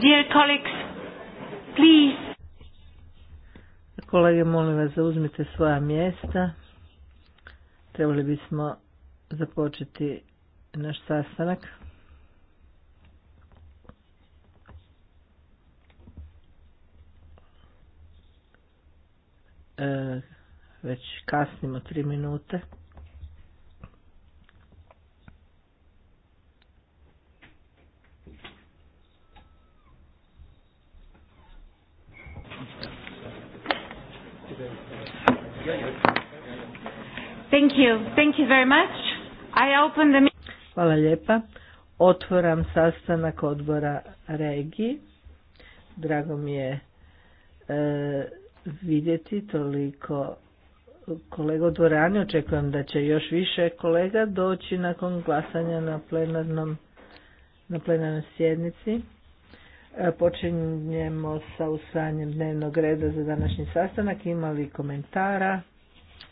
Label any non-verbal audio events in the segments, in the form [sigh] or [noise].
Dear colleagues, please. Kolege, molim vas, zauzmite svoja mjesta. Trebali bismo započeti naš sastanak. E, već kasnimo tri minute. Hvala lijepa. Otvoram sastanak odbora Regi. Drago mi je e, vidjeti toliko kolega u dvorani. Očekujem da će još više kolega doći nakon glasanja na plenarnom na plenarnoj sjednici. E, počinjemo sa usvajanjem dnevnog reda za današnji sastanak. Ima li komentara?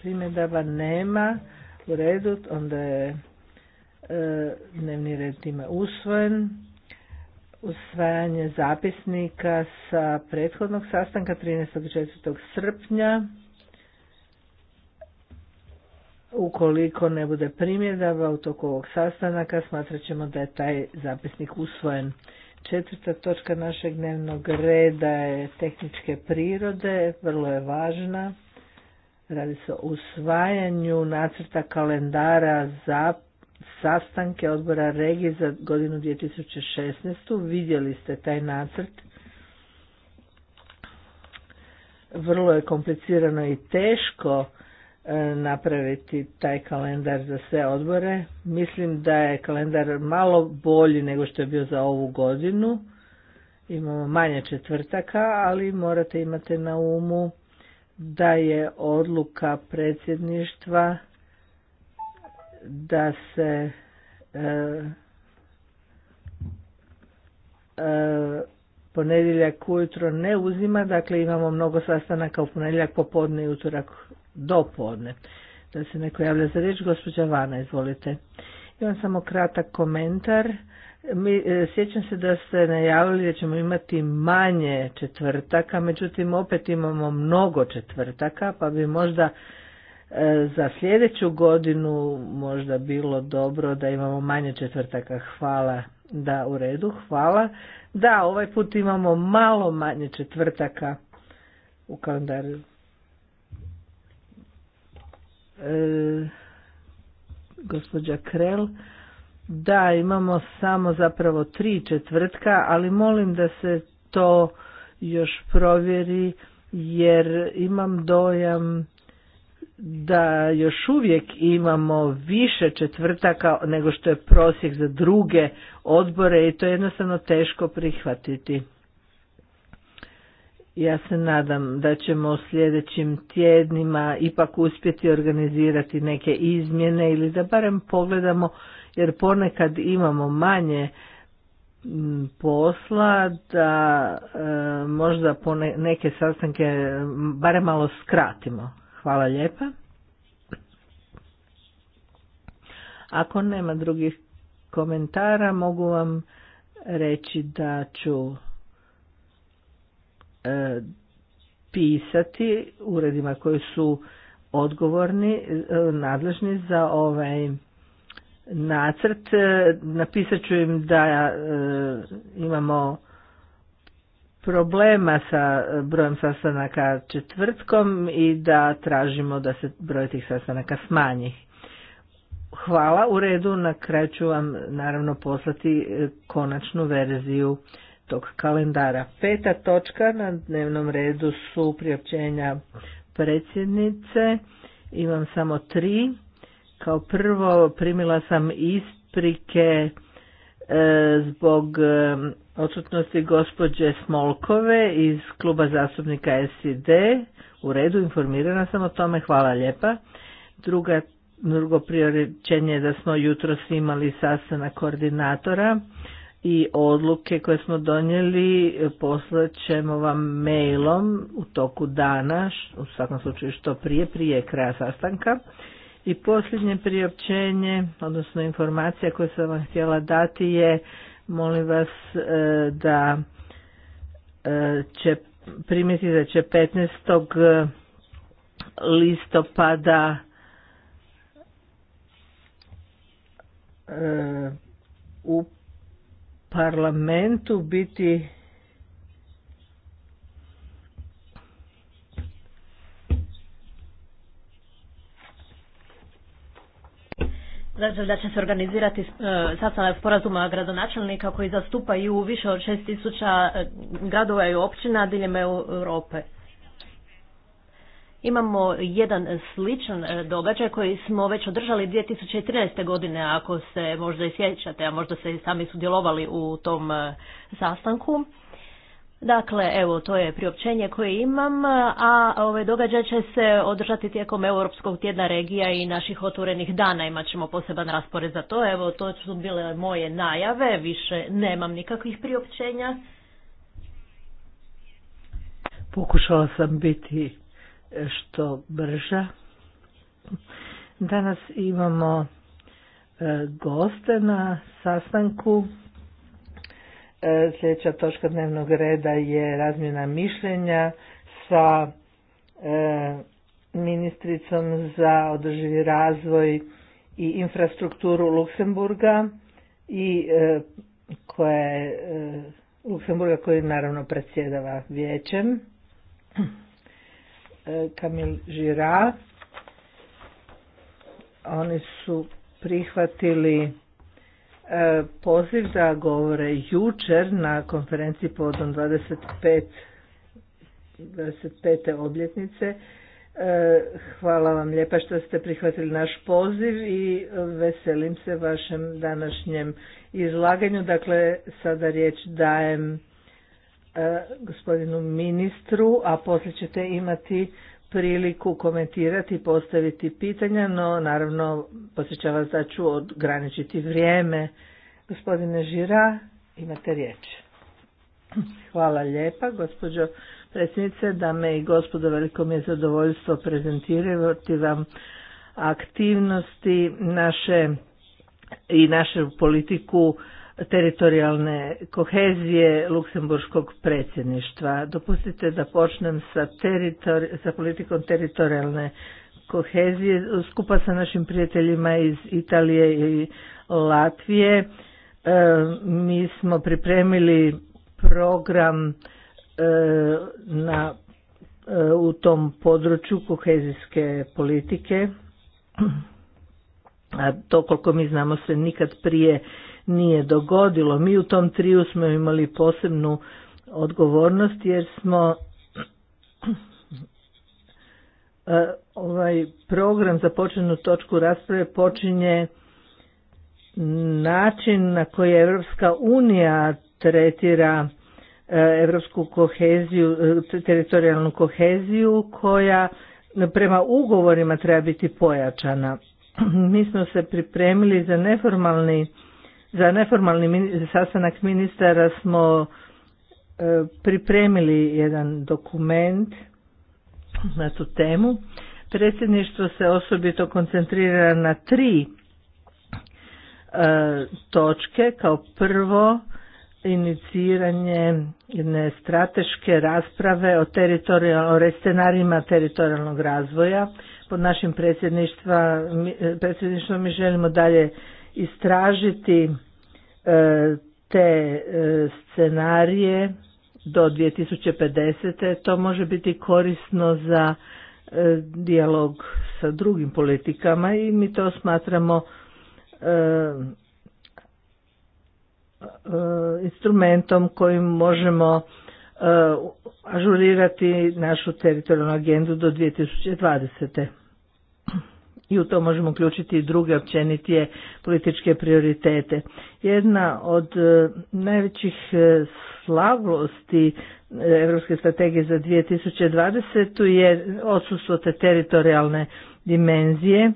primjedaba nema u redu, onda je e, dnevni red time usvojen. Usvajanje zapisnika sa prethodnog sastanka 13.4. srpnja. Ukoliko ne bude primjedaba u toku ovog sastanaka, smatrat ćemo da je taj zapisnik usvojen. Četvrta točka našeg dnevnog reda je tehničke prirode, vrlo je važna. Radi se o usvajanju nacrta kalendara za sastanke odbora regije za godinu 2016. Vidjeli ste taj nacrt. Vrlo je komplicirano i teško e, napraviti taj kalendar za sve odbore. Mislim da je kalendar malo bolji nego što je bio za ovu godinu. Imamo manje četvrtaka, ali morate imati na umu da je odluka predsjedništva da se e, e, ponedjeljak ujutro ne uzima, dakle imamo mnogo sastanaka u ponedjeljak popodne i utorak do podne. Da se neko javlja za riječ, gospođa Vana, izvolite. Imam samo kratak komentar. Mi, e, sjećam se da ste najavili da ćemo imati manje četvrtaka, međutim opet imamo mnogo četvrtaka, pa bi možda e, za sljedeću godinu možda bilo dobro da imamo manje četvrtaka. Hvala da u redu, hvala. Da, ovaj put imamo malo manje četvrtaka u kalendaru. E, gospođa Krel. Da, imamo samo zapravo tri četvrtka, ali molim da se to još provjeri jer imam dojam da još uvijek imamo više četvrtaka nego što je prosjek za druge odbore i to je jednostavno teško prihvatiti. Ja se nadam da ćemo u sljedećim tjednima ipak uspjeti organizirati neke izmjene ili da barem pogledamo jer ponekad imamo manje posla da e, možda po neke sastanke barem malo skratimo. Hvala lijepa. Ako nema drugih komentara mogu vam reći da ću e, pisati uredima koji su odgovorni, e, nadležni za ovaj nacrt. E, napisat ću im da e, imamo problema sa brojem sastanaka četvrtkom i da tražimo da se broj tih sastanaka smanji. Hvala, u redu, na kraju ću vam naravno poslati e, konačnu verziju tog kalendara. Peta točka na dnevnom redu su priopćenja predsjednice, imam samo tri. Kao prvo primila sam isprike e, zbog e, odsutnosti gospođe Smolkove iz kluba zastupnika SID. U redu, informirana sam o tome, hvala lijepa. Druga, drugo prioričenje je da smo jutros imali sastanak koordinatora i odluke koje smo donijeli e, poslat ćemo vam mailom u toku dana, u svakom slučaju što prije, prije kraja sastanka. I posljednje priopćenje, odnosno informacija koju sam vam htjela dati je, molim vas e, da e, će primjeti da će 15. listopada e, u parlamentu biti Znači da će se organizirati e, sastanak sporazuma gradonačelnika koji zastupaju više od 6000 e, gradova i općina diljem Europe. Imamo jedan sličan e, događaj koji smo već održali 2013. godine, ako se možda i sjećate, a možda ste i sami sudjelovali u tom sastanku. Dakle, evo, to je priopćenje koje imam, a ove događaj će se održati tijekom Europskog tjedna regija i naših otvorenih dana. Imat ćemo poseban raspored za to. Evo, to su bile moje najave, više nemam nikakvih priopćenja. Pokušala sam biti što brža. Danas imamo e, goste na sastanku. E, sljedeća točka dnevnog reda je razmjena mišljenja sa e, ministricom za održivi razvoj i infrastrukturu Luksemburga i e, koja je Luksemburga koji naravno predsjedava vijećem. Kamil Žira. Oni su prihvatili E, poziv da govore jučer na konferenciji podom 25. 25. obljetnice. E, hvala vam lijepa što ste prihvatili naš poziv i veselim se vašem današnjem izlaganju. Dakle, sada riječ dajem e, gospodinu ministru, a poslije ćete imati priliku komentirati i postaviti pitanja, no naravno posjećam vas da ću odgraničiti vrijeme. Gospodine Žira, imate riječ. Hvala lijepa, gospođo predsjednice, dame i gospodo, veliko mi je zadovoljstvo prezentirati vam aktivnosti naše i našu politiku teritorijalne kohezije luksemburškog predsjedništva. Dopustite da počnem sa, sa politikom teritorijalne kohezije skupa sa našim prijateljima iz Italije i Latvije. E, mi smo pripremili program e, na, e, u tom području kohezijske politike. A to koliko mi znamo se nikad prije nije dogodilo. Mi u tom triju smo imali posebnu odgovornost jer smo [clears throat] e, ovaj program za početnu točku rasprave počinje način na koji Evropska unija tretira e, evropsku koheziju, e, teritorijalnu koheziju koja prema ugovorima treba biti pojačana. [clears throat] Mi smo se pripremili za neformalni za neformalni sastanak ministara smo e, pripremili jedan dokument na tu temu. Predsjedništvo se osobito koncentrira na tri e, točke. Kao prvo, iniciranje jedne strateške rasprave o, o scenarijima teritorijalnog razvoja. Pod našim predsjedništvom mi želimo dalje istražiti E, te e, scenarije do 2050. to može biti korisno za e, dijalog sa drugim politikama i mi to smatramo instrumentom kojim možemo ažurirati našu teritorijalnu agendu do 2020 i u to možemo uključiti i druge općenitije političke prioritete. Jedna od e, najvećih e, slavlosti Europske strategije za 2020. je odsustvo te teritorijalne dimenzije,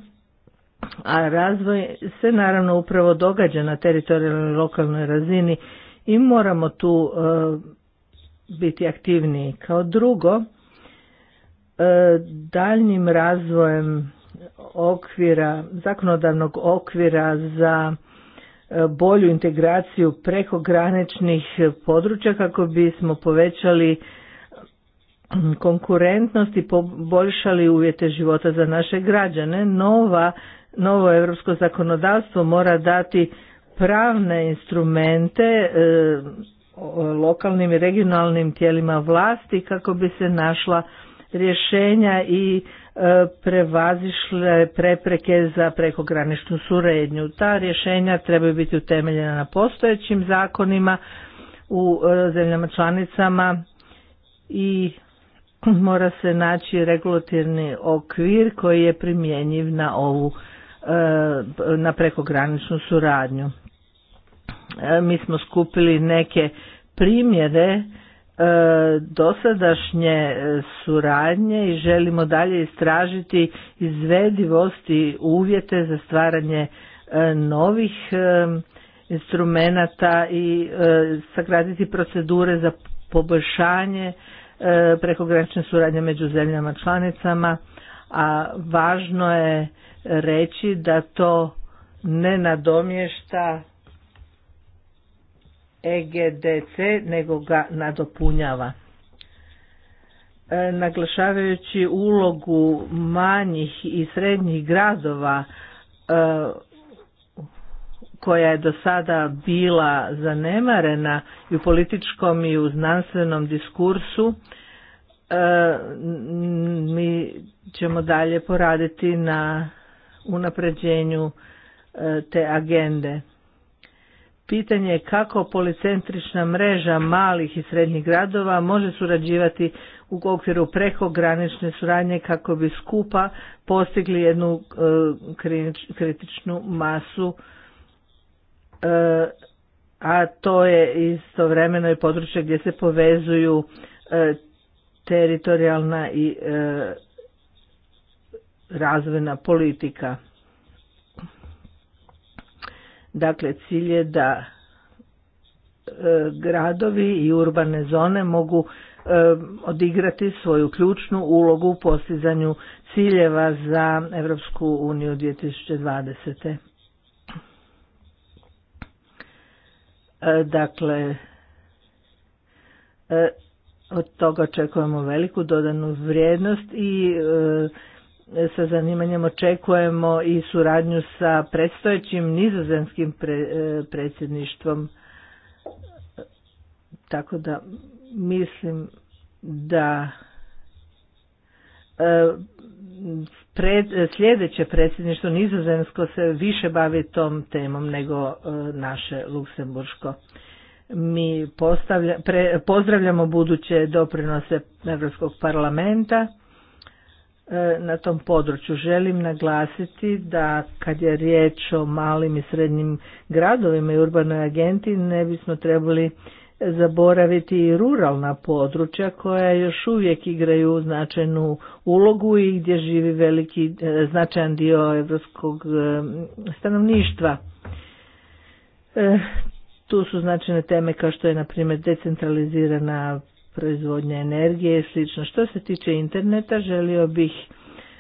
a razvoj se naravno upravo događa na teritorijalnoj lokalnoj razini i moramo tu e, biti aktivniji. Kao drugo, daljnim razvojem okvira, zakonodavnog okvira za e, bolju integraciju prekograničnih područja kako bismo povećali konkurentnost i poboljšali uvjete života za naše građane. Nova, novo europsko zakonodavstvo mora dati pravne instrumente e, lokalnim i regionalnim tijelima vlasti kako bi se našla rješenja i E, prevazišle prepreke za prekograničnu suradnju. Ta rješenja trebaju biti utemeljena na postojećim zakonima u e, zemljama članicama i [clears throat] mora se naći regulativni okvir koji je primjenjiv na ovu e, na prekograničnu suradnju. Mi smo skupili neke primjere E, dosadašnje e, suradnje i želimo dalje istražiti izvedivosti uvjete za stvaranje e, novih instrumenata i sagraditi procedure za poboljšanje prekogranične suradnje među zemljama članicama, a važno je reći da to ne nadomješta EGDC, nego ga nadopunjava. E, naglašavajući ulogu manjih i srednjih gradova e, koja je do sada bila zanemarena i u političkom i u znanstvenom diskursu, e, mi ćemo dalje poraditi na unapređenju e, te agende. Pitanje je kako policentrična mreža malih i srednjih gradova može surađivati u okviru prekogranične suradnje kako bi skupa postigli jednu e, kritičnu masu, e, a to je istovremeno i područje gdje se povezuju e, teritorijalna i razvojna politika. Dakle, cilj je da e, gradovi i urbane zone mogu e, odigrati svoju ključnu ulogu u postizanju ciljeva za Europsku uniju 2020. E, dakle, od toga očekujemo veliku dodanu vrijednost i sa zanimanjem očekujemo i suradnju sa predstojećim nizozemskim pre, e, predsjedništvom. Tako da mislim da e, pred, sljedeće predsjedništvo nizozemsko se više bavi tom temom nego e, naše luksemburško. Mi pre, pozdravljamo buduće doprinose Europskog parlamenta E, na tom području. Želim naglasiti da kad je riječ o malim i srednjim gradovima i urbanoj agenti ne bismo trebali zaboraviti i ruralna područja koja još uvijek igraju značajnu ulogu i gdje živi veliki e, značajan dio evropskog e, stanovništva. Tu su značajne teme kao što je na primjer decentralizirana proizvodnje energije i slično. Što se tiče interneta, želio bih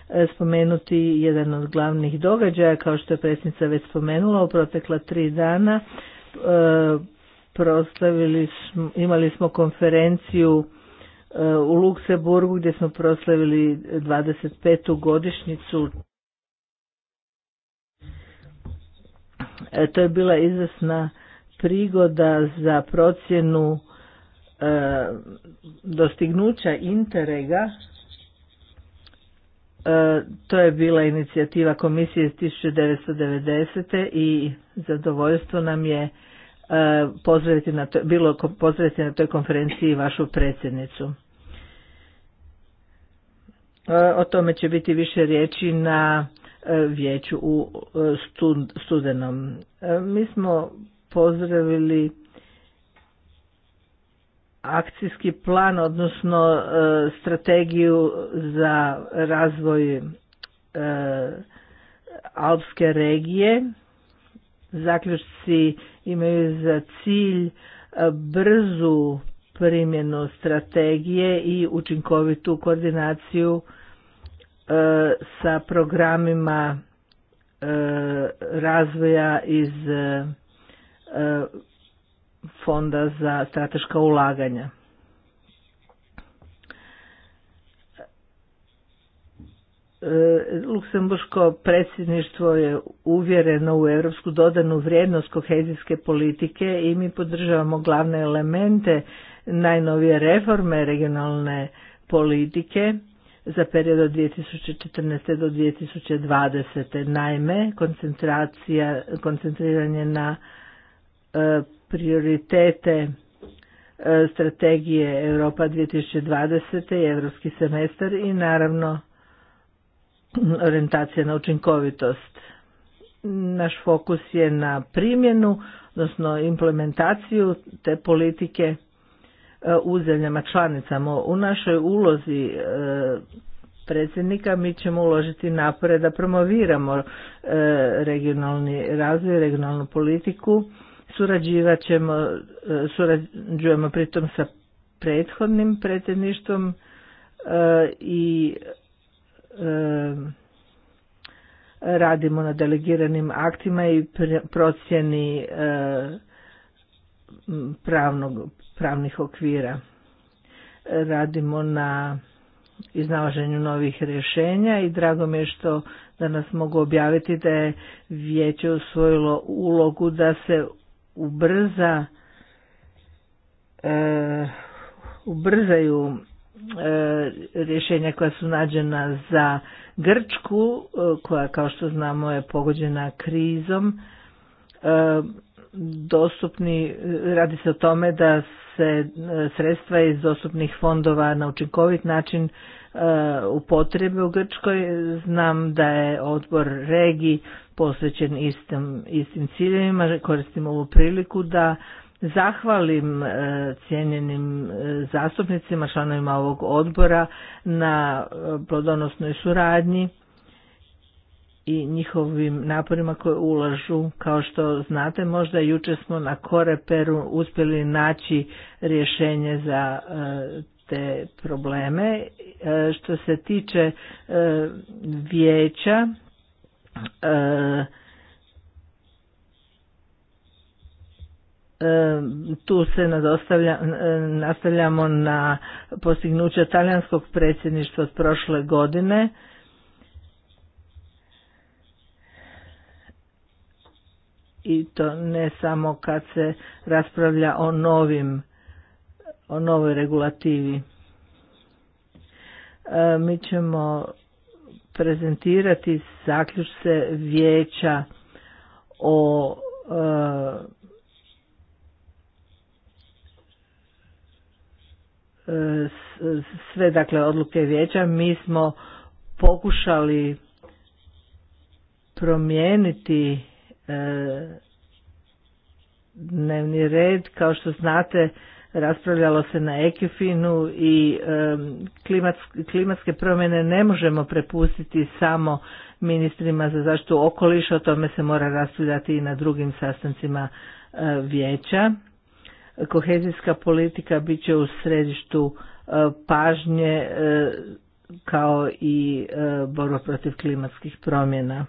e, spomenuti jedan od glavnih događaja, kao što je predsjednica već spomenula, u protekla tri dana e, imali smo konferenciju e, u Luksemburgu gdje smo proslavili 25. godišnjicu to je bila izvrsna prigoda za procjenu E, dostignuća Interega, e, to je bila inicijativa komisije iz 1990. i zadovoljstvo nam je e, pozdraviti na to, bilo pozdraviti na toj konferenciji vašu predsjednicu. O tome će biti više riječi na vijeću u studenom. Mi smo pozdravili akcijski plan, odnosno e, strategiju za razvoj e, Alpske regije. Zaključci imaju za cilj e, brzu primjenu strategije i učinkovitu koordinaciju sa programima razvoja iz fonda za strateška ulaganja. E, Luksemburško predsjedništvo je uvjereno u europsku dodanu vrijednost kohezijske politike i mi podržavamo glavne elemente najnovije reforme regionalne politike za period od 2014. do 2020. Naime, koncentracija, koncentriranje na e, prioritete e, strategije Europa 2020. i Europski semestar i naravno orientacija na učinkovitost. Naš fokus je na primjenu, odnosno implementaciju te politike e, u zemljama članicama. U našoj ulozi e, predsjednika mi ćemo uložiti napore da promoviramo regionalni razvoj, regionalnu politiku Surađivat ćemo, e, surađujemo pritom sa prethodnim predsjedništvom e, i e, radimo na delegiranim aktima i procjeni pravnog, pravnih okvira. Radimo na iznalaženju novih rješenja i drago mi je što danas mogu objaviti da je vijeće usvojilo ulogu da se ubrza e, ubrzaju e, rješenja koja su nađena za Grčku e, koja kao što znamo je pogođena krizom e, dostupni radi se o tome da se sredstva iz dostupnih fondova na učinkovit način E, u potrebi u Grčkoj. Znam da je odbor regi posvećen istim, istim ciljevima. Koristim ovu priliku da zahvalim e, cijenjenim e, zastupnicima, članovima ovog odbora na plodonosnoj suradnji i njihovim naporima koje ulažu. Kao što znate, možda jučer smo na Koreperu uspjeli naći rješenje za te probleme. E, što se tiče e, vijeća, e, tu se nastavljamo na postignuća talijanskog predsjedništva od prošle godine. I to ne samo kad se raspravlja o novim o novoj regulativi. E, mi ćemo prezentirati zaključce vijeća o e, sve dakle odluke vijeća mi smo pokušali promijeniti e, dnevni red kao što znate raspravljalo se na Ekifinu i klimatske promjene ne možemo prepustiti samo ministrima za zaštitu okoliša, o tome se mora raspravljati i na drugim sastancima e, vijeća. Kohezijska politika bit će u središtu e, pažnje e, kao i borba protiv klimatskih promjena.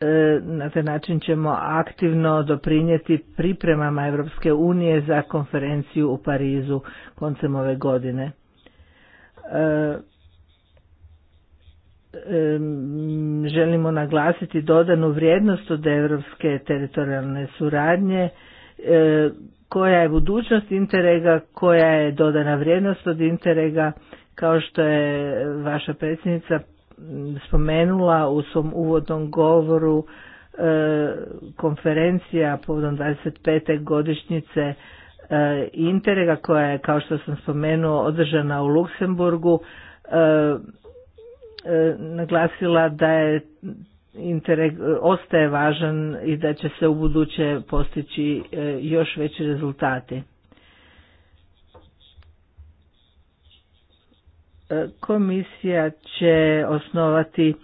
E, na taj način ćemo aktivno doprinijeti pripremama Europske unije za konferenciju u Parizu koncem ove godine. E, želimo naglasiti dodanu vrijednost od europske teritorijalne suradnje e, koja je budućnost Interega, koja je dodana vrijednost od Interega, kao što je vaša predsjednica spomenula u svom uvodnom govoru e, konferencija povodom 25. godišnjice e, Interega koja je kao što sam spomenuo održana u Luksemburgu e, naglasila da je Interreg ostaje važan i da će se u buduće postići još veći rezultati. E, komisija će osnovati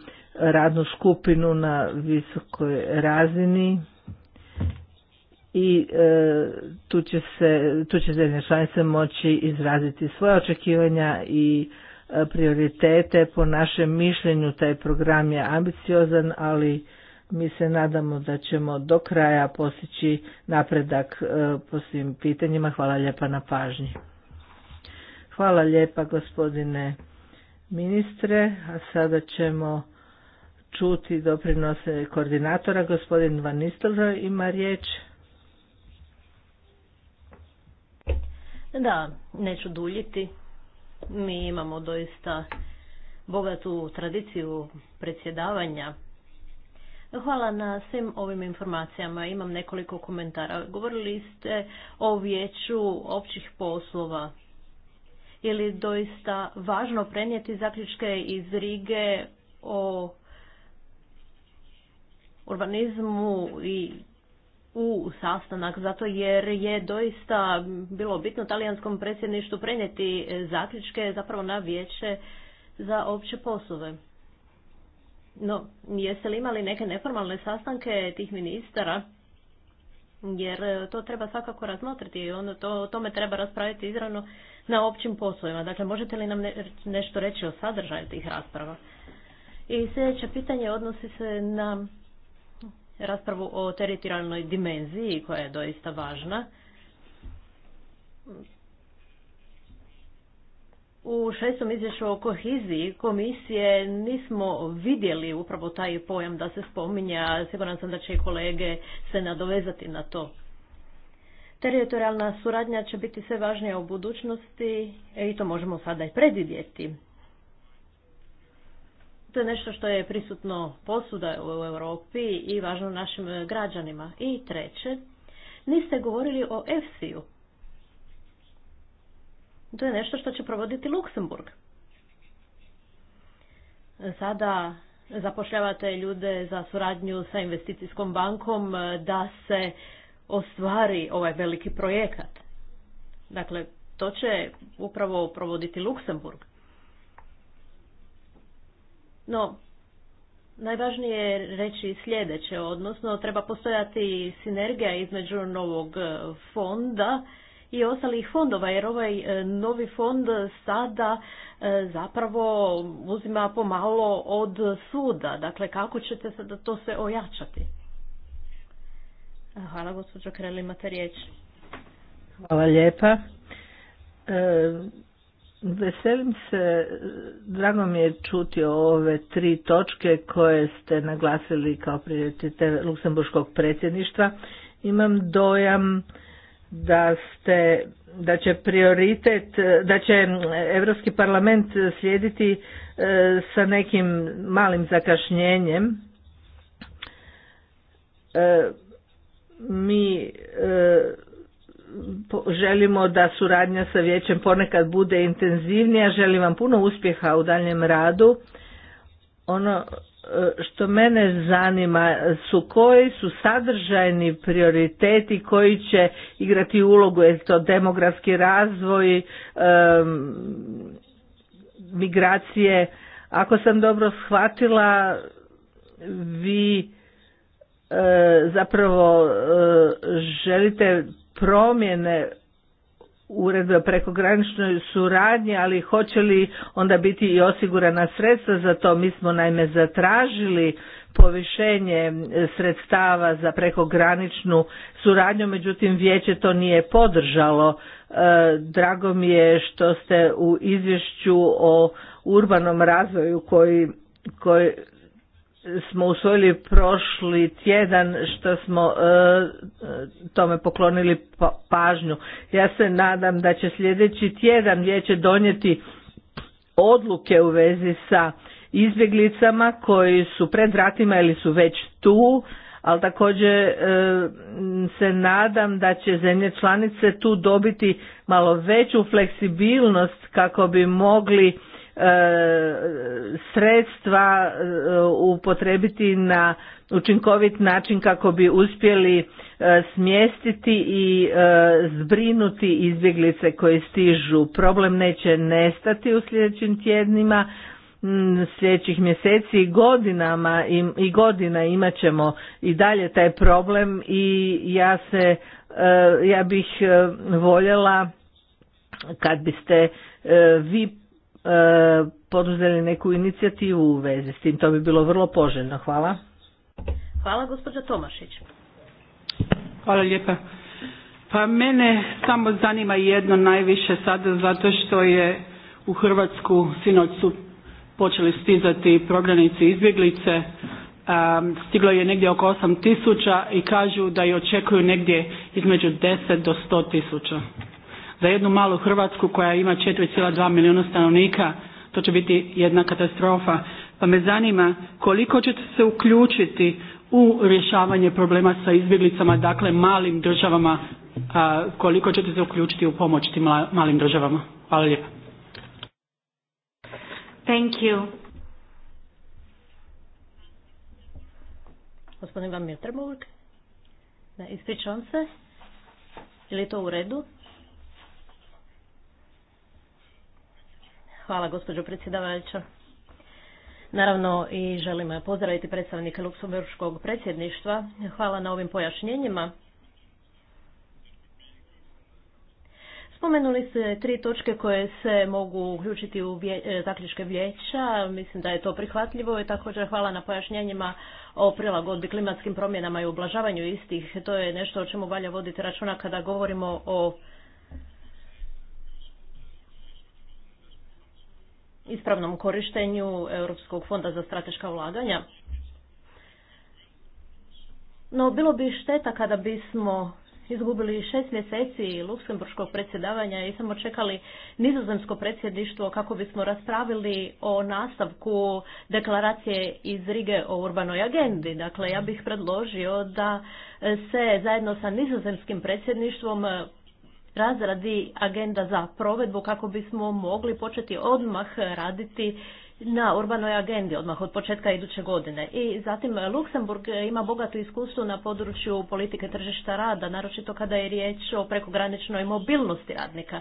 radnu skupinu na visokoj razini i e, tu će se, tu će zemlje članice moći izraziti svoje očekivanja i e, prioritete. Po našem mišljenju taj program je ambiciozan, ali mi se nadamo da ćemo do kraja postići napredak po svim pitanjima. Hvala lijepa na pažnji. Hvala lijepa gospodine ministre, a sada ćemo čuti doprinose koordinatora. Gospodin Van Nistelrooy ima riječ. Da, neću duljiti. Mi imamo doista bogatu tradiciju predsjedavanja. Hvala na svim ovim informacijama. Imam nekoliko komentara. Govorili ste o vijeću općih poslova je li doista važno prenijeti zaključke iz Rige o urbanizmu i u sastanak, zato jer je doista bilo bitno talijanskom predsjedništu prenijeti zaključke zapravo na vijeće za opće poslove. No, jeste li imali neke neformalne sastanke tih ministara jer e, to treba svakako razmotriti i ono to, o tome treba raspraviti izravno na općim poslovima. Dakle, možete li nam nešto reći o sadržaju tih rasprava? I sljedeće pitanje odnosi se na raspravu o teritorijalnoj dimenziji koja je doista važna u šestom izvješću o kohiziji komisije nismo vidjeli upravo taj pojam da se spominja. Siguran sam da će i kolege se nadovezati na to. Teritorijalna suradnja će biti sve važnija u budućnosti i to možemo sada i predvidjeti. To je nešto što je prisutno posuda u Europi i važno našim građanima. I treće, niste govorili o EFSI-u. To je nešto što će provoditi Luksemburg. Sada zapošljavate ljude za suradnju sa investicijskom bankom da se ostvari ovaj veliki projekat. Dakle, to će upravo provoditi Luksemburg. No, najvažnije je reći sljedeće, odnosno treba postojati sinergija između novog fonda i ostalih fondova, jer ovaj e, novi fond sada e, zapravo uzima pomalo od suda. Dakle, kako ćete sada to sve ojačati? Hvala, gospođo Kreli, imate riječ. Hvala lijepa. E, veselim se, drago mi je čuti ove tri točke koje ste naglasili kao prijatelj Luksemburškog predsjedništva. Imam dojam da ste da će prioritet da će Europski parlament slijediti e, sa nekim malim zakašnjenjem e, mi e, želimo da suradnja sa vijećem ponekad bude intenzivnija želim vam puno uspjeha u daljem radu ono što mene zanima su koji su sadržajni prioriteti koji će igrati ulogu, je to demografski razvoj, migracije. Ako sam dobro shvatila, vi e, zapravo e, želite promjene uredbe o prekograničnoj suradnji, ali hoće li onda biti i osigurana sredstva za to? Mi smo naime zatražili povišenje e, sredstava za prekograničnu suradnju, međutim vijeće to nije podržalo. E, drago mi je što ste u izvješću o urbanom razvoju koji, koji smo usvojili prošli tjedan što smo e, e, tome poklonili pa, pažnju. Ja se nadam da će sljedeći tjedan vijeće donijeti odluke u vezi sa izbjeglicama koji su pred vratima ili su već tu, ali također e, se nadam da će zemlje članice tu dobiti malo veću fleksibilnost kako bi mogli E, sredstva e, upotrebiti na učinkovit način kako bi uspjeli e, smjestiti i zbrinuti izbjeglice koje stižu. Problem neće nestati u sljedećim tjednima, sljedećih mjeseci i godinama i godina imat ćemo i dalje taj problem i ja se ja bih voljela kad biste vi E, poduzeli neku inicijativu u vezi s tim. To bi bilo vrlo poželjno. Hvala. Hvala gospođa Tomašić. Hvala lijepa. Pa mene samo zanima jedno najviše sada zato što je u Hrvatsku sinoć su počeli stizati prognanici izbjeglice. stiglo je negdje oko 8 tisuća i kažu da je očekuju negdje između 10 do 100 tisuća za jednu malu Hrvatsku koja ima 4,2 milijuna stanovnika, to će biti jedna katastrofa. Pa me zanima koliko ćete se uključiti u rješavanje problema sa izbjeglicama, dakle malim državama, koliko ćete se uključiti u pomoć tim malim državama? Hvala lijepa. Thank you. Gospodin Van Milterburg, ispričavam se, je li to u redu? Hvala gospođo predsjedavajuća. Naravno i želim pozdraviti predstavnike Luksemburškog predsjedništva. Hvala na ovim pojašnjenjima. Spomenuli ste tri točke koje se mogu uključiti u e, zaključke vijeća. Mislim da je to prihvatljivo i također hvala na pojašnjenjima o prilagodbi klimatskim promjenama i ublažavanju istih. To je nešto o čemu valja voditi računa kada govorimo o ispravnom korištenju Europskog fonda za strateška ulaganja. No, bilo bi šteta kada bismo izgubili šest mjeseci luksemburškog predsjedavanja i samo čekali nizozemsko predsjedništvo kako bismo raspravili o nastavku deklaracije iz Rige o urbanoj agendi. Dakle, ja bih predložio da se zajedno sa nizozemskim predsjedništvom razradi agenda za provedbu kako bismo mogli početi odmah raditi na urbanoj agendi odmah od početka iduće godine. I zatim Luksemburg ima bogato iskustvo na području politike tržišta rada, naročito kada je riječ o prekograničnoj mobilnosti radnika.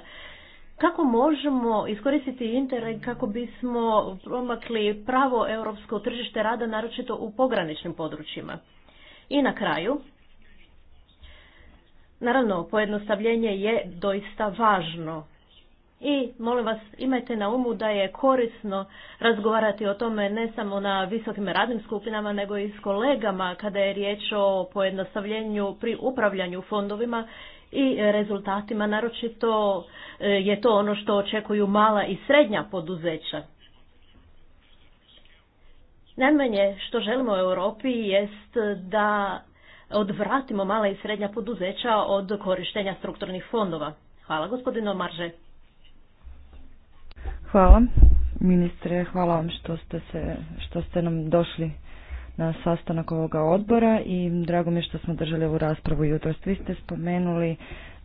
Kako možemo iskoristiti internet kako bismo promakli pravo europsko tržište rada, naročito u pograničnim područjima? I na kraju, Naravno, pojednostavljenje je doista važno. I molim vas, imajte na umu da je korisno razgovarati o tome ne samo na visokim radnim skupinama, nego i s kolegama kada je riječ o pojednostavljenju pri upravljanju fondovima i rezultatima. Naročito e, je to ono što očekuju mala i srednja poduzeća. Najmanje što želimo u Europi jest da odvratimo mala i srednja poduzeća od korištenja strukturnih fondova. Hvala gospodino Marže. Hvala ministre, hvala vam što ste, se, što ste nam došli na sastanak ovoga odbora i drago mi je što smo držali ovu raspravu jutros. Vi ste spomenuli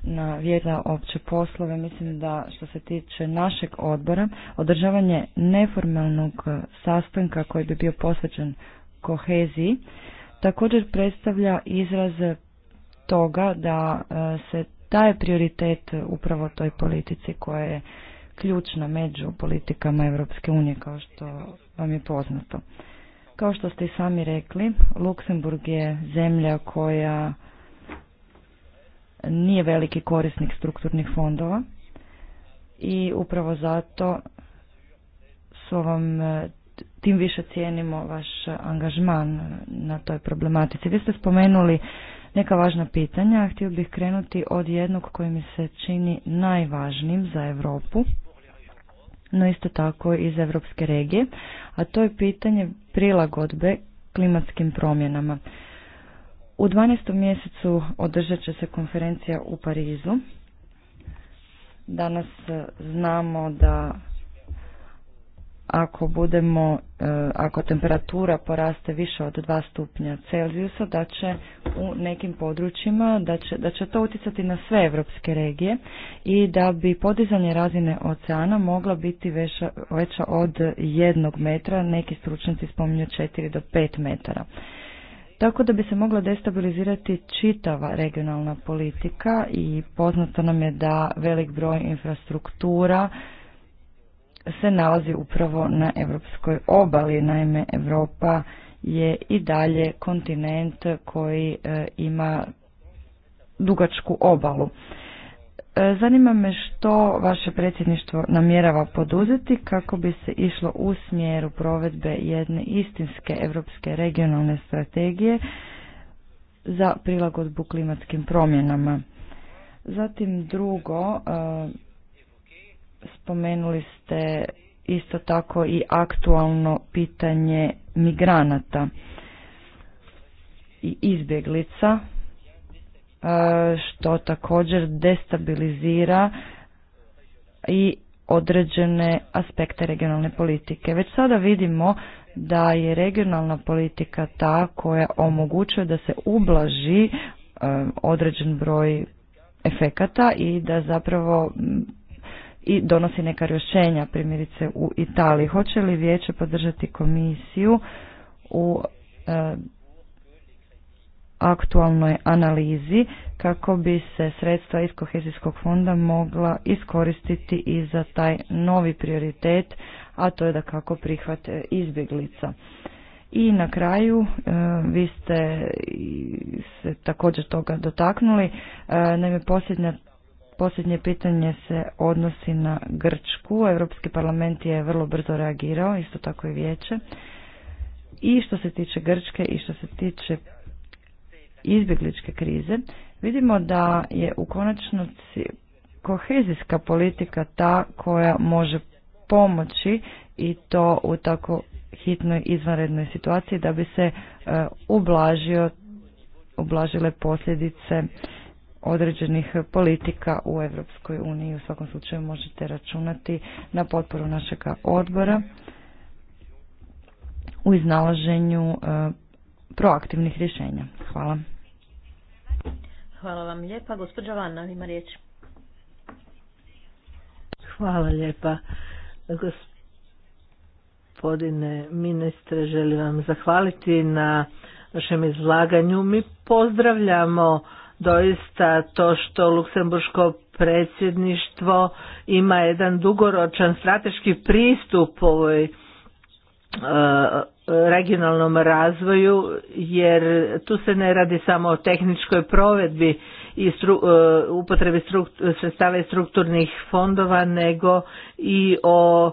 na vijeća opće poslove. Mislim da što se tiče našeg odbora, održavanje neformalnog sastanka koji bi bio posvećen koheziji također predstavlja izraz toga da e, se daje prioritet upravo toj politici koja je ključna među politikama Europske unije kao što vam je poznato. Kao što ste i sami rekli, Luksemburg je zemlja koja nije veliki korisnik strukturnih fondova i upravo zato su vam e, tim više cijenimo vaš angažman na toj problematici. Vi ste spomenuli neka važna pitanja, htio bih krenuti od jednog koji mi se čini najvažnijim za Europu, no isto tako i za europske regije, a to je pitanje prilagodbe klimatskim promjenama. U 12. mjesecu održat će se konferencija u Parizu. Danas znamo da ako budemo, e, ako temperatura poraste više od 2 stupnja Celzijusa, da će u nekim područjima, da će, da će to utjecati na sve evropske regije i da bi podizanje razine oceana mogla biti veća, od jednog metra, neki stručnjaci spominju 4 do 5 metara. Tako da bi se mogla destabilizirati čitava regionalna politika i poznato nam je da velik broj infrastruktura se nalazi upravo na europskoj obali. Naime, Europa je i dalje kontinent koji e, ima dugačku obalu. E, zanima me što vaše predsjedništvo namjerava poduzeti kako bi se išlo u smjeru provedbe jedne istinske europske regionalne strategije za prilagodbu klimatskim promjenama. Zatim drugo, e, spomenuli ste isto tako i aktualno pitanje migranata i izbjeglica, e, što također destabilizira i određene aspekte regionalne politike. Već sada vidimo da je regionalna politika ta koja omogućuje da se ublaži e, određen broj efekata i da zapravo i donosi neka rješenja, primjerice u Italiji. Hoće li vijeće podržati komisiju u e, aktualnoj analizi kako bi se sredstva iz kohezijskog fonda mogla iskoristiti i za taj novi prioritet, a to je da kako prihvate izbjeglica. I na kraju, e, vi ste se također toga dotaknuli, e, naime posljednja Posljednje pitanje se odnosi na Grčku. Europski parlament je vrlo brzo reagirao, isto tako i vijeće. I što se tiče Grčke i što se tiče izbjegličke krize, vidimo da je u konačnosti kohezijska politika ta koja može pomoći i to u tako hitnoj izvanrednoj situaciji da bi se e, ublažio, ublažile posljedice određenih politika u Europskoj uniji. U svakom slučaju možete računati na potporu našeg odbora u iznalaženju e, proaktivnih rješenja. Hvala. Hvala vam lijepa. Gospodža Vanna ima riječ. Hvala lijepa. Gospodine ministre, želim vam zahvaliti na vašem izlaganju. Mi pozdravljamo doista to što luksemburško predsjedništvo ima jedan dugoročan strateški pristup ovoj e, regionalnom razvoju jer tu se ne radi samo o tehničkoj provedbi i stru, e, upotrebi sredstava i strukturnih fondova nego i o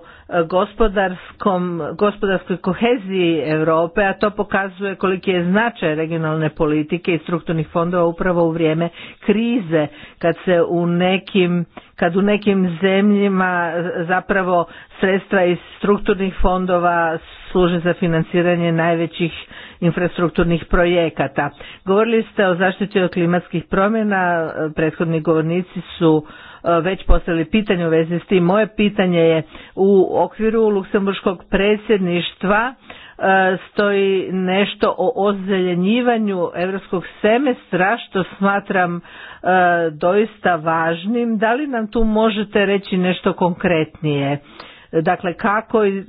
gospodarskom, gospodarskoj koheziji Europe, a to pokazuje koliki je značaj regionalne politike i strukturnih fondova upravo u vrijeme krize, kad se u nekim, kad u nekim zemljima zapravo sredstva iz strukturnih fondova služe za financiranje najvećih infrastrukturnih projekata. Govorili ste o zaštiti od klimatskih promjena, prethodni govornici su već postavili pitanje u vezi s tim. Moje pitanje je u okviru luksemburškog predsjedništva e, stoji nešto o ozeljenjivanju europskog semestra što smatram e, doista važnim. Da li nam tu možete reći nešto konkretnije? Dakle, kako i e,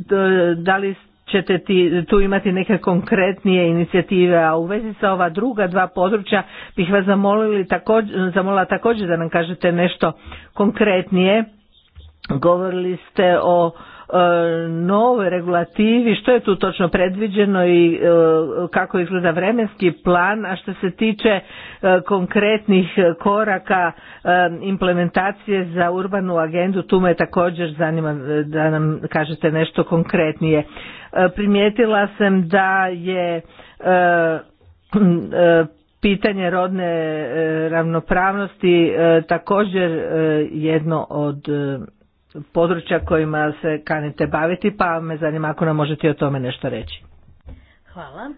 da li ćete ti, tu imati neke konkretnije inicijative, a u vezi sa ova druga dva područja bih vas zamolili također, zamolila također da nam kažete nešto konkretnije. Govorili ste o E, novoj regulativi, što je tu točno predviđeno i e, kako izgleda vremenski plan, a što se tiče e, konkretnih koraka implementacije za urbanu agendu, tu me također zanima da nam kažete nešto konkretnije. Primijetila sam da je pitanje rodne ravnopravnosti također jedno od područja kojima se kanite baviti, pa me zanima ako nam možete o tome nešto reći. Hvala.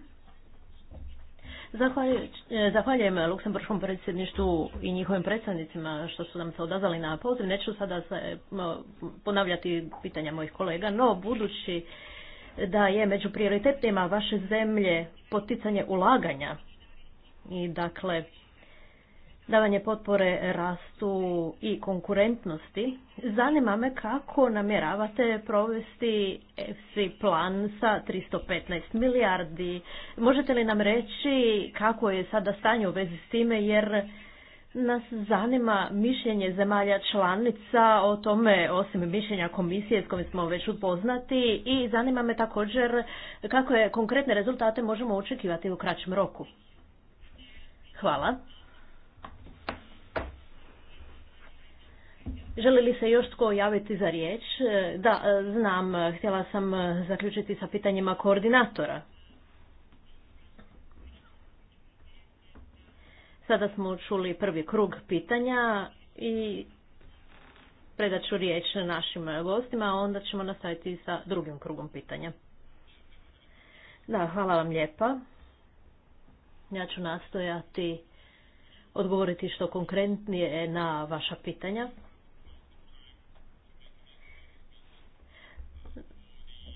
E, zahvaljujem Luksemburškom predsjedništu i njihovim predstavnicima što su nam se odazvali na poziv. Neću sada se e, ponavljati pitanja mojih kolega, no budući da je među prioritetima vaše zemlje poticanje ulaganja i dakle davanje potpore rastu i konkurentnosti. Zanima me kako namjeravate provesti EFSI plan sa 315 milijardi. Možete li nam reći kako je sada stanje u vezi s time jer nas zanima mišljenje zemalja članica o tome, osim mišljenja komisije s kojim smo već upoznati i zanima me također kako je konkretne rezultate možemo očekivati u kraćem roku. Hvala. Želi li se još tko javiti za riječ? E, da, e, znam, e, htjela sam zaključiti sa pitanjima koordinatora. Sada smo čuli prvi krug pitanja i predat ću riječ našim gostima, a onda ćemo nastaviti sa drugim krugom pitanja. Da, hvala vam lijepa. Ja ću nastojati odgovoriti što konkretnije na vaša pitanja.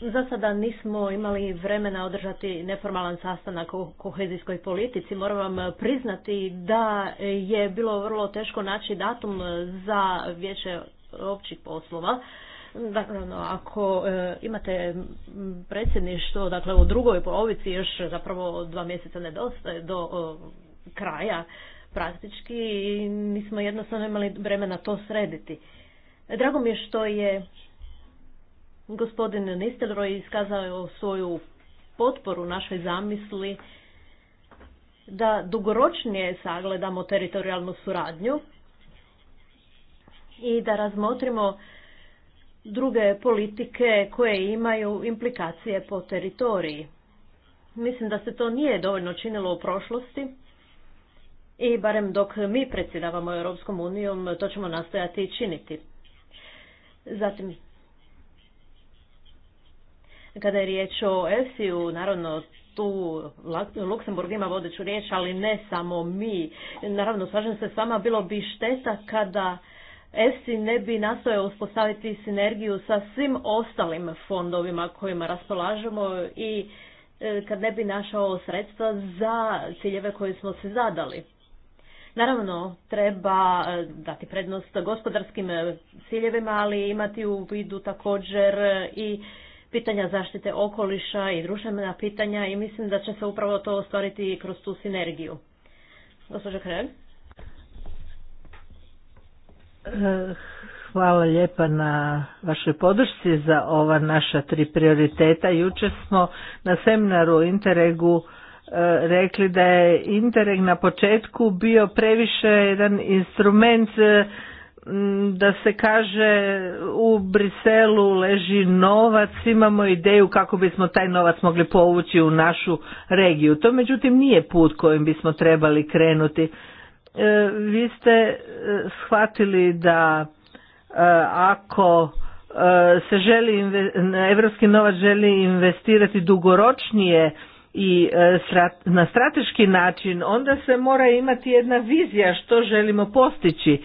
za sada nismo imali vremena održati neformalan sastanak o kohezijskoj politici. Moram vam priznati da je bilo vrlo teško naći datum za vijeće općih poslova. Dakle, ako e, imate predsjedništvo, dakle u drugoj polovici još zapravo dva mjeseca nedostaje do kraja praktički nismo jednostavno imali vremena to srediti. Drago mi je što je Gospodin Nistelroj iskazao svoju potporu našoj zamisli da dugoročnije sagledamo teritorijalnu suradnju i da razmotrimo druge politike koje imaju implikacije po teritoriji. Mislim da se to nije dovoljno činilo u prošlosti i barem dok mi predsjedavamo Europskom unijom to ćemo nastojati i činiti. Zatim kada je riječ o EFSI-u, naravno tu Luksemburg ima vodeću riječ, ali ne samo mi. Naravno, slažem se s vama, bilo bi šteta kada ESI ne bi nastojao uspostaviti sinergiju sa svim ostalim fondovima kojima raspolažemo i e, kad ne bi našao sredstva za ciljeve koje smo se zadali. Naravno, treba e, dati prednost gospodarskim e, ciljevima, ali imati u vidu također i pitanja zaštite okoliša i društvena pitanja i mislim da će se upravo to ostvariti kroz tu sinergiju. Gospođa Krelj. Hvala lijepa na vašoj podršci za ova naša tri prioriteta. Jučer smo na seminaru Interregu e, rekli da je Interreg na početku bio previše jedan instrument e, da se kaže u Briselu leži novac, imamo ideju kako bismo taj novac mogli povući u našu regiju. To međutim nije put kojim bismo trebali krenuti. E, vi ste e, shvatili da e, ako se želi, evropski novac želi investirati dugoročnije i na strateški način, onda se mora imati jedna vizija što želimo postići,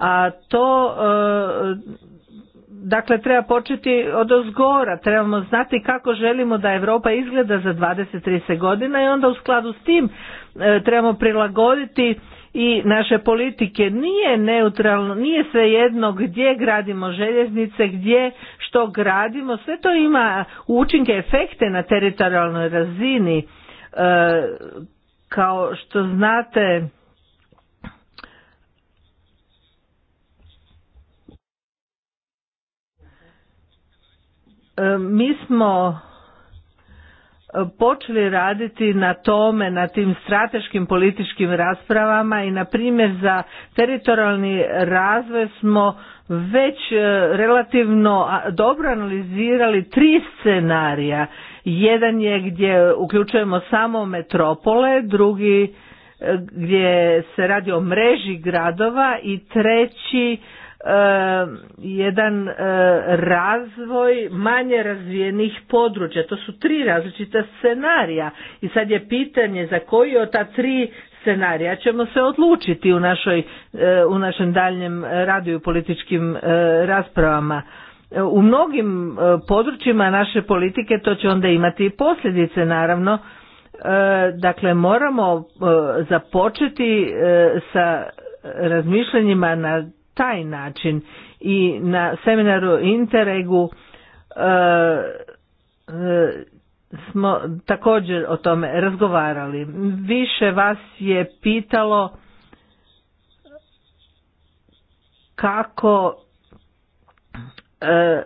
a to e, dakle treba početi od ozgora, trebamo znati kako želimo da Europa izgleda za 20-30 godina i onda u skladu s tim e, trebamo prilagoditi i naše politike nije neutralno, nije jedno gdje gradimo željeznice, gdje što gradimo, sve to ima učinke efekte na teritorijalnoj razini. E, kao što znate, E, mi smo e, počeli raditi na tome, na tim strateškim političkim raspravama i na primjer za teritorijalni razvoj smo već e, relativno dobro analizirali tri scenarija. Jedan je gdje uključujemo samo metropole, drugi gdje se radi o mreži gradova i treći Eh, jedan eh, razvoj manje razvijenih područja. To su tri različita scenarija i sad je pitanje za koji od ta tri scenarija ćemo se odlučiti u, našoj, eh, u našem daljem radu političkim raspravama. U mnogim područjima naše politike to će onda imati i posljedice naravno. Dakle, moramo započeti sa razmišljanjima na taj način i na seminaru Interregu e, e, smo također o tome razgovarali. Više vas je pitalo kako e, e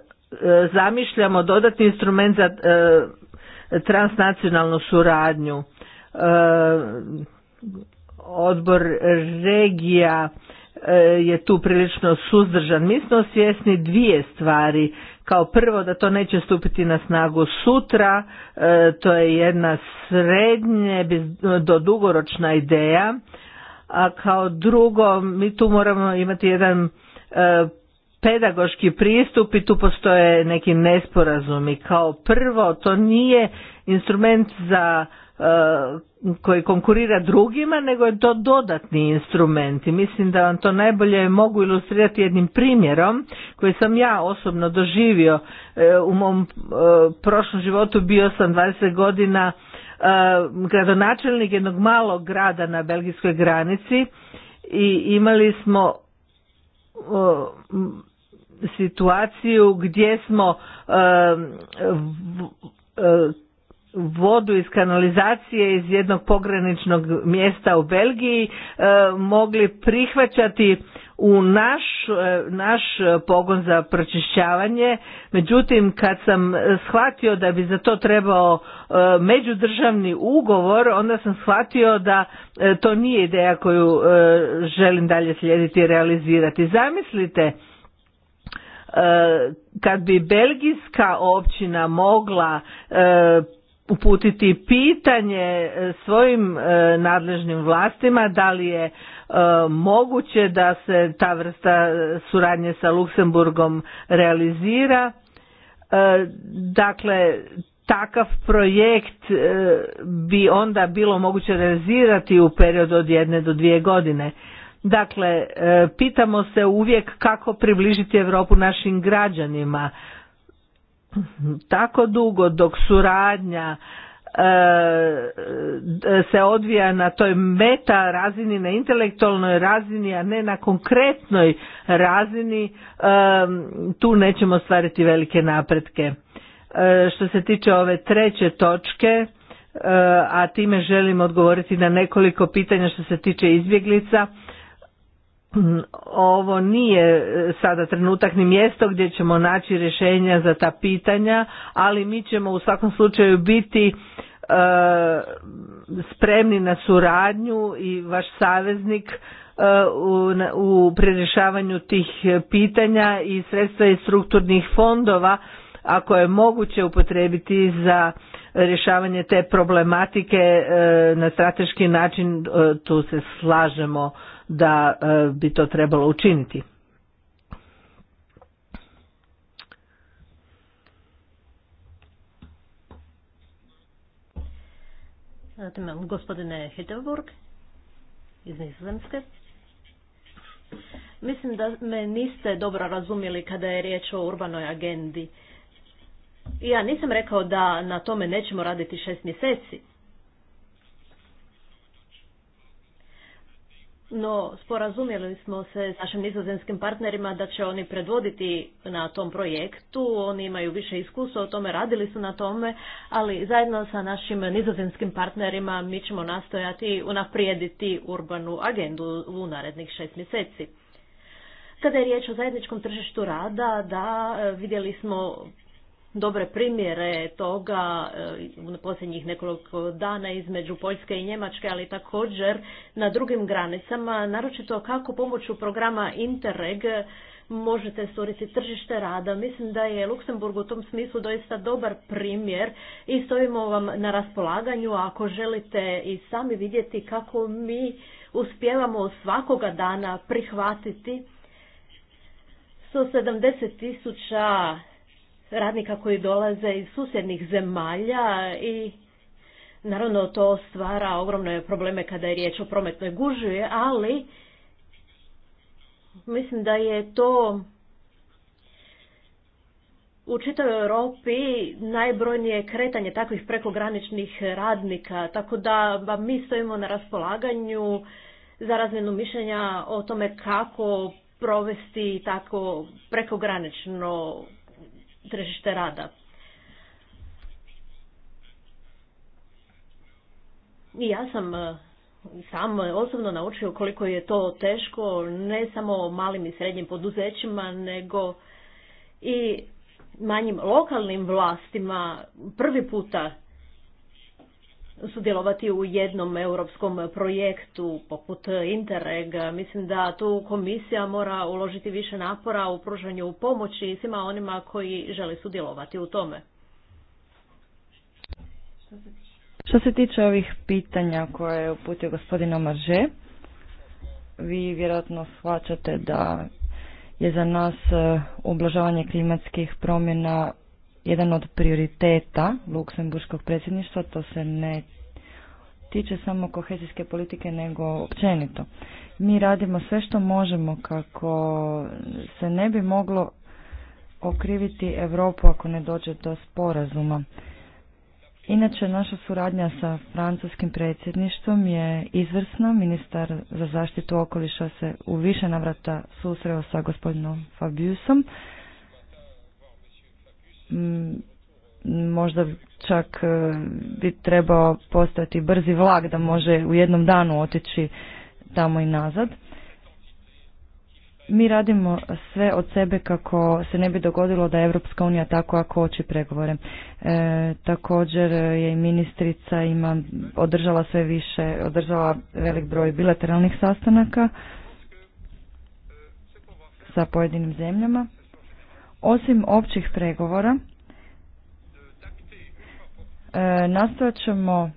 zamišljamo dodatni instrument za transnacionalnu suradnju. Odbor regija E, je tu prilično suzdržan. Mi smo svjesni dvije stvari. Kao prvo da to neće stupiti na snagu sutra, e, to je jedna srednje do dugoročna ideja, a kao drugo mi tu moramo imati jedan e, pedagoški pristup i tu postoje neki nesporazumi. Kao prvo to nije instrument za koji konkurira drugima, nego je to dodatni instrument i mislim da vam to najbolje mogu ilustrirati jednim primjerom koji sam ja osobno doživio e, u mom e, prošlom životu bio sam 20 godina e, gradonačelnik jednog malog grada na belgijskoj granici i imali smo situaciju gdje smo vodu iz kanalizacije iz jednog pograničnog mjesta u Belgiji e, mogli prihvaćati u naš, e, naš pogon za pročišćavanje. Međutim, kad sam shvatio da bi za to trebao e, međudržavni ugovor, onda sam shvatio da to nije ideja koju želim dalje slijediti i realizirati. Zamislite kad bi belgijska općina mogla uputiti pitanje e, svojim e, nadležnim vlastima da li je e, moguće da se ta vrsta suradnje sa Luksemburgom realizira. Dakle, takav projekt bi onda bilo moguće realizirati u periodu od jedne do dvije godine. Dakle, pitamo se uvijek kako približiti Europu našim građanima tako dugo dok suradnja e, se odvija na toj meta razini, na intelektualnoj razini, a ne na konkretnoj razini, e, tu nećemo stvariti velike napretke. E, što se tiče ove treće točke, a time želim odgovoriti na nekoliko pitanja što se tiče izbjeglica, Mm, ovo nije e, sada trenutak ni mjesto gdje ćemo naći rješenja za ta pitanja, ali mi ćemo u svakom slučaju biti e, spremni na suradnju i vaš saveznik e, u, u prerješavanju tih pitanja i sredstva iz strukturnih fondova ako je moguće upotrebiti za rješavanje te problematike na strateški način tu se slažemo da e, bi to trebalo učiniti. Zatim gospodine Hedelburg iz Nizozemske. Mislim da me niste dobro razumjeli kada je riječ o urbanoj agendi. Ja nisam rekao da na tome nećemo raditi šest mjeseci. no sporazumjeli smo se s našim nizozemskim partnerima da će oni predvoditi na tom projektu, oni imaju više iskustva o tome, radili su na tome, ali zajedno sa našim nizozemskim partnerima mi ćemo nastojati unaprijediti urbanu agendu u narednih šest mjeseci. Kada je riječ o zajedničkom tržištu rada, da, vidjeli smo dobre primjere toga e, u posljednjih nekoliko dana između Poljske i Njemačke, ali također na drugim granicama, naročito kako pomoću programa Interreg možete stvoriti tržište rada. Mislim da je Luksemburg u tom smislu doista dobar primjer i stojimo vam na raspolaganju ako želite i sami vidjeti kako mi uspjevamo svakoga dana prihvatiti 170 tisuća radnika koji dolaze iz susjednih zemalja i naravno to stvara ogromne probleme kada je riječ o prometnoj gužvi, ali mislim da je to u čitavoj Europi najbrojnije kretanje takvih prekograničnih radnika, tako da mi stojimo na raspolaganju za razmjenu mišljenja o tome kako provesti tako prekogranično tržište rada. I ja sam e, sam osobno naučio koliko je to teško ne samo malim i srednjim poduzećima nego i manjim lokalnim vlastima prvi puta sudjelovati u jednom europskom projektu poput Interreg. Mislim da tu komisija mora uložiti više napora u pružanju pomoći svima onima koji žele sudjelovati u tome. Što se tiče ovih pitanja koje je uputio gospodin Omarže, vi vjerojatno shvaćate da je za nas e, ublažavanje klimatskih promjena jedan od prioriteta luksemburškog predsjedništva, to se ne tiče samo kohezijske politike nego općenito. Mi radimo sve što možemo kako se ne bi moglo okriviti Europu ako ne dođe do sporazuma. Inače, naša suradnja sa francuskim predsjedništvom je izvrsna. Ministar za zaštitu okoliša se u više navrata susreo sa gospodinom Fabiusom Mm, možda čak e, bi trebao postati brzi vlak da može u jednom danu otići tamo i nazad. Mi radimo sve od sebe kako se ne bi dogodilo da Evropska unija tako ako oči pregovore. E, također je i ministrica ima, održala sve više, održala velik broj bilateralnih sastanaka sa pojedinim zemljama. Osim općih pregovora, e, nastojat ćemo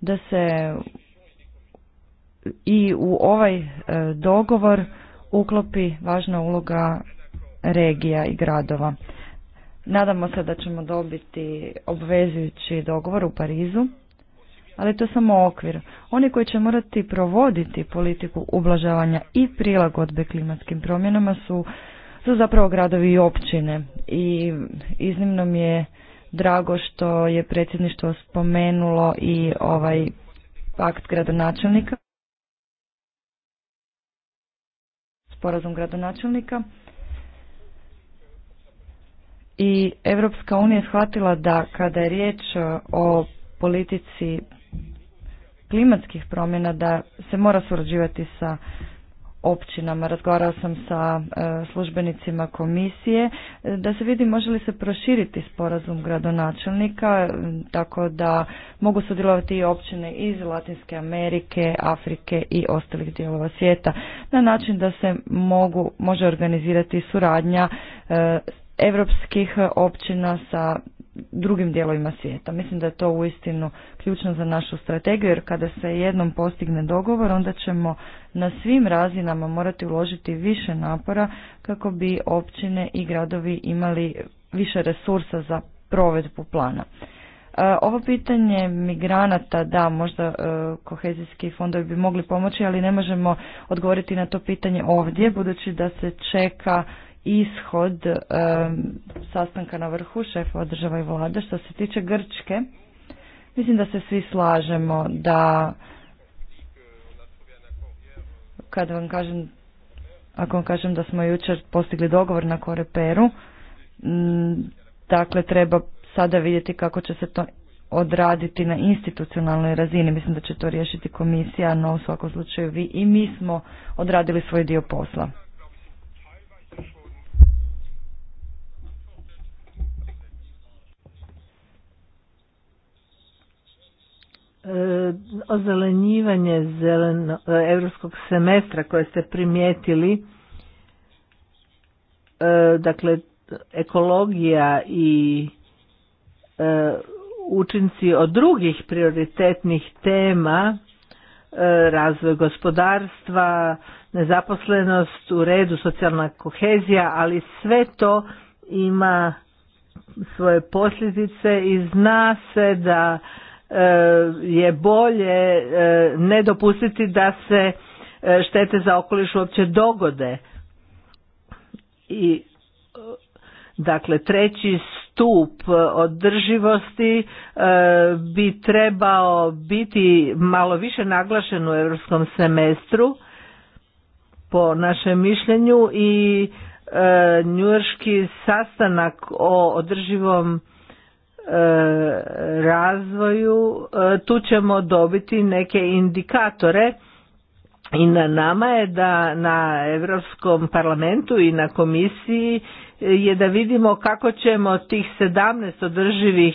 da se i u ovaj e, dogovor uklopi važna uloga regija i gradova. Nadamo se da ćemo dobiti obvezujući dogovor u Parizu ali to je samo okvir. Oni koji će morati provoditi politiku ublažavanja i prilagodbe klimatskim promjenama su, su zapravo gradovi i općine i iznimno mi je drago što je predsjedništvo spomenulo i ovaj pakt gradonačelnika. sporazum gradonačelnika. I Evropska unija je shvatila da kada je riječ o politici klimatskih promjena da se mora surađivati sa općinama. Razgovarao sam sa e, službenicima komisije e, da se vidi može li se proširiti sporazum gradonačelnika e, tako da mogu sudjelovati i općine iz Latinske Amerike, Afrike i ostalih dijelova svijeta na način da se mogu, može organizirati suradnja europskih općina sa drugim dijelovima svijeta. Mislim da je to uistinu ključno za našu strategiju jer kada se jednom postigne dogovor onda ćemo na svim razinama morati uložiti više napora kako bi općine i gradovi imali više resursa za provedbu plana. E, ovo pitanje migranata, da, možda e, kohezijski fondovi bi mogli pomoći, ali ne možemo odgovoriti na to pitanje ovdje, budući da se čeka ishod sastanka na vrhu šefova država i vlada. Što se tiče Grčke, mislim da se svi slažemo da kad vam kažem, ako vam kažem da smo jučer postigli dogovor na Koreperu, peru dakle treba sada vidjeti kako će se to odraditi na institucionalnoj razini. Mislim da će to riješiti komisija, no u svakom slučaju vi i mi smo odradili svoj dio posla. E, ozelenjivanje zeleno, e, evropskog semestra koje ste primijetili, e, dakle ekologija i učinci od drugih prioritetnih tema, razvoj gospodarstva, nezaposlenost, u redu socijalna kohezija, ali sve to ima svoje posljedice i zna se da E, je bolje e, ne dopustiti da se e, štete za okoliš uopće dogode. I dakle treći stup održivosti bi trebao biti malo više naglašen u europskom semestru po našem mišljenju i njurški sastanak o održivom E, razvoju e, tu ćemo dobiti neke indikatore i na nama je da na Europskom parlamentu i na komisiji e, je da vidimo kako ćemo tih 17 održivih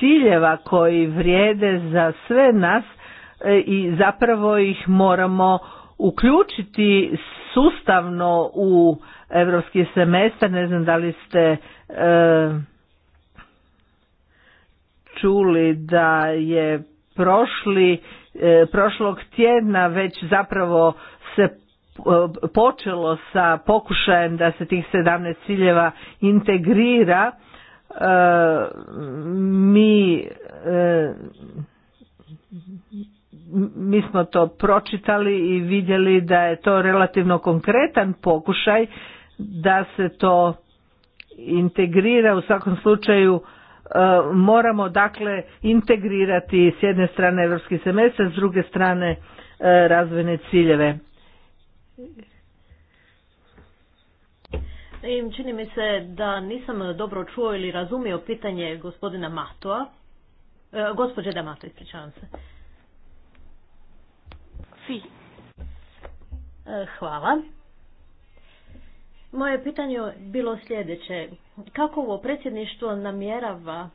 ciljeva koji vrijede za sve nas i zapravo ih moramo uključiti sustavno u europski semestar, ne znam da li ste čuli da je prošli, e, prošlog tjedna već zapravo se e, počelo sa pokušajem da se tih 17 ciljeva integrira e, mi mi smo to pročitali i vidjeli da je to relativno konkretan pokušaj da se to integrira u svakom slučaju E, moramo dakle integrirati s jedne strane europski semestar, s druge strane e, razvojne ciljeve. E, čini mi se da nisam dobro čuo ili razumio pitanje gospodina Matoa. E, gospođe Damato, ispričavam se. hvala. Moje pitanje bilo sljedeće. Kako ovo predsjedništvo namjerava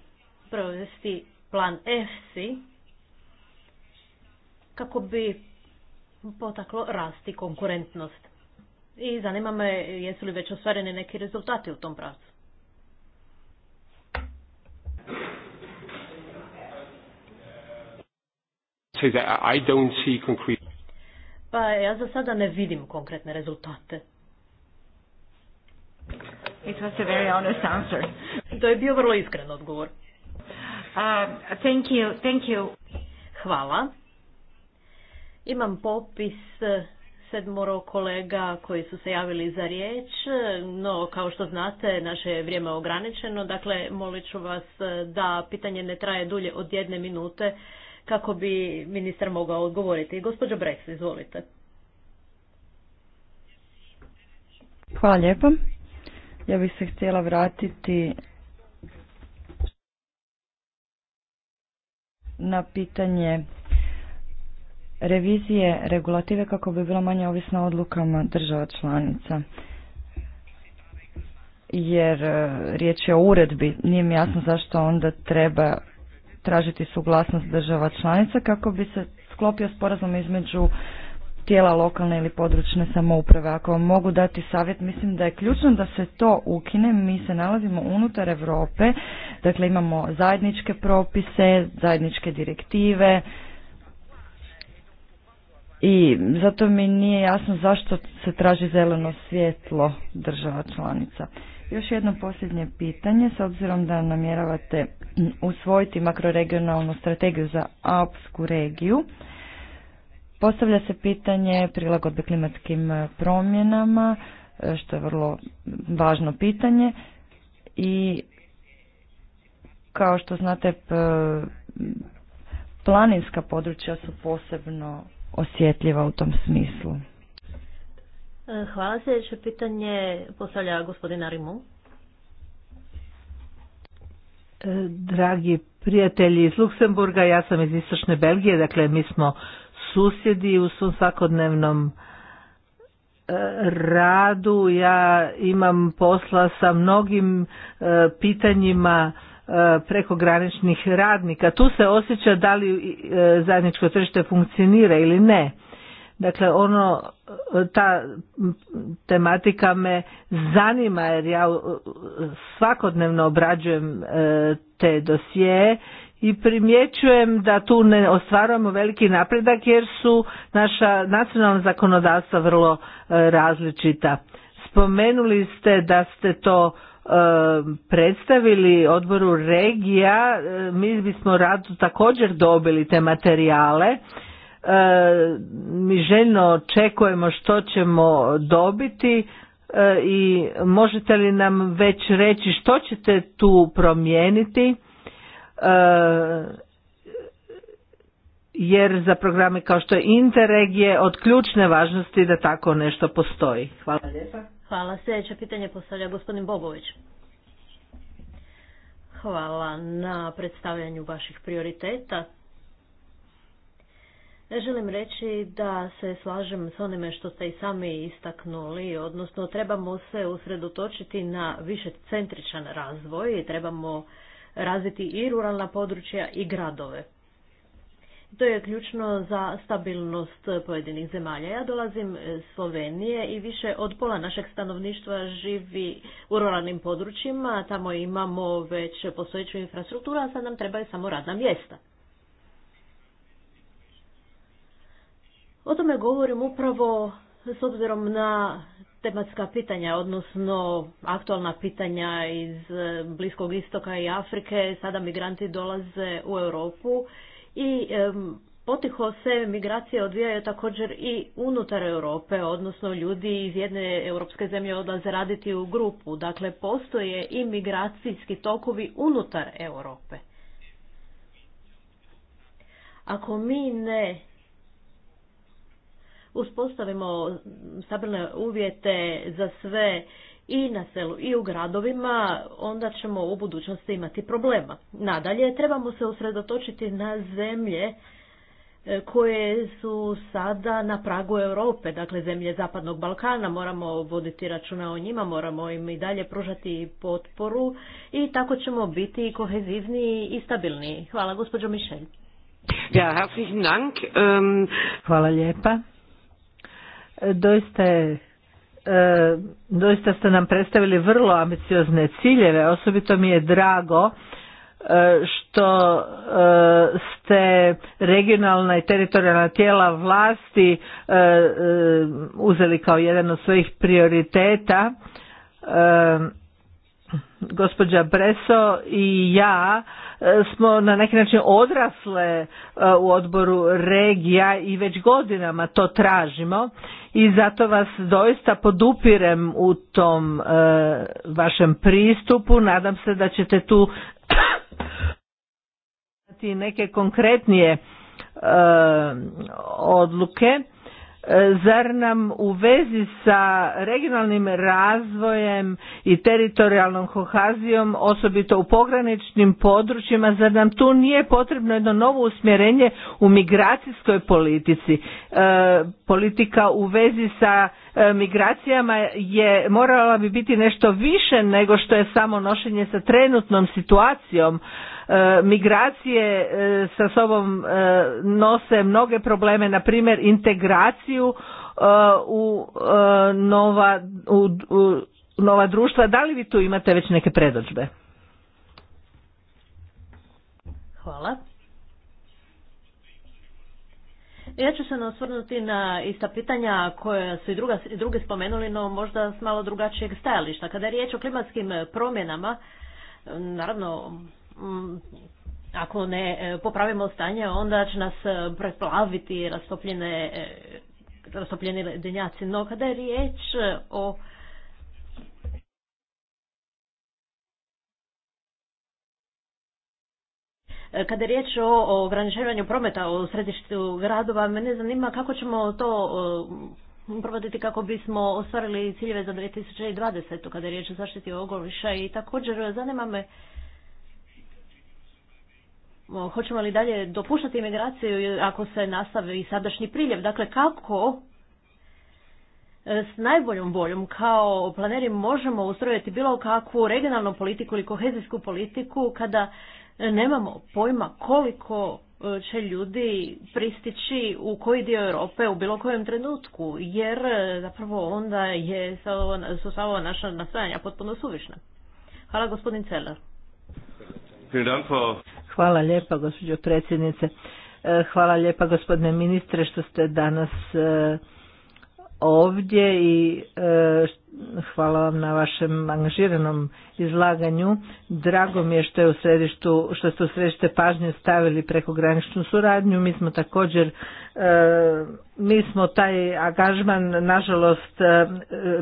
provesti plan EFSI kako bi potaklo rasti konkurentnost? I zanima me jesu li već ostvareni neki rezultati u tom pravcu? Pa ja za sada ne vidim konkretne rezultate. It was a very honest answer. To je bio vrlo iskren odgovor. Uh, thank you, thank you. Hvala. Imam popis eh, sedmoro kolega koji su se javili za riječ, eh, no kao što znate naše je vrijeme ograničeno, dakle molit ću vas eh, da pitanje ne traje dulje od jedne minute kako bi ministar mogao odgovoriti. Gospođo Brex, izvolite. Hvala lijepo. Ja bih se htjela vratiti na pitanje revizije regulative kako bi bilo manje ovisna odlukama država članica. Jer e, riječ je o uredbi, nije mi jasno zašto onda treba tražiti suglasnost država članica kako bi se sklopio sporazum između tijela lokalne ili područne samouprave. Ako vam mogu dati savjet, mislim da je ključno da se to ukine. Mi se nalazimo unutar Europe, dakle imamo zajedničke propise, zajedničke direktive i zato mi nije jasno zašto se traži zeleno svjetlo država članica. Još jedno posljednje pitanje, s obzirom da namjeravate usvojiti makroregionalnu strategiju za Alpsku regiju, Postavlja se pitanje prilagodbe klimatskim e, promjenama, e, što je vrlo važno pitanje i kao što znate planinska područja su posebno osjetljiva u tom smislu. E, hvala. što pitanje postavlja gospodina Rimu. Dragi prijatelji iz Luksemburga, ja sam iz Istočne Belgije, dakle mi smo susjedi u svom svakodnevnom e, radu. Ja imam posla sa mnogim e, pitanjima e, prekograničnih radnika. Tu se osjeća da li zajedničko tržište funkcionira ili ne. Dakle, ono, ta tematika me zanima jer ja svakodnevno obrađujem te dosije i primjećujem da tu ne ostvarujemo veliki napredak jer su naša nacionalna zakonodavstva vrlo e, različita. Spomenuli ste da ste to e, predstavili odboru regija, e, mi bismo radu također dobili te materijale. Mi željno očekujemo što ćemo dobiti i možete li nam već reći što ćete tu promijeniti? E, jer za programe kao što je Interreg je od ključne važnosti da tako nešto postoji. Hvala lijepa. Hvala. Sljedeće pitanje postavlja gospodin Bogović. Hvala na predstavljanju vaših prioriteta. Ne Želim reći da se slažem s onime što ste i sami istaknuli, odnosno trebamo se usredotočiti na više centričan razvoj i trebamo razviti i ruralna područja i gradove. To je ključno za stabilnost pojedinih zemalja. Ja dolazim iz Slovenije i više od pola našeg stanovništva živi u ruralnim područjima. Tamo imamo već postojeću infrastrukturu, a sad nam trebaju samo radna mjesta. O tome govorim upravo s obzirom na tematska pitanja, odnosno aktualna pitanja iz e, Bliskog istoka i Afrike, sada migranti dolaze u Europu i potiho se migracije odvijaju također i unutar Europe, odnosno ljudi iz jedne europske zemlje odlaze raditi u grupu. Dakle, postoje i migracijski tokovi unutar Europe. Ako mi ne uspostavimo stabilne uvjete za sve i na selu i u gradovima, onda ćemo u budućnosti imati problema. Nadalje, trebamo se usredotočiti na zemlje e, koje su sada na pragu Europe, dakle zemlje Zapadnog Balkana, moramo voditi računa o njima, moramo im i dalje pružati potporu i tako ćemo biti kohezivniji i stabilniji. Hvala gospođo Mišelj. Ja, ähm, Hvala lijepa. Doista e, doista ste nam predstavili vrlo ambiciozne ciljeve, osobito mi je drago e, što e, ste regionalna i teritorijalna tijela vlasti uzeli kao jedan od svojih prioriteta. Gospođa Breso i ja smo na neki način odrasle e, u odboru regija i već godinama to tražimo i zato vas doista podupirem u tom e, vašem pristupu. Nadam se da ćete tu [coughs] neke konkretnije e, odluke E, zar nam u vezi sa regionalnim razvojem i teritorijalnom kohazijom, osobito u pograničnim područjima, zar nam tu nije potrebno jedno novo usmjerenje u migracijskoj politici? E, politika u vezi sa e, migracijama je morala bi biti nešto više nego što je samo nošenje sa trenutnom situacijom, E, migracije e, sa sobom e, nose mnoge probleme, na primjer integraciju u nova, u, nova društva. Da li vi tu imate već neke predođbe? Hvala. Ja ću se osvrnuti na ista pitanja koja su i druga, druge spomenuli, no možda s malo drugačijeg stajališta. Kada je riječ o klimatskim promjenama, naravno Mm, ako ne e, popravimo stanje, onda će nas e, preplaviti rastopljene e, rastopljeni ledenjaci. No kada je riječ o Kada je riječ o ograničavanju prometa u središtu gradova, mene zanima kako ćemo to provoditi kako bismo ostvarili ciljeve za 2020. kada je riječ o zaštiti okoliša i također zanima me hoćemo li dalje dopuštati imigraciju ako se nastavi sadašnji priljev. Dakle, kako e, s najboljom voljom kao planeri možemo ustrojiti bilo kakvu regionalnu politiku ili kohezijsku politiku kada nemamo pojma koliko e, će ljudi pristići u koji dio Europe u bilo kojem trenutku, jer e, zapravo onda je, su sva ova naša nastajanja potpuno suvišna. Hvala gospodin Celer. Hvala lijepa gospođo predsjednice. E, hvala lijepa gospodine ministre što ste danas e, ovdje i e, hvala vam na vašem angažiranom izlaganju. Drago mi je što, je u središtu, što ste u središte pažnje stavili prekograničnu suradnju. Mi smo također, mi smo taj angažman nažalost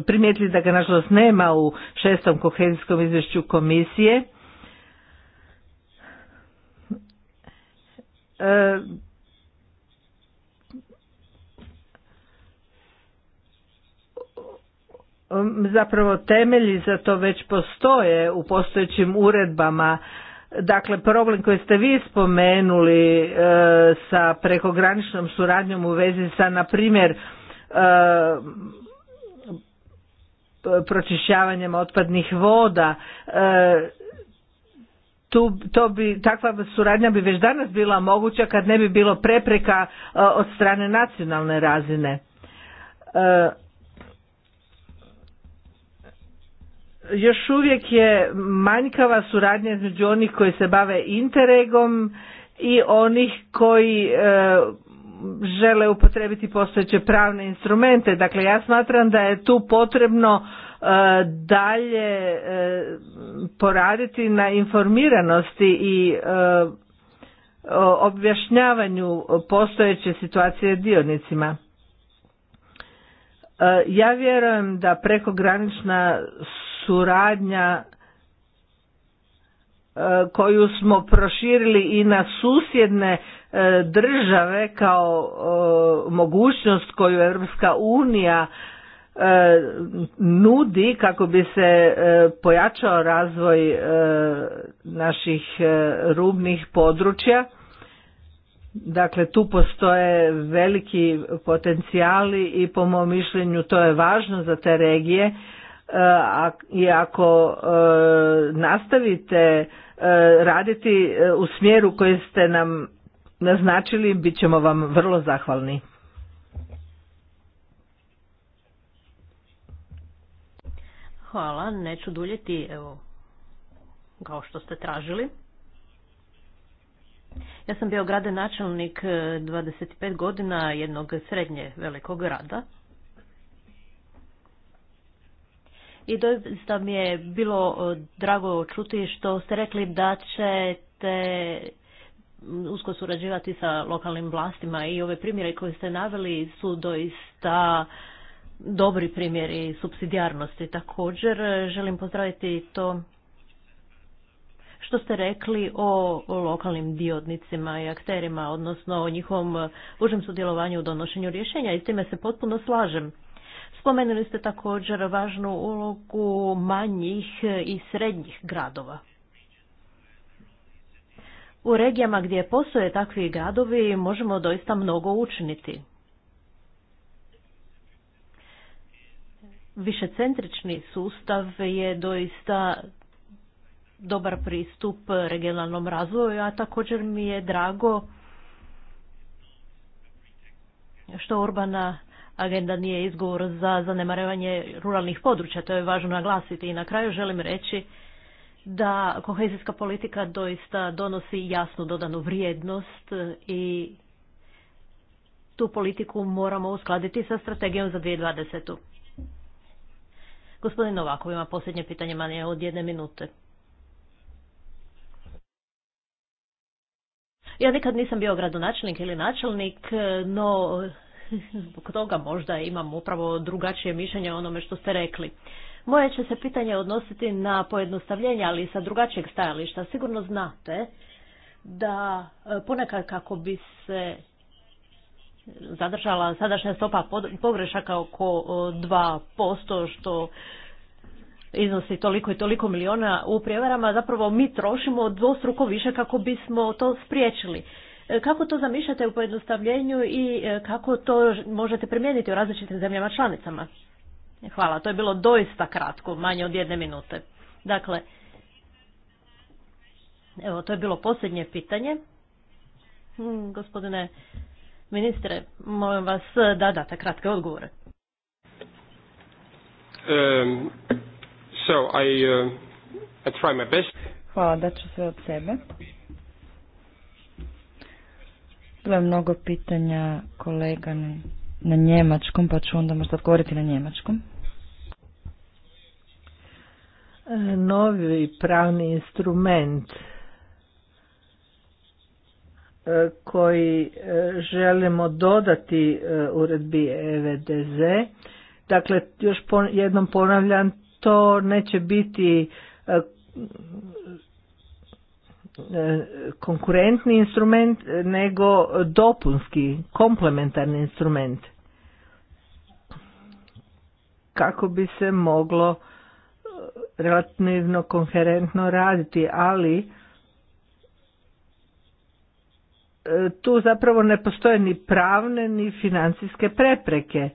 primijetili da ga nažalost nema u šestom kohezijskom izvješću komisije E, zapravo temelji za to već postoje u postojećim uredbama Dakle, problem koji ste vi spomenuli e, sa prekograničnom suradnjom u vezi sa, na primjer, e, pročišćavanjem otpadnih voda, e, tu, to bi, takva suradnja bi već danas bila moguća kad ne bi bilo prepreka e, od strane nacionalne razine. E, još uvijek je manjkava suradnja između onih koji se bave interregom i onih koji e, žele upotrebiti postojeće pravne instrumente. Dakle, ja smatram da je tu potrebno dalje e, poraditi na informiranosti i e, objašnjavanju postojeće situacije dionicima. E, ja vjerujem da prekogranična suradnja koju smo proširili i na susjedne države kao mogućnost koju Europska unija E, nudi kako bi se e, pojačao razvoj e, naših rubnih područja. Dakle, tu postoje veliki potencijali i po mom mišljenju to je važno za te regije. I ako nastavite raditi u smjeru koji ste nam naznačili, bit ćemo vam vrlo zahvalni. Hvala, neću duljeti, evo, kao što ste tražili. Ja sam bio načelnik 25 e, godina jednog srednje velikog grada. I doista mi je bilo e, drago čuti što ste rekli da ćete usko surađivati sa lokalnim vlastima i ove primjere koje ste naveli su doista dobri primjeri supsidijarnosti. Također e, želim pozdraviti to što ste rekli o lokalnim diodnicima i akterima, odnosno o njihovom e, užem sudjelovanju u donošenju rješenja i s time se potpuno slažem. Spomenuli ste također važnu ulogu manjih i srednjih gradova. U regijama gdje postoje takvi gradovi možemo doista mnogo učiniti. višecentrični sustav je doista dobar pristup regionalnom razvoju, a također mi je drago što urbana agenda nije izgovor za zanemarevanje ruralnih područja, to je važno naglasiti. I na kraju želim reći da kohezijska politika doista donosi jasnu dodanu vrijednost i tu politiku moramo uskladiti sa strategijom za 2020. Gospodin Novakov ima posljednje pitanje, manje od jedne minute. Ja nikad nisam bio gradonačelnik ili načelnik, no zbog toga možda imam upravo drugačije mišljenje o onome što ste rekli. Moje će se pitanje odnositi na pojednostavljenje, ali sa drugačijeg stajališta. Sigurno znate da ponekad kako bi se zadržala sadašnja stopa pogrešaka oko 2%, što iznosi toliko i toliko miliona u prijevarama, zapravo mi trošimo dvostruko više kako bismo to spriječili. E, kako to zamišljate u pojednostavljenju i e, kako to možete primijeniti u različitim zemljama članicama? Hvala, to je bilo doista kratko, manje od jedne minute. Dakle, evo, to je bilo posljednje pitanje. Hm, gospodine Ministre, molim vas eh, da date kratke odgovore. Um, uh, Hvala, da ću sve od sebe. Bilo je mnogo pitanja kolega na njemačkom, pa ću onda možda odgovoriti na njemačkom. Eh, novi pravni instrument E, koji e, želimo dodati e, uredbi EVDZ. Dakle, još jednom ponavljam, to neće biti konkurentni instrument, nego dopunski, komplementarni instrument. Kako bi se moglo relativno konherentno raditi, ali E, tu zapravo ne postoje ni pravne ni financijske prepreke.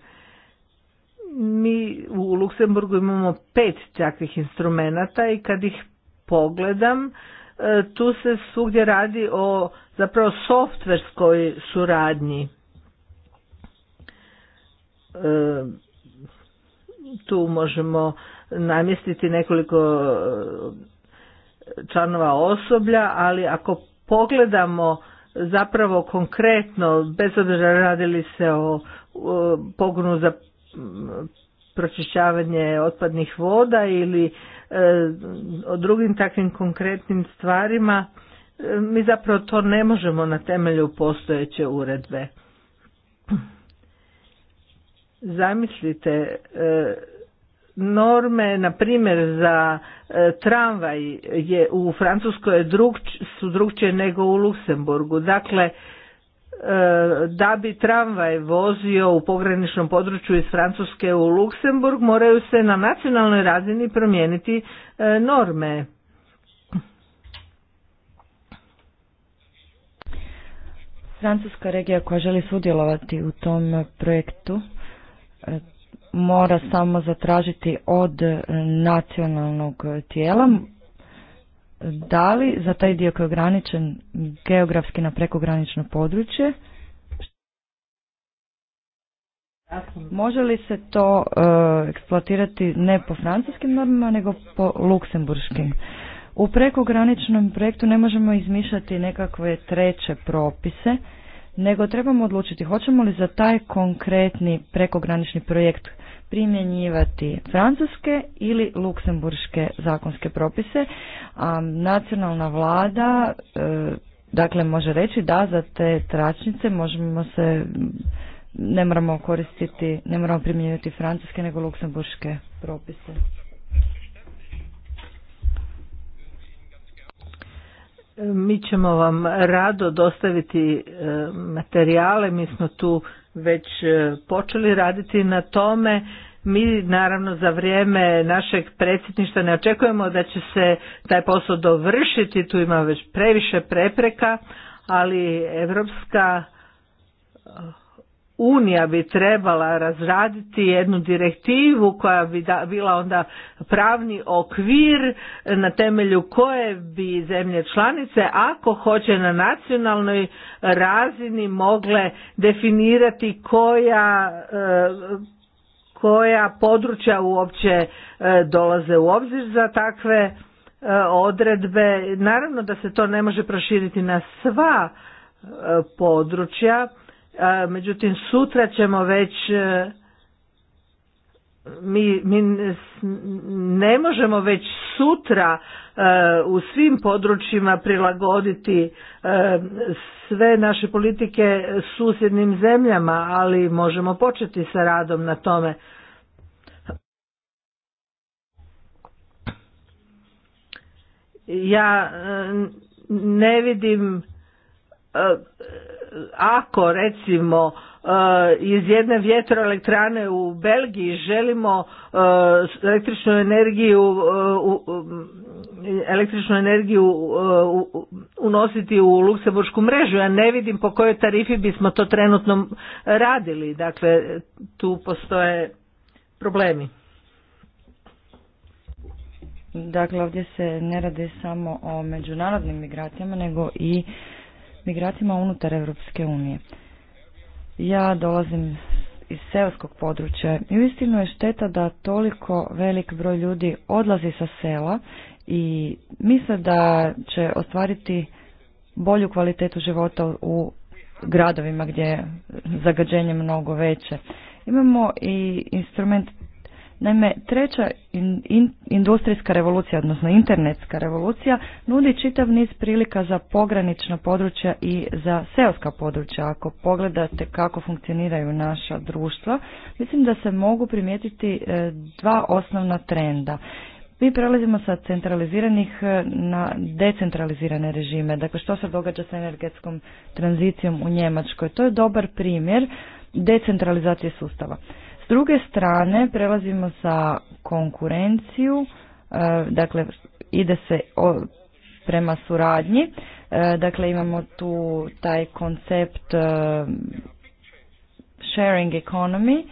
Mi u Luksemburgu imamo pet takvih instrumenata i kad ih pogledam e, tu se svugdje radi o zapravo softverskoj suradnji. E, tu možemo namjestiti nekoliko članova osoblja, ali ako pogledamo zapravo konkretno, bez obzira radili se o pogonu za pročišćavanje otpadnih voda ili e, o drugim takvim konkretnim stvarima, e, mi zapravo to ne možemo na temelju postojeće uredbe. [clears throat] Zamislite e, norme na primjer za e, tramvaj je u Francuskoj su drugčije nego u Luksemburgu. Dakle, e, da bi tramvaj vozio u pograničnom području iz Francuske u Luksemburg moraju se na nacionalnoj razini promijeniti e, norme. Francuska regija koja želi sudjelovati u tom projektu mora samo zatražiti od nacionalnog tijela. Da li za taj dio koji je ograničen geografski na prekogranično područje? Može li se to uh, eksploatirati ne po francuskim normama, nego po luksemburškim? U prekograničnom projektu ne možemo izmišljati nekakve treće propise nego trebamo odlučiti hoćemo li za taj konkretni prekogranični projekt primjenjivati francuske ili luksemburške zakonske propise, a nacionalna vlada e, dakle može reći da za te tračnice možemo se ne moramo koristiti, ne moramo primjenjivati francuske nego luksemburške propise. Mi ćemo vam rado dostaviti e, materijale, mi smo tu već e, počeli raditi na tome. Mi naravno za vrijeme našeg predsjedništva ne očekujemo da će se taj posao dovršiti, tu ima već previše prepreka, ali Evropska Unija bi trebala razraditi jednu direktivu koja bi bila onda pravni okvir na temelju koje bi zemlje članice ako hoće na nacionalnoj razini mogle definirati koja e, koja područja uopće e, dolaze u obzir za takve e, odredbe. Naravno da se to ne može proširiti na sva područja međutim sutra ćemo već e, mi, mi ne možemo već sutra e, u svim područjima prilagoditi e, sve naše politike susjednim zemljama, ali možemo početi sa radom na tome. Ja ne vidim ako recimo e, iz jedne vjetroelektrane u Belgiji želimo e, električnu energiju e, električnu energiju unositi u luksemburšku mrežu. Ja ne vidim po kojoj tarifi bismo to trenutno radili. Dakle, tu postoje problemi. Dakle, ovdje se ne radi samo o međunarodnim migracijama, nego i migracijama unutar Europske unije. Ja dolazim iz selskog područja i uistinu je šteta da toliko velik broj ljudi odlazi sa sela i misle da će ostvariti bolju kvalitetu života u gradovima gdje je zagađenje mnogo veće. Imamo i instrument Naime, treća industrijska revolucija, odnosno internetska revolucija, nudi čitav niz prilika za pogranična područja i za seoska područja. Ako pogledate kako funkcioniraju naša društva, mislim da se mogu primijetiti e, dva osnovna trenda. Mi prelazimo sa centraliziranih e, na decentralizirane režime. Dakle, što se događa sa energetskom tranzicijom u Njemačkoj? To je dobar primjer decentralizacije sustava. S druge strane prelazimo sa konkurenciju, e, dakle ide se prema suradnji, e, dakle imamo tu taj koncept e, sharing economy,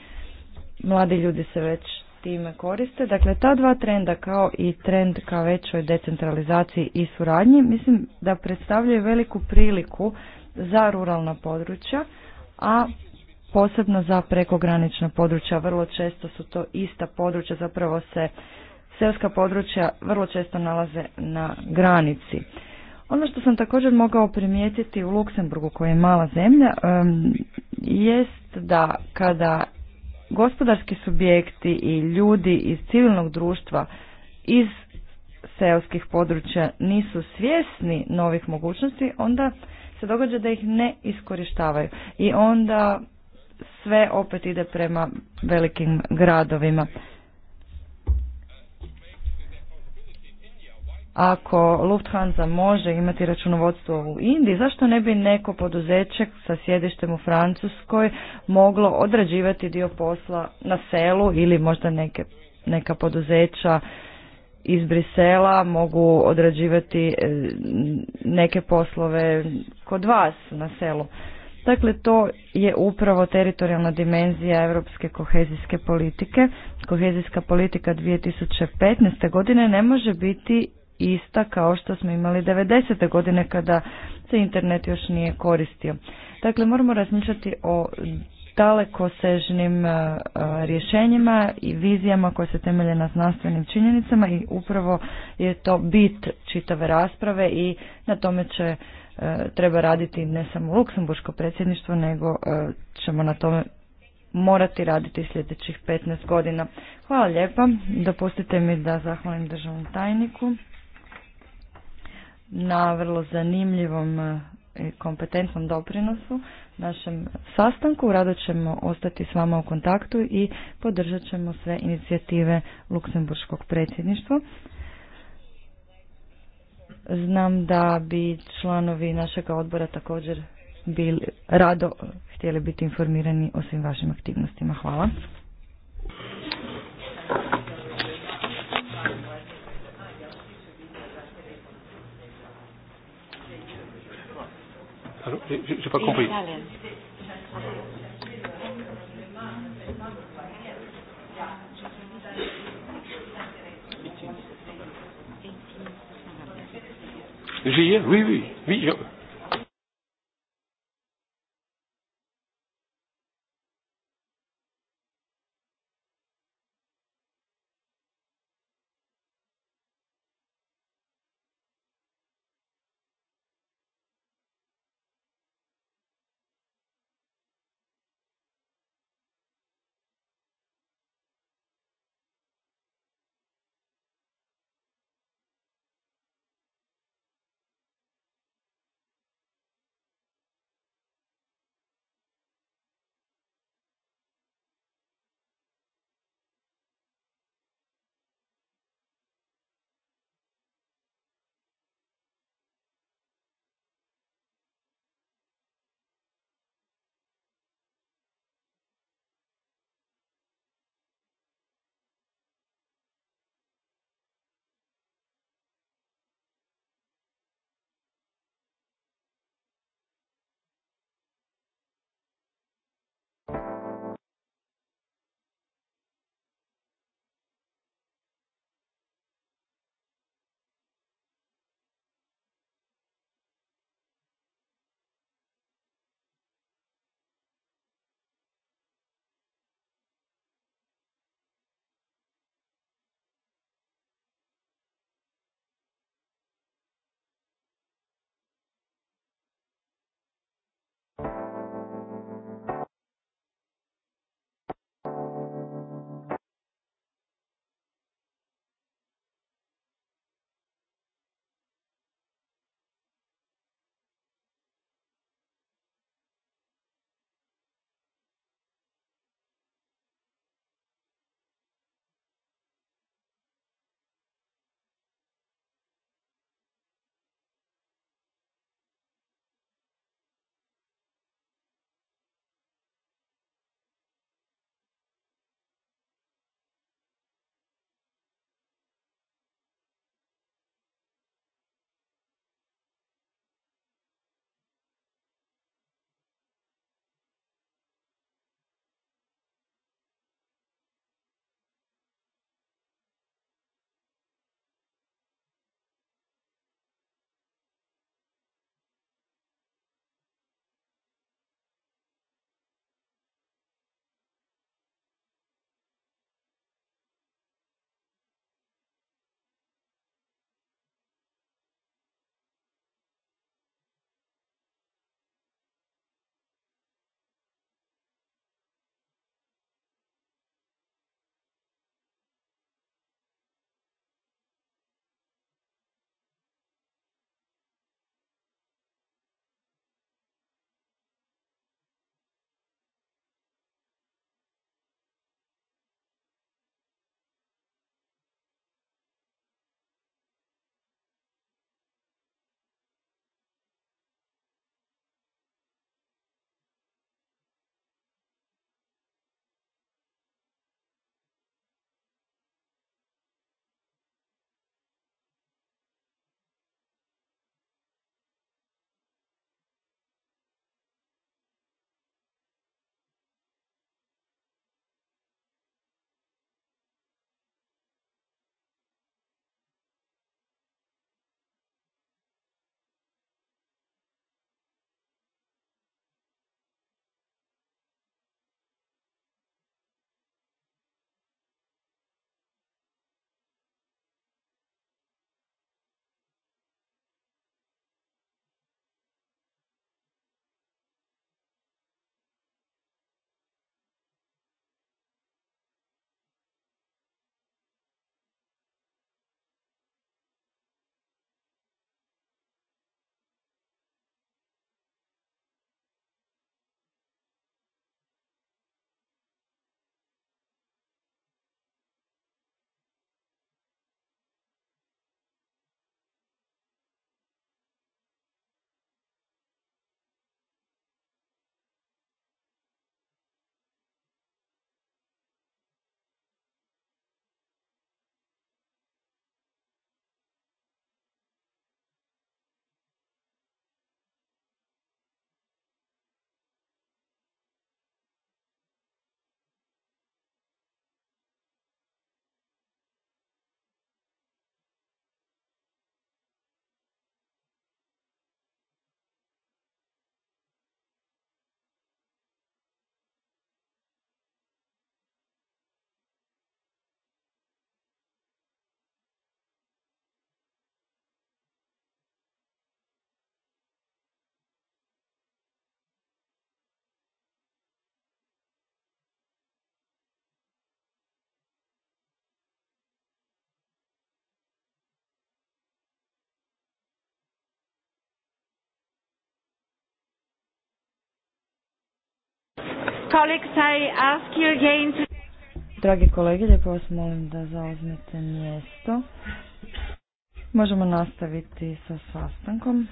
mladi ljudi se već time koriste. Dakle, ta dva trenda kao i trend ka većoj decentralizaciji i suradnji, mislim da predstavljaju veliku priliku za ruralna područja, a posebno za prekogranična područja. Vrlo često su to ista područja, zapravo se selska područja vrlo često nalaze na granici. Ono što sam također mogao primijetiti u Luksemburgu koja je mala zemlja jest da kada gospodarski subjekti i ljudi iz civilnog društva iz seoskih područja nisu svjesni novih mogućnosti, onda se događa da ih ne iskorištavaju i onda sve opet ide prema velikim gradovima. Ako Lufthansa može imati računovodstvo u Indiji, zašto ne bi neko poduzeće sa sjedištem u Francuskoj moglo odrađivati dio posla na selu ili možda neke, neka poduzeća iz Brisela mogu odrađivati e, neke poslove kod vas na selu? Dakle, to je upravo teritorijalna dimenzija europske kohezijske politike. Kohezijska politika 2015. godine ne može biti ista kao što smo imali 90. godine kada se internet još nije koristio. Dakle, moramo razmišljati o dalekosežnim e, e, rješenjima i vizijama koje se temelje na znanstvenim činjenicama i upravo je to bit čitave rasprave i na tome će E, treba raditi ne samo luksemburško predsjedništvo, nego e, ćemo na tome morati raditi sljedećih 15 godina. Hvala lijepa. Dopustite mi da zahvalim državnom tajniku na vrlo zanimljivom e, i kompetentnom doprinosu našem sastanku. Rado ćemo ostati s vama u kontaktu i podržat ćemo sve inicijative Luksemburškog predsjedništva. Znam da bi članovi našeg odbora također bili rado htjeli biti informirani o svim vašim aktivnostima. Hvala. Pa Oui, oui, oui. Dragi kolege, lijepo vas molim da zauzmete mjesto. Možemo nastaviti sa sastankom.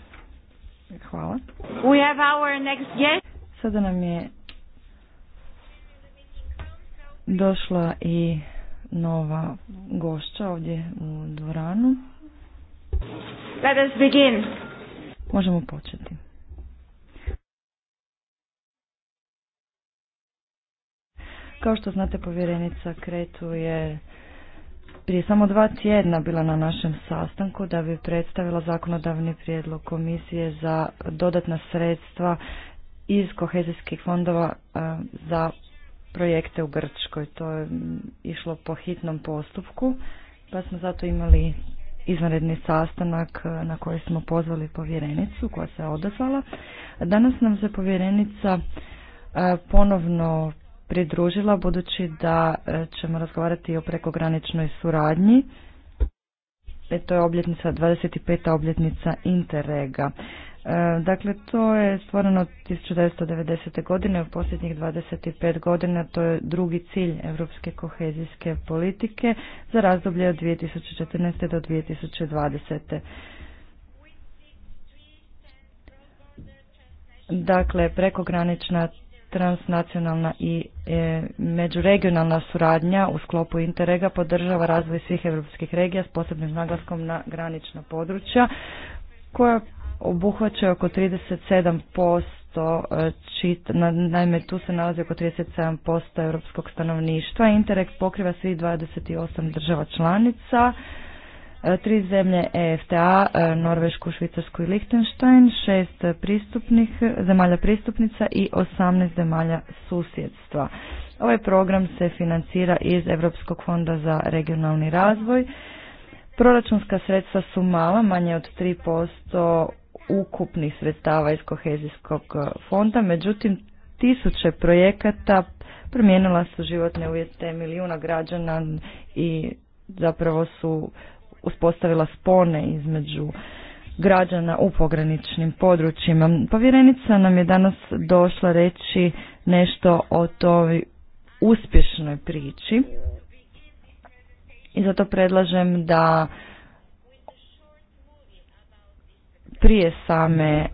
Hvala. We have our next Sada nam je došla i nova gošća ovdje u dvoranu. Možemo početi. Kao što znate, povjerenica Kretu je prije samo dva tjedna bila na našem sastanku da bi predstavila zakonodavni prijedlog komisije za dodatna sredstva iz kohezijskih fondova e, za projekte u Grčkoj. To je išlo po hitnom postupku, pa smo zato imali izvanredni sastanak e, na koji smo pozvali povjerenicu koja se odazvala. Danas nam se povjerenica e, ponovno pridružila budući da e, ćemo razgovarati o prekograničnoj suradnji. E, to je obljetnica, 25. obljetnica Interrega. E, dakle, to je stvoreno 1990. godine, u posljednjih 25 godina to je drugi cilj europske kohezijske politike za razdoblje od 2014. do 2020. Dakle, prekogranična transnacionalna i e, međuregionalna suradnja u sklopu Interrega podržava razvoj svih europskih regija s posebnim naglaskom na granična područja koja obuhvaćaju oko 37% e, čit, na, naime tu se nalazi oko 37% europskog stanovništva. Interreg pokriva svih 28 država članica E, tri zemlje EFTA, e, Norvešku, Švicarsku i Liechtenstein, šest pristupnih, zemalja pristupnica i osamnaest zemalja susjedstva. Ovaj program se financira iz Europskog fonda za regionalni razvoj. Proračunska sredstva su mala, manje od 3% ukupnih sredstava iz kohezijskog e, fonda, međutim tisuće projekata promijenila su životne uvjete milijuna građana i zapravo su uspostavila spone između građana u pograničnim područjima. Povjerenica nam je danas došla reći nešto o toj uspješnoj priči i zato predlažem da prije same e,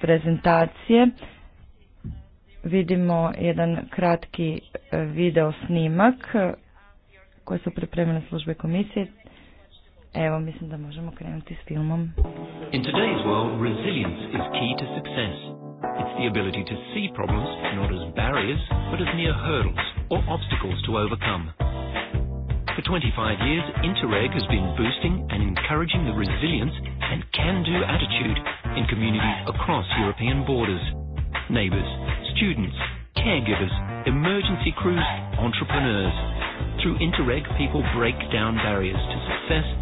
prezentacije vidimo jedan kratki e, video snimak e, koji su pripremljene službe komisije Evo, mislim da možemo krenuti s filmom. In today's world, resilience is key to success. It's the ability to see problems not as barriers, but as mere hurdles or obstacles to overcome. For 25 years, Interreg has been boosting and encouraging the resilience and can-do attitude in communities across European borders. Neighbors, students, caregivers, emergency crews, entrepreneurs. Through Interreg, people break down barriers to success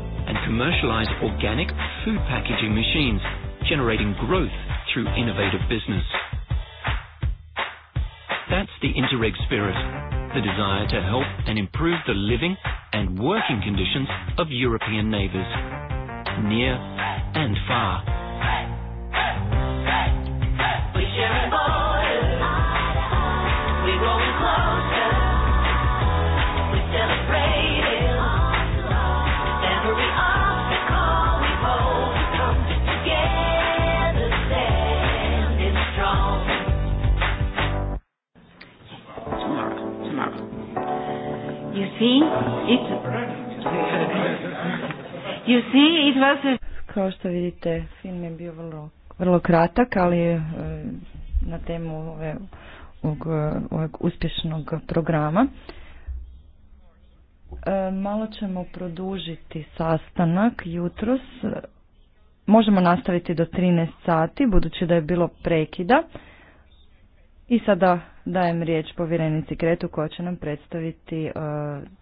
and commercialize organic food packaging machines, generating growth through innovative business. That's the Interreg spirit, the desire to help and improve the living and working conditions of European neighbors, near and far. You see, it, you see, it was Kao što vidite, film je bio vrlo, vrlo kratak, ali je e, na temu ove, ovog, e, ovog uspješnog programa. E, malo ćemo produžiti sastanak jutros. Možemo nastaviti do 13 sati, budući da je bilo prekida. I sada Dajem riječ povjerenici Kretu koja će nam predstaviti e,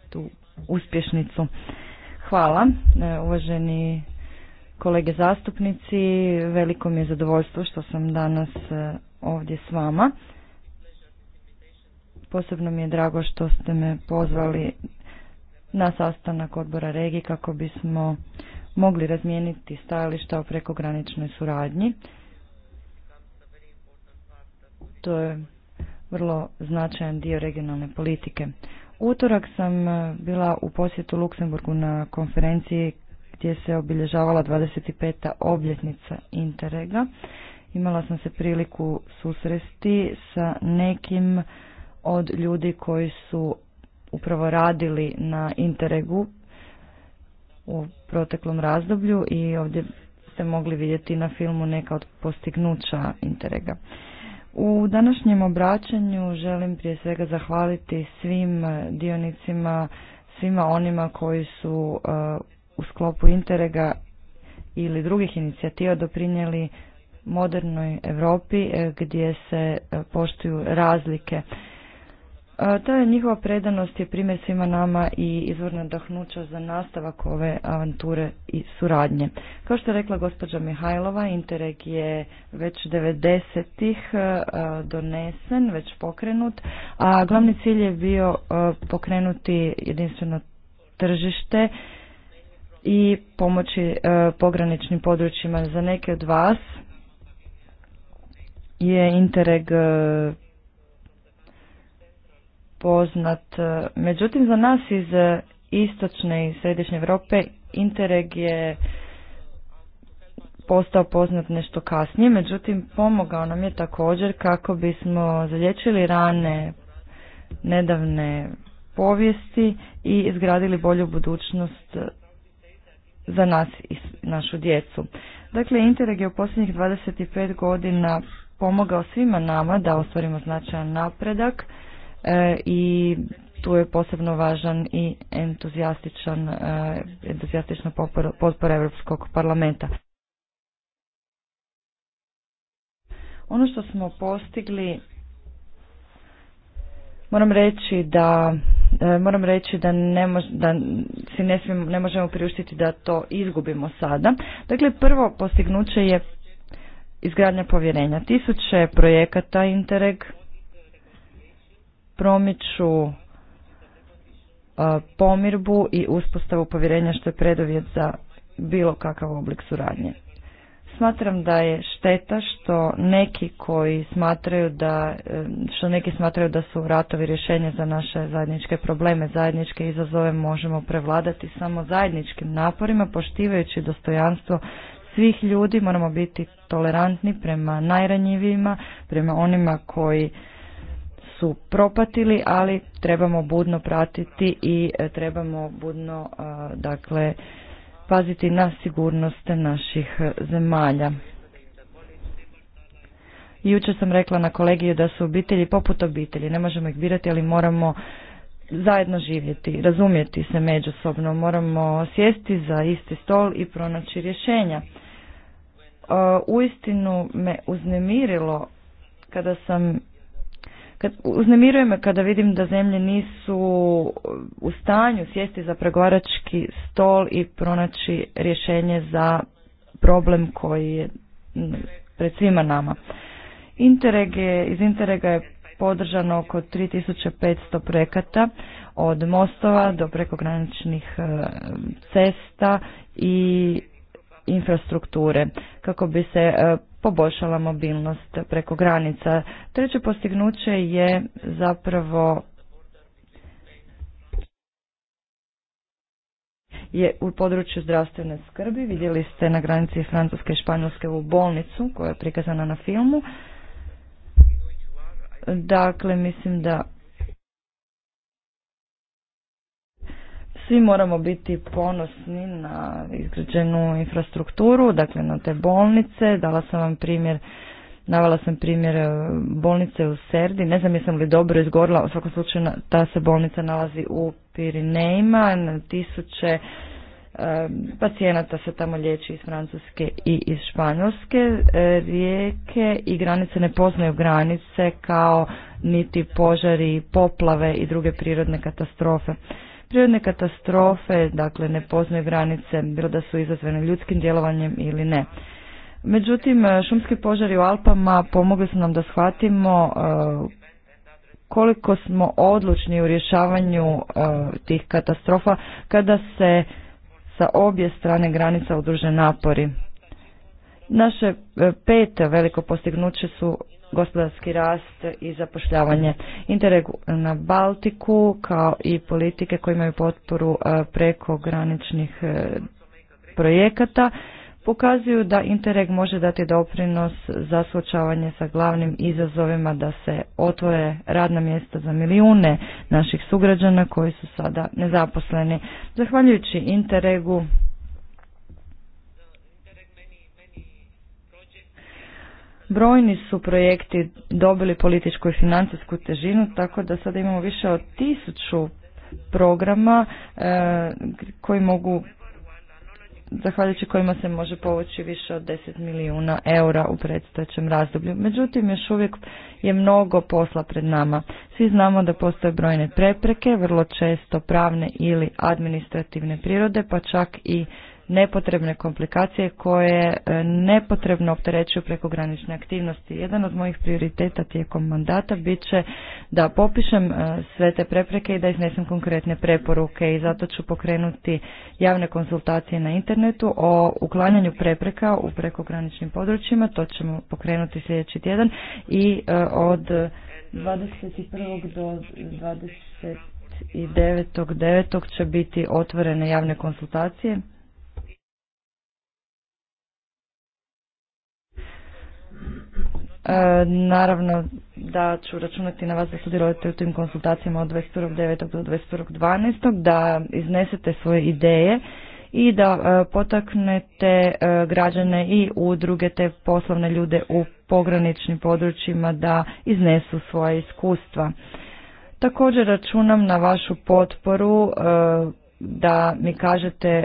tu uspješnicu. Hvala, e, uvaženi kolege zastupnici. Veliko mi je zadovoljstvo što sam danas e, ovdje s vama. Posebno mi je drago što ste me pozvali na sastanak odbora regije kako bismo mogli razmijeniti stajališta o prekograničnoj suradnji. To je vrlo značajan dio regionalne politike. Utorak sam e, bila u posjetu Luksemburgu na konferenciji gdje se obilježavala 25. obljetnica Interrega. Imala sam se priliku susresti sa nekim od ljudi koji su upravo radili na Interregu u proteklom razdoblju i ovdje ste mogli vidjeti na filmu neka od postignuća Interrega. U današnjem obraćanju želim prije svega zahvaliti svim dionicima, svima onima koji su e, u sklopu Interega ili drugih inicijativa doprinijeli modernoj Europi e, gdje se e, poštuju razlike ta njihova predanost je primjer svima nama i izvorna dahnuća za nastavak ove avanture i suradnje. Kao što je rekla gospođa Mihajlova, Interreg je već 90-ih donesen, već pokrenut, a glavni cilj je bio pokrenuti jedinstveno tržište i pomoći pograničnim područjima. Za neke od vas je Interreg poznat. Međutim, za nas iz istočne i središnje Europe Interreg je postao poznat nešto kasnije, međutim pomogao nam je također kako bismo zalječili rane nedavne povijesti i izgradili bolju budućnost za nas i našu djecu. Dakle, Interreg je u posljednjih 25 godina pomogao svima nama da ostvarimo značajan napredak E, i tu je posebno važan i entuzijastičan, e, entuzijastična potpora Europskog parlamenta. Ono što smo postigli moram reći da e, moram reći da ne mož, da si ne, ne možemo priuštiti da to izgubimo sada. Dakle, prvo postignuće je izgradnja povjerenja. Tisuće projekata Interreg promiču pomirbu i uspostavu povjerenja što je predovjet za bilo kakav oblik suradnje. Smatram da je šteta što neki koji smatraju da, e, što neki smatraju da su ratovi rješenje za naše zajedničke probleme, zajedničke izazove možemo prevladati samo zajedničkim naporima, poštivajući dostojanstvo svih ljudi, moramo biti tolerantni prema najranjivijima, prema onima koji su propatili, ali trebamo budno pratiti i e, trebamo budno e, dakle paziti na sigurnost naših e, zemalja. Jučer sam rekla na kolegiju da su obitelji poput obitelji, ne možemo ih birati, ali moramo zajedno živjeti, razumjeti se međusobno, moramo sjesti za isti stol i pronaći rješenja. Uistinu me uznemirilo kada sam kad, uznemiruje me kada vidim da zemlje nisu u stanju sjesti za pregovarački stol i pronaći rješenje za problem koji je mm, pred svima nama. Interreg je, iz Interega je podržano oko 3500 projekata od mostova do prekograničnih e, cesta i infrastrukture kako bi se e, poboljšala mobilnost preko granica. Treće postignuće je zapravo je u području zdravstvene skrbi. Vidjeli ste na granici Francuske i Španjolske u bolnicu koja je prikazana na filmu. Dakle, mislim da Svi moramo biti ponosni na izgrađenu infrastrukturu, dakle na te bolnice. Dala sam vam primjer Navala sam primjer e, bolnice u Serdi, ne znam jesam li dobro izgorila, u svakom slučaju ta se bolnica nalazi u Pirinejima, na tisuće e, pacijenata se tamo liječi iz Francuske i iz Španjolske. E, rijeke i granice ne poznaju granice kao niti požari, poplave i druge prirodne katastrofe. Prirodne katastrofe, dakle, ne poznaju granice, bilo da su izazvane ljudskim djelovanjem ili ne. Međutim, šumski požari u Alpama pomogli su nam da shvatimo e, koliko smo odlučni u rješavanju e, tih katastrofa kada se sa obje strane granica udruže napori. Naše e, pete veliko postignuće su gospodarski rast i zapošljavanje. Interreg na Baltiku kao i politike koje imaju potporu e, preko graničnih e, projekata pokazuju da Interreg može dati doprinos za suočavanje sa glavnim izazovima da se otvore radna mjesta za milijune naših sugrađana koji su sada nezaposleni. Zahvaljujući Interregu Brojni su projekti dobili političku i financijsku težinu, tako da sada imamo više od tisuću programa e, koji mogu zahvaljujući kojima se može povući više od 10 milijuna eura u predstojećem razdoblju. Međutim, još uvijek je mnogo posla pred nama. Svi znamo da postoje brojne prepreke, vrlo često pravne ili administrativne prirode, pa čak i nepotrebne komplikacije koje e, nepotrebno opterećuju prekogranične aktivnosti. Jedan od mojih prioriteta tijekom mandata bit će da popišem e, sve te prepreke i da iznesem konkretne preporuke i zato ću pokrenuti javne konsultacije na internetu o uklanjanju prepreka u prekograničnim područjima, to ćemo pokrenuti sljedeći tjedan i e, od 21. do 20 i će biti otvorene javne konsultacije E, naravno da ću računati na vas da sudjelujete u tim konsultacijama od 21.9. do 21.12. da iznesete svoje ideje i da e, potaknete e, građane i udruge te poslovne ljude u pograničnim područjima da iznesu svoja iskustva. Također računam na vašu potporu e, da mi kažete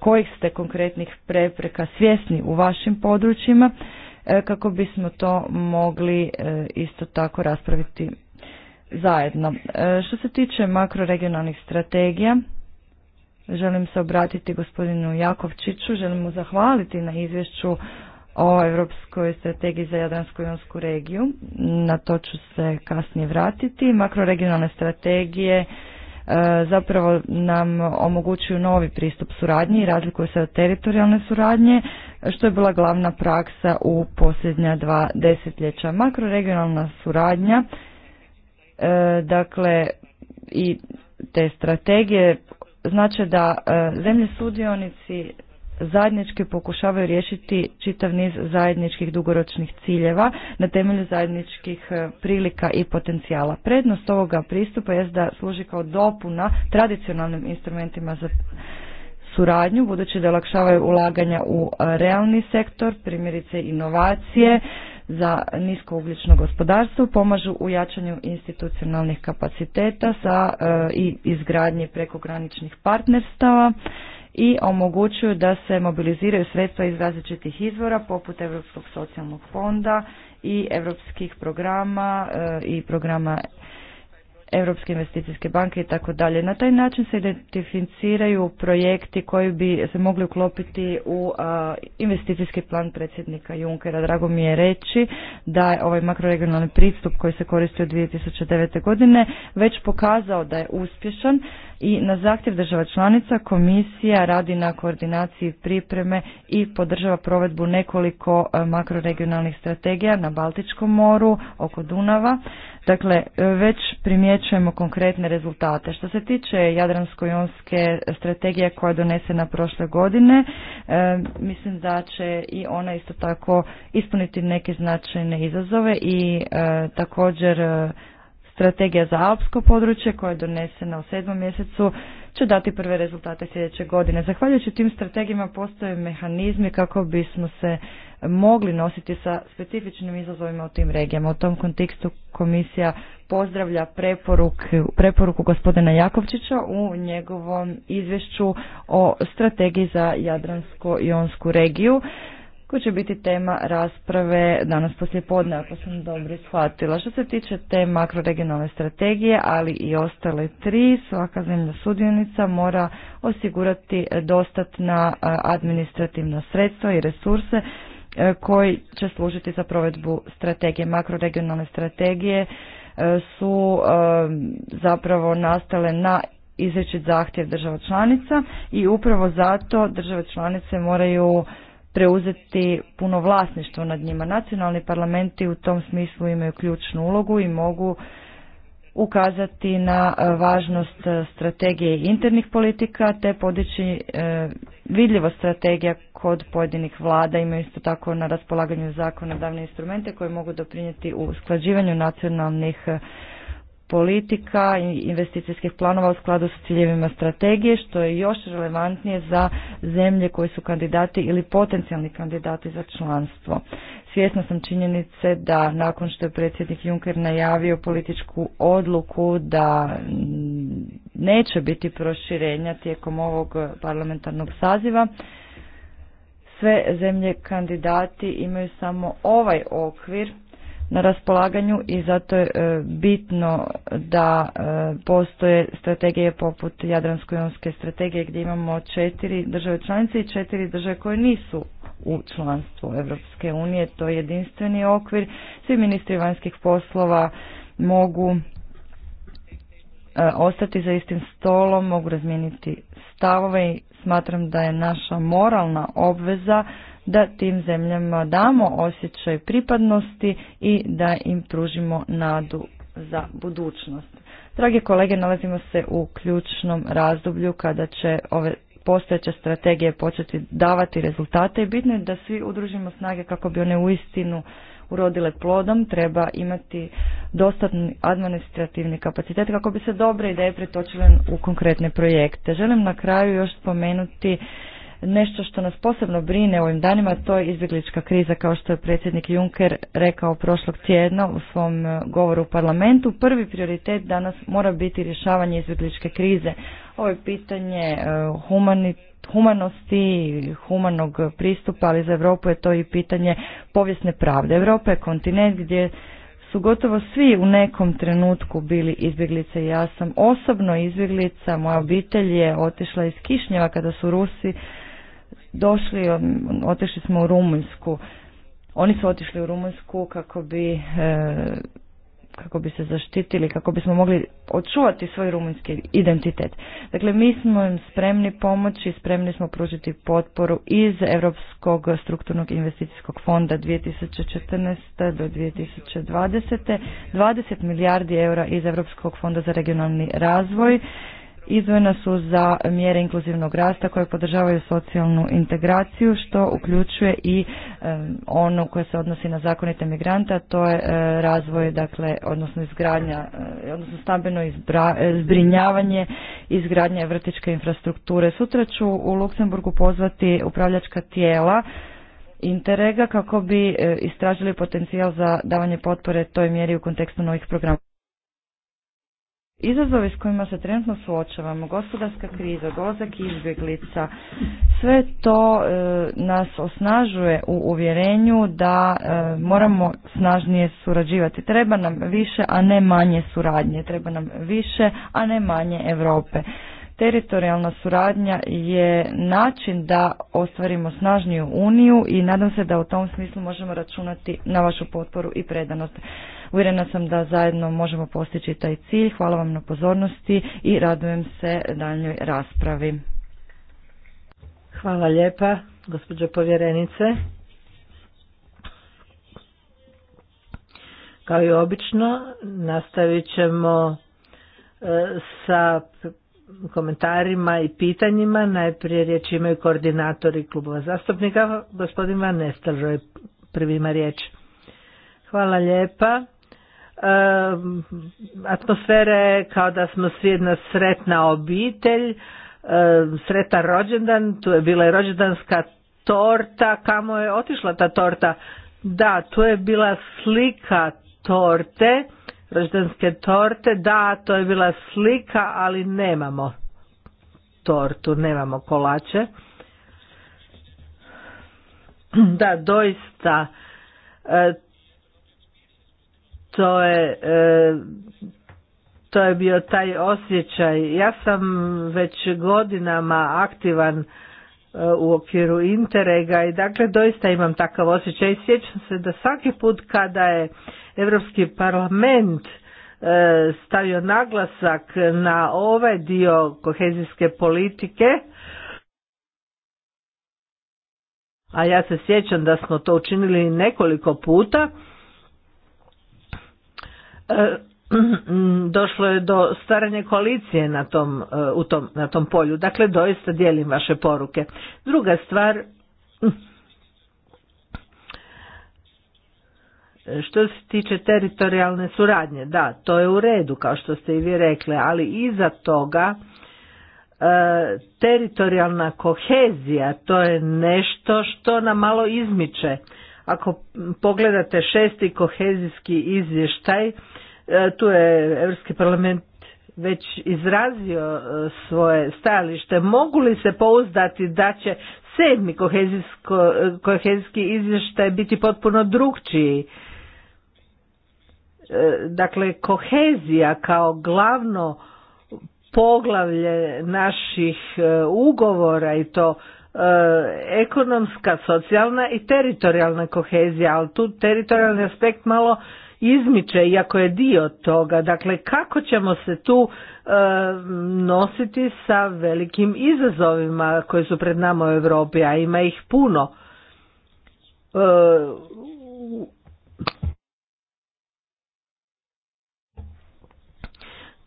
kojih ste konkretnih prepreka svjesni u vašim područjima E, kako bismo to mogli e, isto tako raspraviti zajedno. E, što se tiče makroregionalnih strategija, želim se obratiti gospodinu Jakovčiću, želim mu zahvaliti na izvješću o Europskoj strategiji za Jadransku jonsku regiju. Na to ću se kasnije vratiti. Makroregionalne strategije E, zapravo nam omogućuju novi pristup suradnji i razlikuju se od teritorijalne suradnje, što je bila glavna praksa u posljednja dva desetljeća. Makroregionalna suradnja, e, dakle, i te strategije znači da e, zemlje sudionici zajednički pokušavaju riješiti čitav niz zajedničkih dugoročnih ciljeva na temelju zajedničkih e, prilika i potencijala. Prednost ovoga pristupa je da služi kao dopuna tradicionalnim instrumentima za suradnju, budući da olakšavaju ulaganja u e, realni sektor, primjerice inovacije, za nisko niskougljično gospodarstvo pomažu u jačanju institucionalnih kapaciteta sa e, i izgradnji prekograničnih partnerstava i omogućuju da se mobiliziraju sredstva iz različitih izvora poput Europskog socijalnog fonda i europskih programa e, i programa Europske investicijske banke i tako dalje. Na taj način se identificiraju projekti koji bi se mogli uklopiti u e, investicijski plan predsjednika Junkera. Drago mi je reći da je ovaj makroregionalni pristup koji se koristi od 2009. godine već pokazao da je uspješan i na zahtjev država članica komisija radi na koordinaciji pripreme i podržava provedbu nekoliko e, makroregionalnih strategija na Baltičkom moru, oko Dunava. Dakle, e, već primjećujemo konkretne rezultate. Što se tiče Jadransko-jonske strategije koja je donesena prošle godine, e, mislim da će i ona isto tako ispuniti neke značajne izazove i također Strategija za alpsko područje koja je donesena u sedmom mjesecu će dati prve rezultate sljedeće godine. Zahvaljujući tim strategijama postoje mehanizmi kako bismo se mogli nositi sa specifičnim izazovima u tim regijama. U tom kontekstu komisija pozdravlja preporuk, preporuku gospodina Jakovčića u njegovom izvješću o strategiji za Jadransko-Jonsku regiju koji će biti tema rasprave danas poslije podne, ako sam dobro shvatila. Što se tiče te makroregionalne strategije, ali i ostale tri, svaka zemlja sudionica mora osigurati dostatna administrativna sredstva i resurse e, koji će služiti za provedbu strategije. Makroregionalne strategije e, su e, zapravo nastale na izreći zahtjev država članica i upravo zato države članice moraju preuzeti puno vlasništvo nad njima. Nacionalni parlamenti u tom smislu imaju ključnu ulogu i mogu ukazati na e, važnost e, strategije internih politika te podići e, vidljivost strategija kod pojedinih vlada. Imaju isto tako na raspolaganju zakonodavne instrumente koji mogu doprinijeti u usklađivanju nacionalnih politika i investicijskih planova u skladu s ciljevima strategije, što je još relevantnije za zemlje koje su kandidati ili potencijalni kandidati za članstvo. Svjesna sam činjenice da nakon što je predsjednik Juncker najavio političku odluku da neće biti proširenja tijekom ovog parlamentarnog saziva, sve zemlje kandidati imaju samo ovaj okvir na raspolaganju i zato je e, bitno da e, postoje strategije poput Jadransko-jonske strategije gdje imamo četiri države članice i četiri države koje nisu u članstvu Europske unije. To je jedinstveni okvir. Svi ministri vanjskih poslova mogu e, ostati za istim stolom, mogu razmijeniti stavove i smatram da je naša moralna obveza da tim zemljama damo osjećaj pripadnosti i da im pružimo nadu za budućnost. Dragi kolege, nalazimo se u ključnom razdoblju kada će ove postojeće strategije početi davati rezultate i bitno je da svi udružimo snage kako bi one uistinu urodile plodom, treba imati dostatni administrativni kapacitet kako bi se dobre ideje pretočile u konkretne projekte. Želim na kraju još spomenuti nešto što nas posebno brine ovim danima, to je izbjeglička kriza, kao što je predsjednik Juncker rekao prošlog tjedna u svom e, govoru u parlamentu. Prvi prioritet danas mora biti rješavanje izbjegličke krize. Ovo je pitanje e, humanit, humanosti, humanog pristupa, ali za Europu je to i pitanje povijesne pravde. Europa je kontinent gdje su gotovo svi u nekom trenutku bili izbjeglice. Ja sam osobno izbjeglica, moja obitelj je otišla iz Kišnjeva kada su Rusi došli, otišli smo u Rumunjsku. Oni su otišli u Rumunjsku kako bi e, kako bi se zaštitili, kako bismo mogli očuvati svoj rumunjski identitet. Dakle, mi smo im spremni pomoći, spremni smo pružiti potporu iz Europskog strukturnog investicijskog fonda 2014. do 2020. 20 milijardi eura iz Europskog fonda za regionalni razvoj izdvojena su za mjere inkluzivnog rasta koje podržavaju socijalnu integraciju što uključuje i e, ono koje se odnosi na zakonite migrante, a to je e, razvoj, dakle, odnosno izgradnja, e, odnosno stambeno zbrinjavanje, izgradnja vrtičke infrastrukture. Sutra ću u Luksemburgu pozvati upravljačka tijela Interega kako bi istražili potencijal za davanje potpore toj mjeri u kontekstu novih programa. Izazovi s kojima se trenutno suočavamo, gospodarska kriza, dolazak izbjeglica, sve to e, nas osnažuje u uvjerenju da e, moramo snažnije surađivati. Treba nam više, a ne manje suradnje. Treba nam više, a ne manje Europe. Teritorijalna suradnja je način da ostvarimo snažniju uniju i nadam se da u tom smislu možemo računati na vašu potporu i predanost. Uvjerena sam da zajedno možemo postići taj cilj. Hvala vam na pozornosti i radujem se daljnjoj raspravi. Hvala lijepa, gospođo povjerenice. Kao i obično, nastavit ćemo e, sa komentarima i pitanjima. Najprije riječ imaju koordinatori klubova zastupnika. Gospodin Van je prvima riječ. Hvala lijepa. Atmosfera je kao da smo svi jedna sretna obitelj, Sreta rođendan, tu je bila i rođendanska torta, kamo je otišla ta torta? Da, tu je bila slika torte rođendanske torte. Da, to je bila slika, ali nemamo tortu, nemamo kolače. Da, doista e, to je e, to je bio taj osjećaj. Ja sam već godinama aktivan e, u okviru Interega i dakle doista imam takav osjećaj. Sjećam se da svaki put kada je Europski parlament e, stavio naglasak na ovaj dio kohezijske politike, a ja se sjećam da smo to učinili nekoliko puta, e, došlo je do staranje koalicije na tom, e, u tom, na tom polju. Dakle, doista dijelim vaše poruke. Druga stvar, Što se tiče teritorijalne suradnje, da, to je u redu, kao što ste i vi rekli, ali iza toga e, teritorijalna kohezija, to je nešto što nam malo izmiče. Ako pogledate šesti kohezijski izvještaj, e, tu je Europski parlament već izrazio e, svoje stajalište. Mogu li se pouzdati da će sedmi kohezijski izvještaj biti potpuno drugčiji? E, dakle kohezija kao glavno poglavlje naših e, ugovora i to e, ekonomska, socijalna i teritorijalna kohezija, ali tu teritorijalni aspekt malo izmiče iako je dio toga. Dakle, kako ćemo se tu nositi sa velikim izazovima koji su pred nama u Europi, a ima ih puno.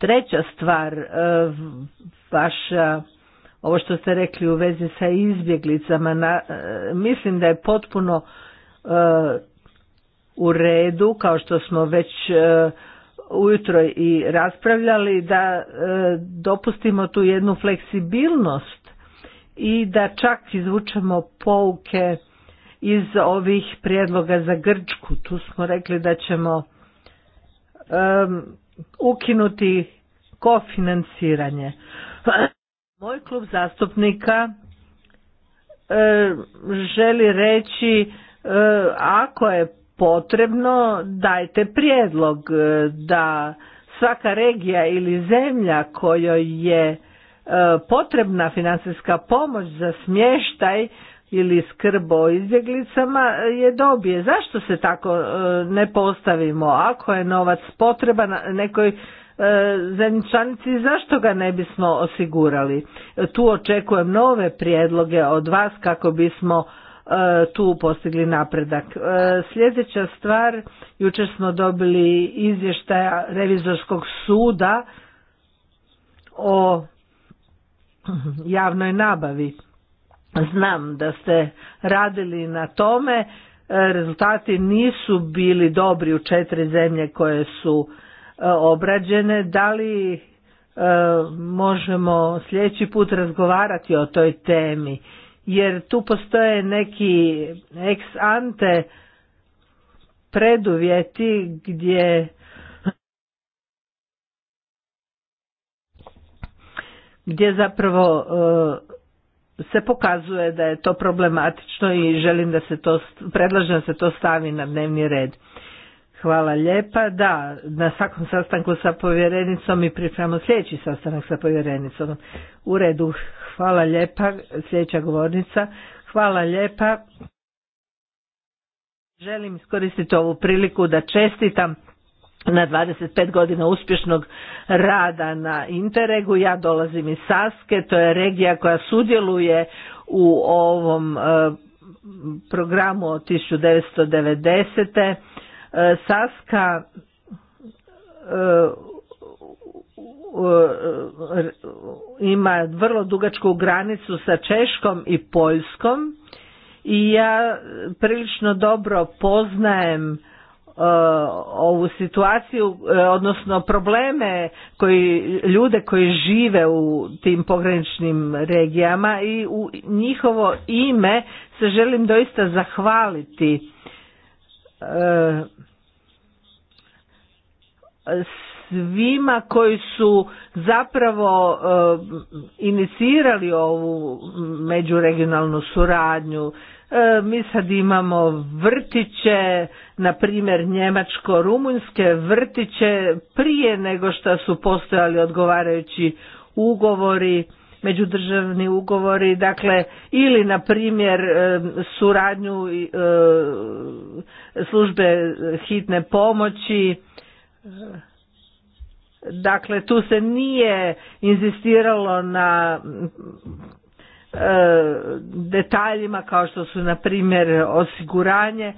Treća stvar, e, vaša, ovo što ste rekli u vezi sa izbjeglicama, na, e, mislim da je potpuno e, u redu, kao što smo već ujutro i raspravljali, da dopustimo tu jednu fleksibilnost i da čak izvučemo pouke iz ovih prijedloga za Grčku. Tu smo rekli da ćemo ukinuti financiranje. [clears throat] Moj klub zastupnika e, želi reći e, ako je potrebno dajte prijedlog e, da svaka regija ili zemlja kojoj je potrebna financijska pomoć za smještaj ili skrb o izbjeglicama eh, je dobije. Zašto se tako eh, ne postavimo? Ako je novac potreban nekoj eh, zemlji zašto ga ne bismo osigurali? Tu očekujem nove prijedloge od vas kako bismo tu postigli napredak. Sljedeća stvar, jučer smo dobili izvještaja revizorskog suda o javnoj nabavi. Znam da ste radili na tome, e, rezultati nisu bili dobri u četiri zemlje koje su e, obrađene. Da li e, možemo sljedeći put razgovarati o toj temi? Jer tu postoje neki ex ante preduvjeti gdje gdje zapravo se pokazuje da je to problematično i želim da se to, predlažem da se to stavi na dnevni red. Hvala lijepa. Da, na svakom sastanku sa povjerenicom i pripremamo sljedeći sastanak sa povjerenicom. U redu, hvala lijepa, sljedeća govornica. Hvala lijepa. Želim iskoristiti ovu priliku da čestitam na 25 godina uspješnog rada na interegu Ja dolazim iz Saske, to je regija koja sudjeluje u ovom e, programu od 1990. E, Saska e, ima vrlo dugačku granicu sa Češkom i Poljskom i ja prilično dobro poznajem E, ovu situaciju, e, odnosno probleme koji ljude koji žive u tim pograničnim regijama i u njihovo ime se želim doista zahvaliti e, svima koji su zapravo inicirali ovu međuregionalnu suradnju E, mi sad imamo vrtiće, na primjer njemačko-rumunjske vrtiće prije nego što su postojali odgovarajući ugovori međudržavni ugovori, dakle ili na primjer e, suradnju e, službe hitne pomoći. Dakle, tu se nije inzistiralo na E, detaljima kao što su na primjer osiguranje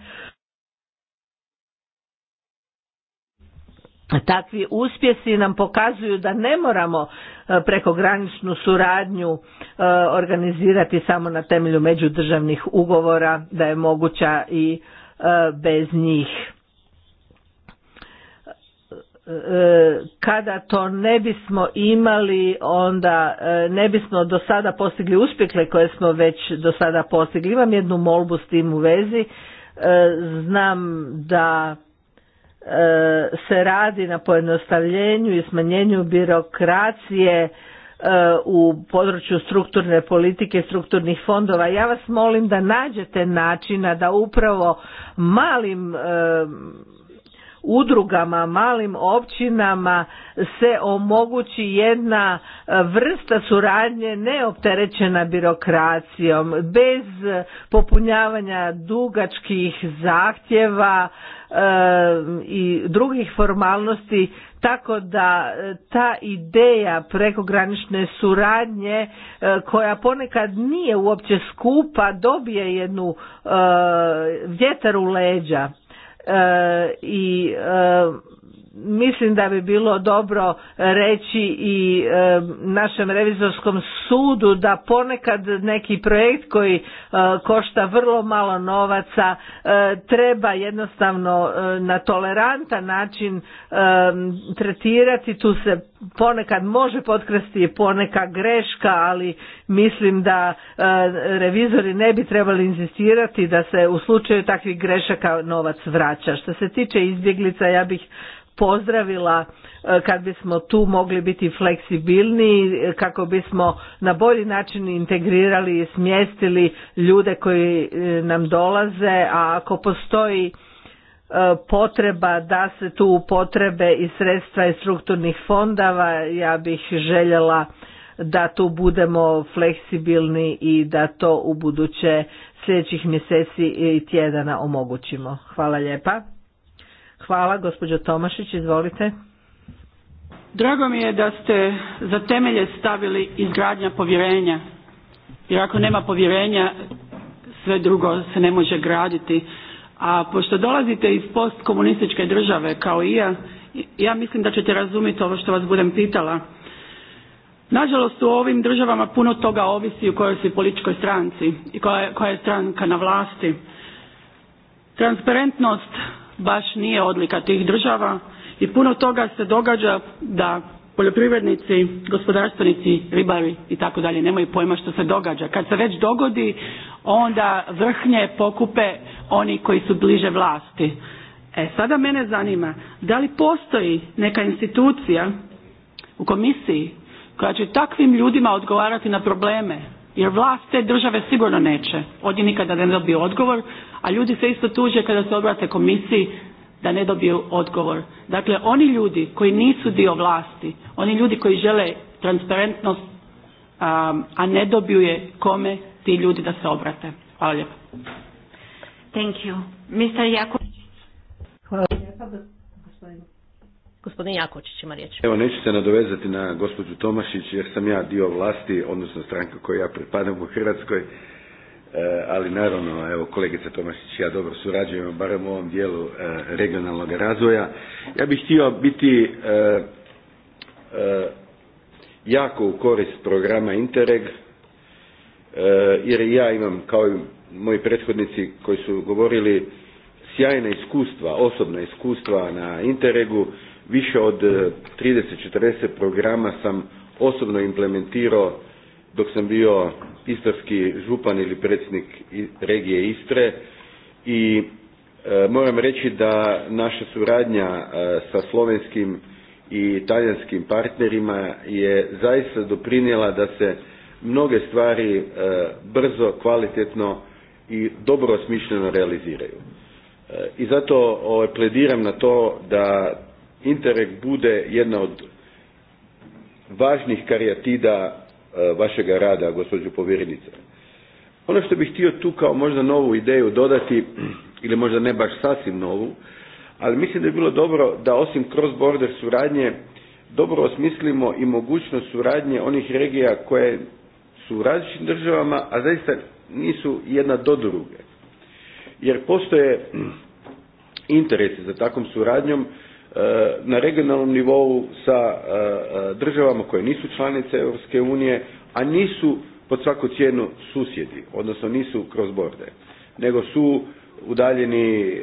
takvi uspjesi nam pokazuju da ne moramo e, prekograničnu suradnju e, organizirati samo na temelju međudržavnih ugovora da je moguća i bez njih kada to ne bismo imali onda e, ne bismo do sada postigli uspjehe koje smo već do sada postigli. Imam jednu molbu s tim u vezi. E, znam da e, se radi na pojednostavljenju i smanjenju birokracije u području strukturne politike, strukturnih fondova. Ja vas molim da nađete načina da upravo malim udrugama, malim općinama se omogući jedna e, vrsta suradnje neopterećena birokracijom, bez popunjavanja dugačkih zahtjeva e, i drugih formalnosti, tako da e, ta ideja prekogranične suradnje koja ponekad nije uopće skupa dobije jednu vjetar u leđa. E, i e, mislim da bi bilo dobro reći i e, našem revizorskom sudu da ponekad neki projekt koji e, košta vrlo malo novaca e, treba jednostavno na tolerantan način tretirati tu se ponekad može potkrasti poneka greška ali mislim da revizori ne bi trebali inzistirati da se u slučaju takvih grešaka novac vraća što se tiče izbjeglica ja bih pozdravila e, kad bismo tu mogli biti fleksibilniji e, kako bismo na bolji način integrirali i smjestili ljude koji e, nam dolaze a ako postoji potreba da se tu upotrebe i sredstva iz strukturnih fondova ja bih željela da tu budemo fleksibilni i da to u buduće sljedećih mjeseci i tjedana omogućimo. Hvala lijepa. Hvala, gospođo Tomašić, izvolite. Drago mi je da ste za temelje stavili izgradnja povjerenja. Jer ako nema povjerenja, sve drugo se ne može graditi. A pošto dolazite iz postkomunističke države kao i ja, ja mislim da ćete razumjeti ovo što vas budem pitala. Nažalost u ovim državama puno toga ovisi u kojoj si političkoj stranci i koja je, koja je stranka na vlasti. Transparentnost baš nije odlika tih država i puno toga se događa da poljoprivrednici, gospodarstvenici, ribari i tako dalje nemaju pojma što se događa. Kad se već dogodi, onda vrhnje pokupe oni koji su bliže vlasti. E, sada mene zanima, da li postoji neka institucija u komisiji koja će takvim ljudima odgovarati na probleme, jer vlast te države sigurno neće. Ovdje nikada ne dobije odgovor, a ljudi se isto tuže kada se obrate komisiji da ne dobiju odgovor. Dakle, oni ljudi koji nisu dio vlasti, oni ljudi koji žele transparentnost, um, a ne dobiju je kome ti ljudi da se obrate. Hvala lijepo. Thank you. Mr. Jako... Hvala lijepa, gospodin. ima riječ. Evo, neću se nadovezati na gospođu Tomašić, jer sam ja dio vlasti, odnosno stranka koja ja pripadam u Hrvatskoj E, ali naravno, evo, kolegica Tomašić ja dobro surađujemo, barem u ovom dijelu e, regionalnog razvoja. Ja bih htio biti e, jako u korist programa Interreg, jer i ja imam, kao i moji prethodnici koji su govorili, sjajna iskustva, osobna iskustva na Interregu. Više od 30-40 programa sam osobno implementirao dok sam bio istarski župan ili predsjednik regije Istre i e, moram reći da naša suradnja e, sa slovenskim i talijanskim partnerima je zaista doprinijela da se mnoge stvari e, brzo, kvalitetno i dobro osmišljeno realiziraju. I zato ovaj, plediram na to da Interreg bude jedna od važnih karijatida E, vašega rada, gospođo povjerenice. Ono što bih htio tu kao možda novu ideju dodati, [clears throat] ili možda ne baš sasvim novu, ali mislim da bi bilo dobro da osim cross-border suradnje dobro osmislimo i mogućnost suradnje onih regija koje su u različitim državama, a zaista nisu jedna do druge. Jer postoje [clears throat] interesi za takvom suradnjom E, na regionalnom nivou sa e, e, državama koje nisu članice Europske unije, a nisu pod svaku cijenu susjedi, odnosno nisu kroz borde, nego su udaljeni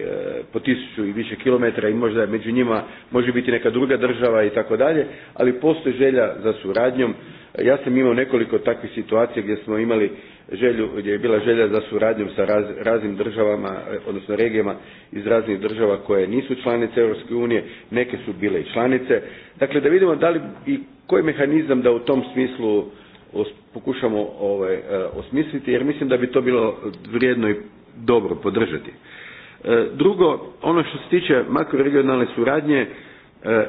po tisuću i više kilometara i možda među njima može biti neka druga država i tako dalje, ali postoji želja za suradnjom. Ja sam imao nekoliko takvih situacija gdje smo imali želju, gdje je bila želja za suradnjom sa raznim državama, e, odnosno regijama iz raznih država koje nisu članice Europske unije, neke su bile i članice. Dakle, da vidimo da li i koji mehanizam da u tom smislu pokušamo ove ovaj, osmisliti, jer mislim da bi to bilo vrijedno i dobro podržati. E, drugo, ono što se tiče makroregionalne suradnje, e,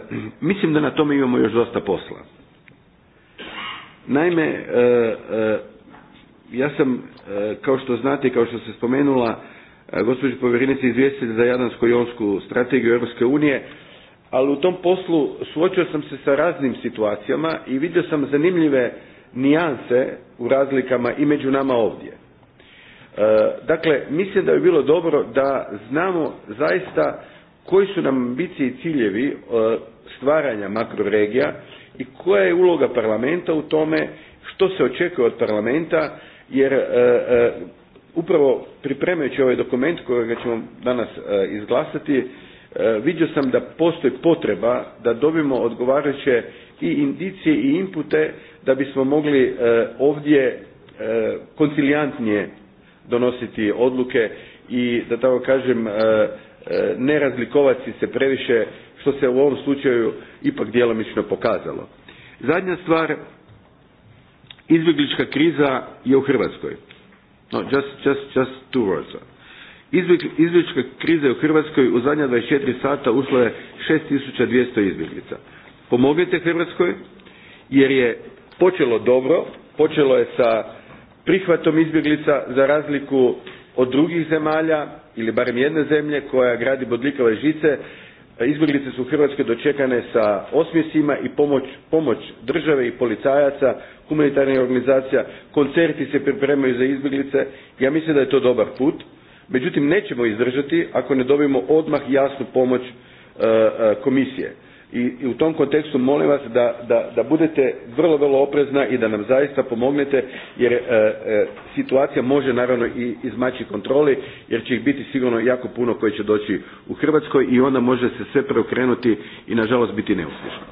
[clears throat] mislim da na tome imamo još dosta posla. Naime, ja sam, e, kao što znate kao što se spomenula, e, gospođa Povjerenici izvjestitelj za jadansko jonsku strategiju Europske unije, ali u tom poslu suočio sam se sa raznim situacijama i vidio sam zanimljive nijanse u razlikama i među nama ovdje. E, dakle, mislim da bi bilo dobro da znamo zaista koji su nam ambicije i ciljevi stvaranja makroregija i koja je uloga parlamenta u tome, što se očekuje od parlamenta jer e, e, upravo pripremajući ovaj dokument kojega ćemo danas e, izglasati vidio sam da postoji potreba da dobijemo odgovarajuće i indicije i inpute da bismo mogli ovdje koncilijantnije donositi odluke i da tako kažem ne razlikovati se previše što se u ovom slučaju ipak djelomično pokazalo. Zadnja stvar Izbjeglička kriza je u Hrvatskoj. No, just, just, just two words. Izbjeglička kriza je u Hrvatskoj u zadnja 24 sata ušlo je 6200 izbjeglica. Pomognite Hrvatskoj jer je počelo dobro, počelo je sa prihvatom izbjeglica za razliku od drugih zemalja ili barem jedne zemlje koja gradi bodlikove žice Izbjeglice su u Hrvatskoj dočekane sa osmjesima i pomoć, pomoć države i policajaca, humanitarnih organizacija, koncerti se pripremaju za izbjeglice. Ja mislim da je to dobar put, međutim nećemo izdržati ako ne dobijemo odmah jasnu pomoć e, e, komisije. I, u tom kontekstu molim vas da, da, da budete vrlo vrlo oprezna i da nam zaista pomognete jer e, e, situacija može naravno i izmaći kontroli jer će ih biti sigurno jako puno koji će doći u hrvatskoj i onda može se sve preokrenuti i nažalost biti neuspješno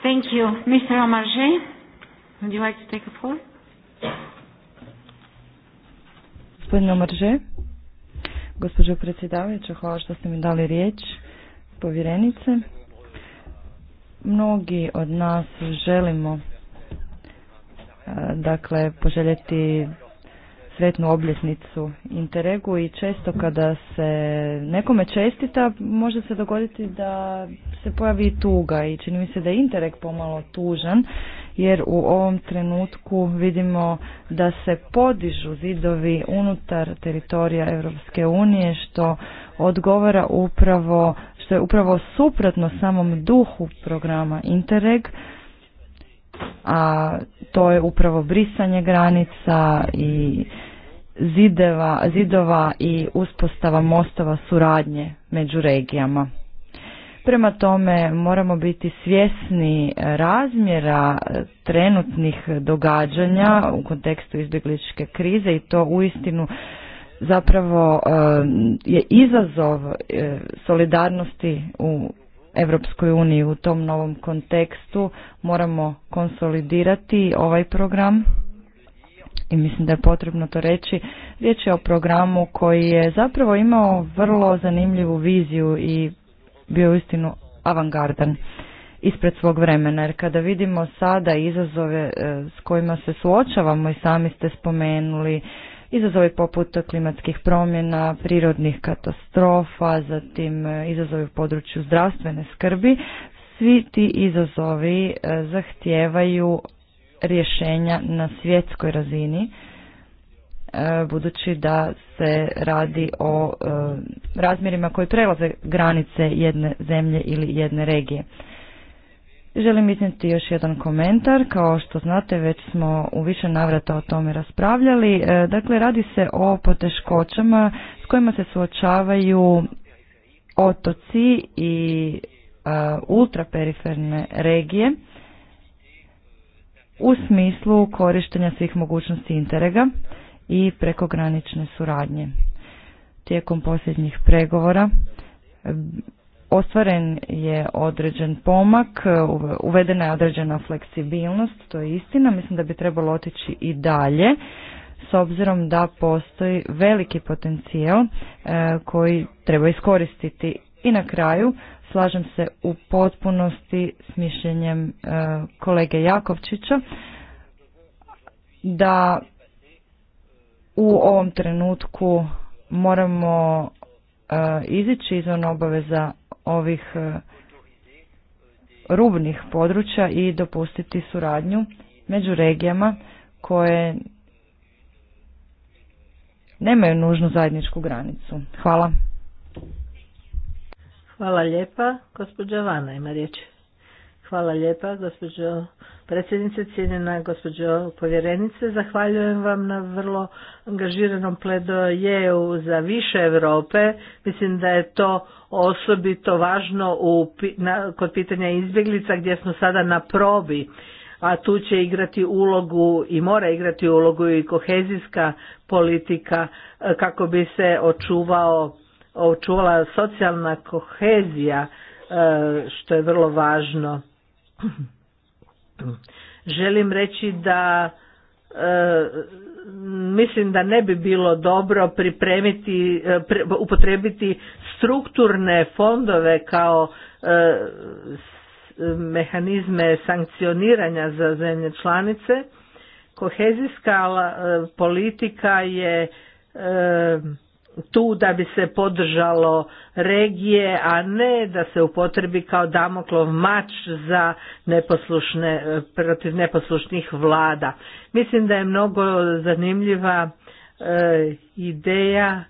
Thank you. Mr. you take Gospođo predsjedavajuća, hvala što ste mi dali riječ, povjerenice. Mnogi od nas želimo e, dakle poželjeti sretnu obljesnicu Interregu i često kada se nekome čestita može se dogoditi da se pojavi tuga i čini mi se da je Interreg pomalo tužan jer u ovom trenutku vidimo da se podižu zidovi unutar teritorija Europske unije što odgovara upravo što je upravo suprotno samom duhu programa Interreg a to je upravo brisanje granica i zideva, zidova i uspostava mostova suradnje među regijama. Prema tome moramo biti svjesni razmjera trenutnih događanja u kontekstu izbjegličke krize i to uistinu zapravo e, je izazov e, solidarnosti u Europskoj uniji u tom novom kontekstu. Moramo konsolidirati ovaj program i mislim da je potrebno to reći. Riječ je o programu koji je zapravo imao vrlo zanimljivu viziju i bio uistinu avangardan ispred svog vremena. Jer kada vidimo sada izazove e, s kojima se suočavamo i sami ste spomenuli Izazovi poput klimatskih promjena, prirodnih katastrofa, zatim e, izazovi u području zdravstvene skrbi, svi ti izazovi e, zahtijevaju rješenja na svjetskoj razini e, budući da se radi o razmjerima koji prelaze granice jedne zemlje ili jedne regije. Želim iznijeti još jedan komentar, kao što znate već smo u više navrata o tome raspravljali. E, dakle, radi se o poteškoćama s kojima se suočavaju otoci i e, ultraperiferne regije u smislu korištenja svih mogućnosti Interega i prekogranične suradnje. Tijekom posljednjih pregovora Ostvaren je određen pomak, uvedena je određena fleksibilnost, to je istina, mislim da bi trebalo otići i dalje s obzirom da postoji veliki potencijal e, koji treba iskoristiti. I na kraju slažem se u potpunosti s mišljenjem e, kolege Jakovčića da u ovom trenutku moramo e, izići iz obaveza ovih e, rubnih područja i dopustiti suradnju među regijama koje nemaju nužnu zajedničku granicu. Hvala. Hvala lijepa. Gospođa Vana ima riječ. Hvala lijepa, gospođo predsjednice, cijenjena gospođo povjerenice. Zahvaljujem vam na vrlo angažiranom pledojeju za više Europe. Mislim da je to osobito važno u, kod pitanja izbjeglica gdje smo sada na probi a tu će igrati ulogu i mora igrati ulogu i kohezijska politika e, kako bi se očuvao, očuvala socijalna kohezija e, što je vrlo važno. Želim reći da e, mislim da ne bi bilo dobro pripremiti, e, pre, upotrebiti strukturne fondove kao e, mehanizme sankcioniranja za zemlje članice. Kohezijska politika je tu da bi se podržalo regije, a ne da se upotrebi kao damoklov mač za neposlušne, e, protiv neposlušnih vlada. Mislim da je mnogo zanimljiva e, ideja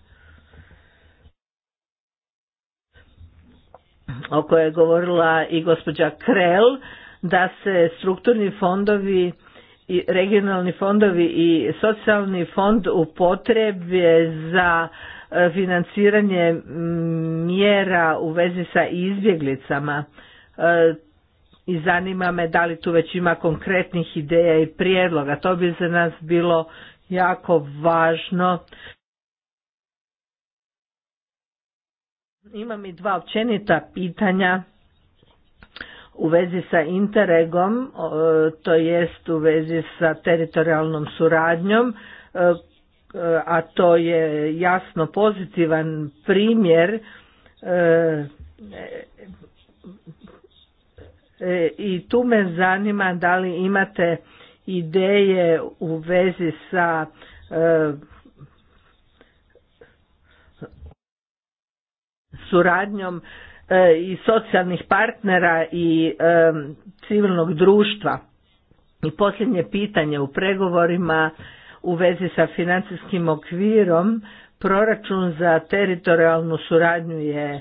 o kojoj je govorila i gospođa Krell, da se strukturni fondovi i regionalni fondovi i socijalni fond u potrebe za e, financiranje mjera u vezi sa izbjeglicama e, i zanima me da li tu već ima konkretnih ideja i prijedloga. To bi za nas bilo jako važno. Imam i dva općenita pitanja u vezi sa Interregom, e, to jest u vezi sa teritorijalnom suradnjom, e, a to je jasno pozitivan primjer e, i tu me zanima da li imate ideje u vezi sa suradnjom E, i socijalnih partnera i e, civilnog društva. I posljednje pitanje u pregovorima u vezi sa financijskim okvirom proračun za teritorijalnu suradnju je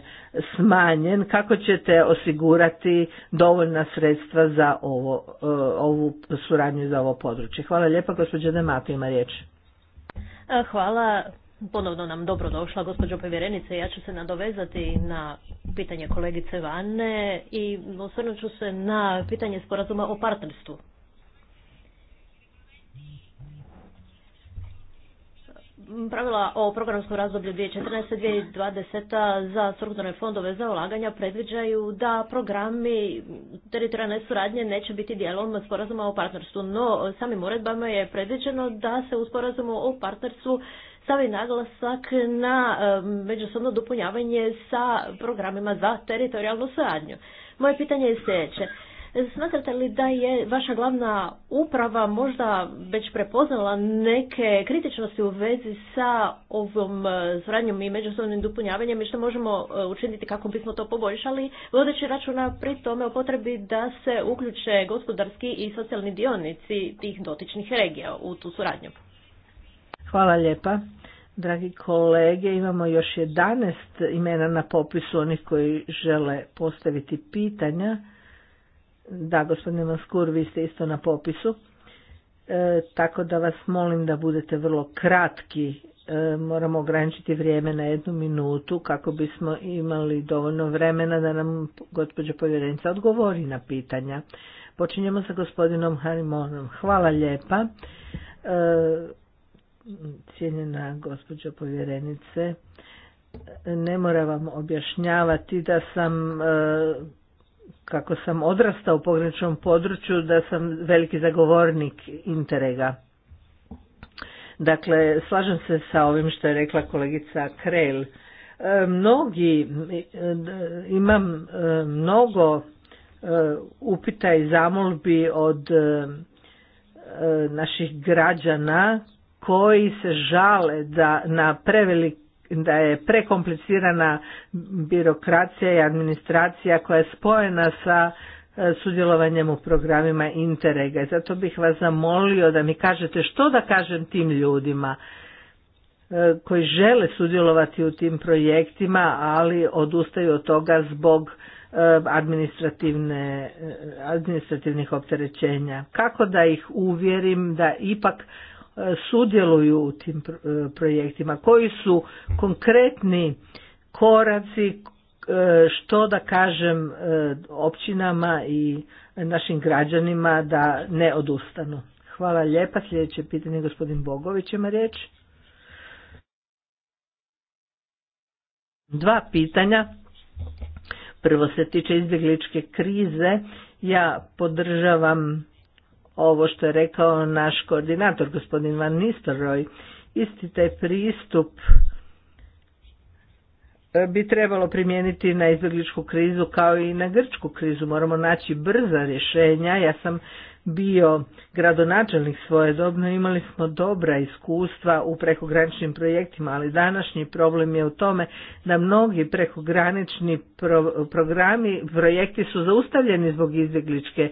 smanjen. Kako ćete osigurati dovoljna sredstva za ovo, e, ovu suradnju za ovo područje? Hvala lijepa, gospođa Demato ima riječ. Hvala Ponovno nam dobro došla, gospođo povjerenice. Ja ću se nadovezati na pitanje kolegice Vane i osvrnut ću se na pitanje sporazuma o partnerstvu. Pravila o programskom razdoblju 2014-2020 za strukturne fondove za ulaganja predviđaju da programi teritorijalne suradnje neće biti dijelom sporazuma o partnerstvu, no samim uredbama je predviđeno da se u sporazumu o partnerstvu stavi naglasak na e, međusobno dopunjavanje sa programima za teritorijalnu suradnju. Moje pitanje je sljedeće. Smatrate li da je vaša glavna uprava možda već prepoznala neke kritičnosti u vezi sa ovom e, suradnjom i međusobnim dopunjavanjem i što možemo e, učiniti kako bismo to poboljšali, vodeći računa pri tome o potrebi da se uključe gospodarski i socijalni dionici tih dotičnih regija u tu suradnju? Hvala lijepa. Dragi kolege, imamo još 11 imena na popisu onih koji žele postaviti pitanja. Da, gospodine Maskur, vi ste isto na popisu. E, tako da vas molim da budete vrlo kratki. E, moramo ograničiti vrijeme na jednu minutu kako bismo imali dovoljno vremena da nam gospođa povjerenica odgovori na pitanja. Počinjemo sa gospodinom Harimonom. Hvala lijepa. E, cijenjena gospođo povjerenice. Ne moram vam objašnjavati da sam, e, kako sam odrastao u pograničnom području, da sam veliki zagovornik Interega. Dakle, slažem se sa ovim što je rekla kolegica Krell. E, mnogi, e, imam mnogo upita i zamolbi od naših građana koji se žale da na prevelik da je prekomplicirana birokracija i administracija koja je spojena sa e, sudjelovanjem u programima Interega. zato bih vas zamolio da mi kažete što da kažem tim ljudima e, koji žele sudjelovati u tim projektima, ali odustaju od toga zbog e, administrativne, administrativnih opterećenja. Kako da ih uvjerim da ipak E, sudjeluju u tim e, projektima, koji su konkretni koraci e, što da kažem općinama i našim građanima da ne odustanu. Hvala lijepa. Sljedeće pitanje gospodin Bogović ima riječ. Dva pitanja. Prvo se tiče izbjegličke krize. Ja podržavam ovo što je rekao naš koordinator, gospodin Van Nistelrooy. Isti taj pristup e, bi trebalo primijeniti na izbjegličku krizu kao i na grčku krizu. Moramo naći brza rješenja. Ja sam bio gradonačelnik svojedobno imali smo dobra iskustva u prekograničnim projektima, ali današnji problem je u tome da mnogi prekogranični programi, projekti su zaustavljeni zbog izbjegličke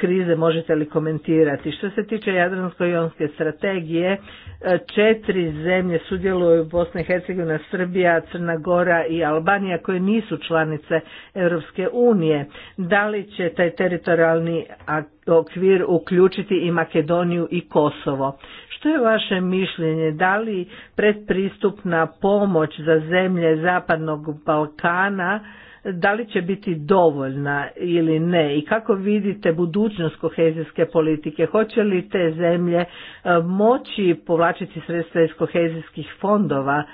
krize, možete li komentirati. Što se tiče Jadransko-jonske strategije, e, četiri zemlje sudjeluju Bosna i Hercegovina, Srbija, Crna Gora i Albanija koje nisu članice Europske unije. Da li će taj teritorijalni okvir uključiti i Makedoniju i Kosovo. Što je vaše mišljenje? Da li predpristupna pomoć za zemlje Zapadnog Balkana da li će biti dovoljna ili ne i kako vidite budućnost kohezijske politike, hoće li te zemlje e, moći povlačiti sredstva iz kohezijskih fondova e,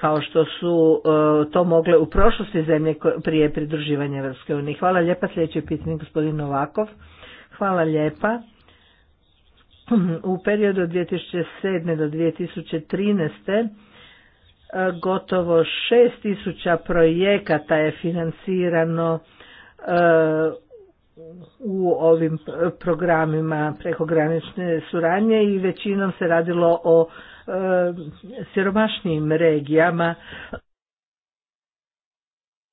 kao što su e, to mogle u prošlosti zemlje prije pridruživanja EU. Hvala lijepa, Sljedeći pitanje gospodin Novakov. Hvala lijepa. U periodu od 2007. do 2013 e, gotovo 6000 projekata je financirano e, u ovim programima prekogranične suradnje i većinom se radilo o e, siromašnijim regijama.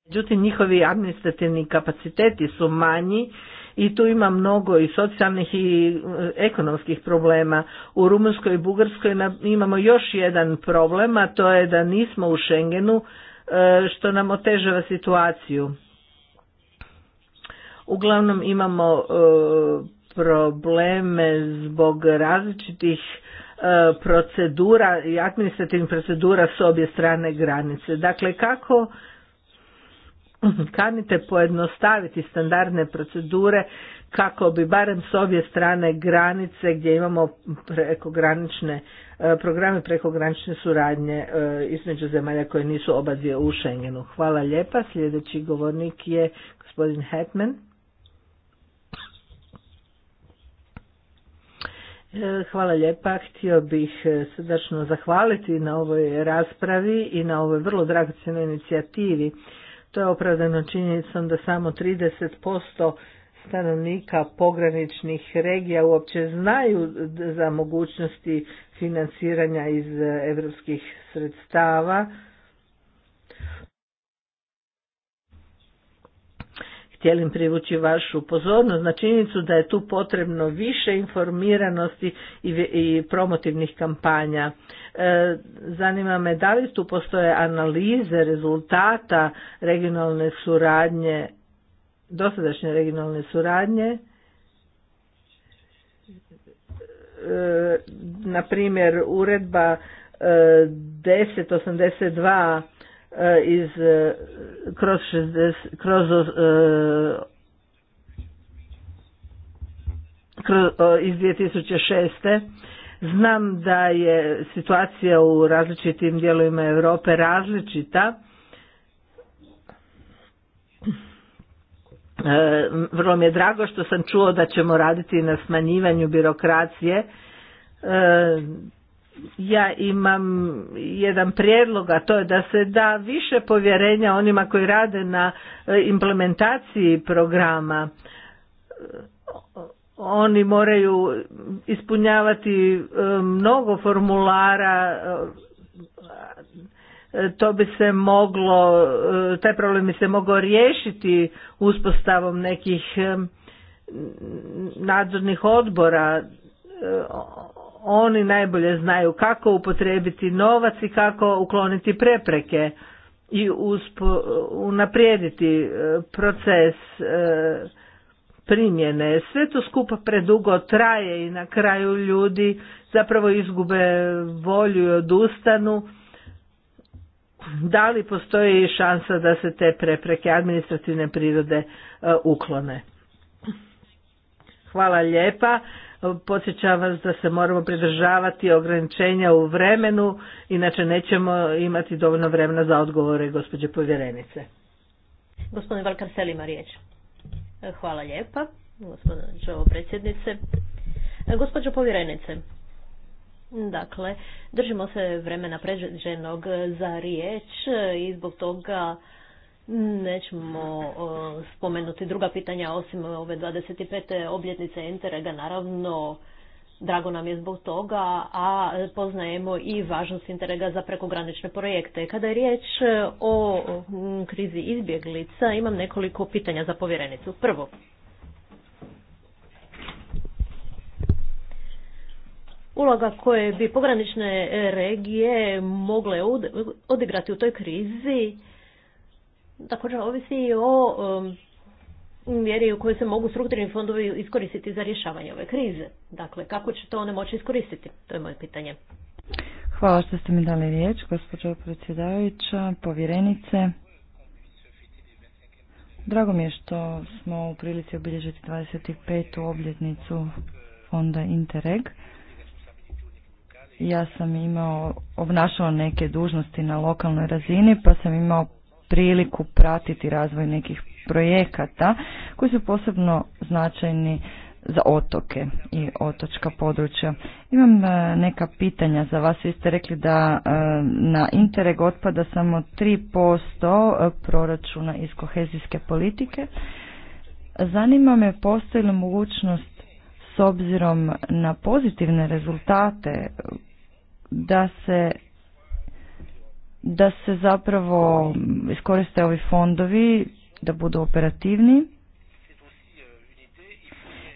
Međutim, njihovi administrativni kapaciteti su manji i tu ima mnogo i socijalnih i e, ekonomskih problema. U Rumunskoj i Bugarskoj imamo još jedan problem, a to je da nismo u Schengenu e, što nam otežava situaciju. Uglavnom imamo e, probleme zbog različitih procedura i administrativnih procedura s obje strane granice. Dakle, kako Mhm. kanite pojednostaviti standardne procedure kako bi barem s obje strane granice gdje imamo prekogranične e, programe prekogranične suradnje e, između zemalja koje nisu obadvije u Schengenu. Hvala lijepa. Sljedeći govornik je gospodin Hetman. E, hvala lijepa. Htio bih srdačno zahvaliti na ovoj raspravi i na ovoj vrlo dragocjenoj inicijativi to je opravdano činjenicom da samo 30% stanovnika pograničnih regija uopće znaju za mogućnosti financiranja iz europskih sredstava želim privući vašu pozornost na činjenicu da je tu potrebno više informiranosti i promotivnih kampanja. E, zanima me da li tu postoje analize rezultata regionalne suradnje, dosadašnje regionalne suradnje, e, na primjer uredba 1082 e, Eh, iz, eh, kroz, kroz, eh, iz 2006. Znam da je situacija u različitim dijelovima Europe različita. Vrlo mi je drago što sam čuo da ćemo raditi na smanjivanju birokracije ja imam jedan prijedlog, a to je da se da više povjerenja onima koji rade na e, implementaciji programa. Oni moraju ispunjavati e, mnogo formulara, e, to bi se moglo, taj problem bi se mogao riješiti uspostavom nekih nadzornih odbora oni najbolje znaju kako upotrijebiti novac i kako ukloniti prepreke i uspo, unaprijediti e, proces e, primjene. Sve to skupa predugo traje i na kraju ljudi zapravo izgube volju i odustanu. Da li postoji šansa da se te prepreke administrativne prirode e, uklone? Hvala lijepa podsjećam vas da se moramo pridržavati ograničenja u vremenu, inače nećemo imati dovoljno vremena za odgovore gospođe povjerenice. Gospodin Valkar, selima riječ. E, hvala lijepa, gospođo predsjednice. E, gospođo povjerenice, dakle, držimo se vremena pređenog za riječ e, i zbog toga Nećemo spomenuti druga pitanja osim ove 25. obljetnice interega. naravno drago nam je zbog toga, a poznajemo i važnost interega za prekogranične projekte. Kada je riječ o krizi izbjeglica, imam nekoliko pitanja za povjerenicu. Prvo, uloga koje bi pogranične regije mogle odigrati u toj krizi također ovisi i o um, mjeri u kojoj se mogu strukturni fondovi iskoristiti za rješavanje ove krize. Dakle, kako će to one moći iskoristiti? To je moje pitanje. Hvala što ste mi dali riječ, gospođo predsjedavajuća, povjerenice. Drago mi je što smo u prilici obilježiti 25. obljetnicu fonda Interreg. Ja sam imao, obnašao neke dužnosti na lokalnoj razini, pa sam imao priliku pratiti razvoj nekih projekata koji su posebno značajni za otoke i otočka područja. Imam e, neka pitanja za vas. Vi ste rekli da e, na Interreg otpada samo 3% e, proračuna iz kohezijske politike. Zanima me postoji li mogućnost s obzirom na pozitivne rezultate da se da se zapravo iskoriste ovi fondovi da budu operativni.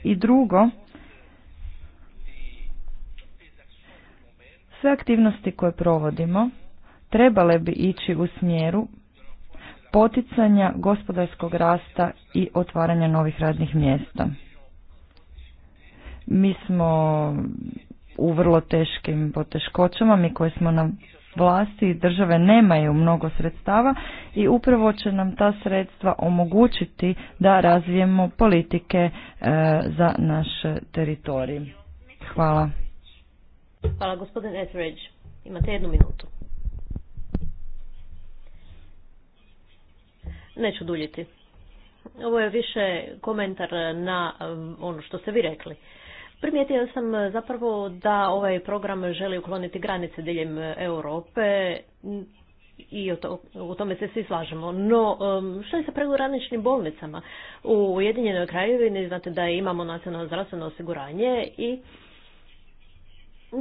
I drugo, sve aktivnosti koje provodimo trebale bi ići u smjeru poticanja gospodarskog rasta i otvaranja novih radnih mjesta. Mi smo u vrlo teškim poteškoćama, mi koji smo nam vlasti i države nemaju mnogo sredstava i upravo će nam ta sredstva omogućiti da razvijemo politike e, za naš teritorij. Hvala. Hvala gospodin Etheridge. Imate jednu minutu. Neću duljiti. Ovo je više komentar na um, ono što ste vi rekli. Primijetio sam e, zapravo da ovaj program želi ukloniti granice diljem e, Europe i o, to, o tome se svi slažemo. No, što je sa preguraničnim bolnicama? U Ujedinjenoj Kraljevini? znate da imamo nacionalno zdravstveno osiguranje i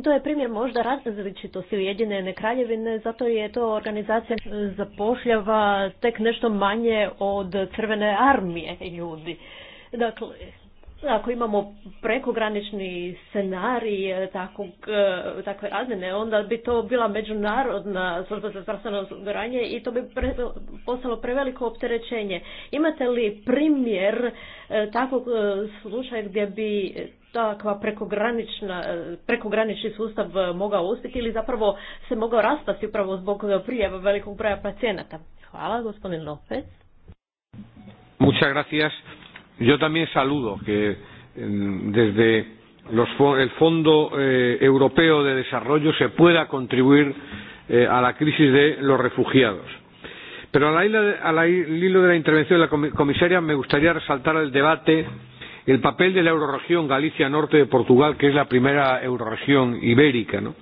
to je primjer možda različitosti Ujedinjene kraljevine, zato je to organizacija zapošljava tek nešto manje od crvene armije ljudi. Dakle, ako imamo prekogranični scenarij eh, eh, takve razmjene, onda bi to bila međunarodna služba za zdravstveno osiguranje i to bi pre, postalo preveliko opterećenje. Imate li primjer eh, takvog slučaja gdje bi takva prekogranična, prekogranični sustav mogao uspjeti ili zapravo se mogao raspasti upravo zbog prijeva velikog broja pacijenata? Hvala, gospodin Lopez. Muchas gracias yo también saludo que desde los, el Fondo eh, Europeo de Desarrollo se pueda contribuir eh, a la crisis de los refugiados. Pero al hilo, al hilo de la intervención de la comisaria me gustaría resaltar el debate, el papel de la euroregión Galicia Norte de Portugal, que es la primera euroregión ibérica, ¿no?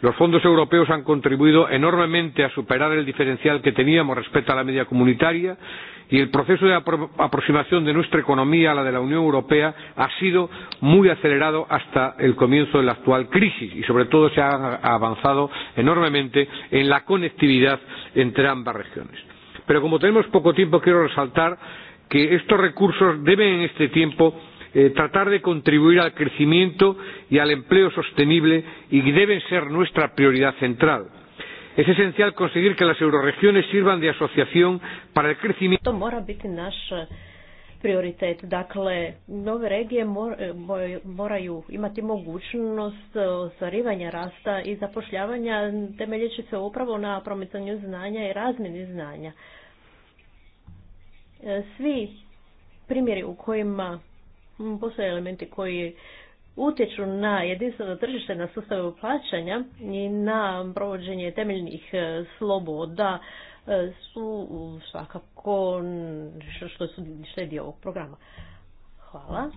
Los fondos europeos han contribuido enormemente a superar el diferencial que teníamos respecto a la media comunitaria y el proceso de aproximación de nuestra economía a la de la Unión Europea ha sido muy acelerado hasta el comienzo de la actual crisis y sobre todo se ha avanzado enormemente en la conectividad entre ambas regiones. Pero como tenemos poco tiempo quiero resaltar que estos recursos deben en este tiempo eh, tratar de contribuir al crecimiento y al empleo sostenible y deben ser nuestra prioridad central. Es esencial conseguir que las euroregiones sirvan de asociación para el crecimiento. To mora biti naš eh, prioritet. Dakle, nove regije eh, moraju imati mogućnost eh, ostvarivanja rasta i zapošljavanja temeljeći se upravo na promicanju znanja i razmjeni znanja. Svi primjeri u kojima postoje elementi koji utječu na jedinstveno tržište, na sustave plaćanja i na provođenje temeljnih e, sloboda e, su svakako što su što je dio ovog programa. Hvala.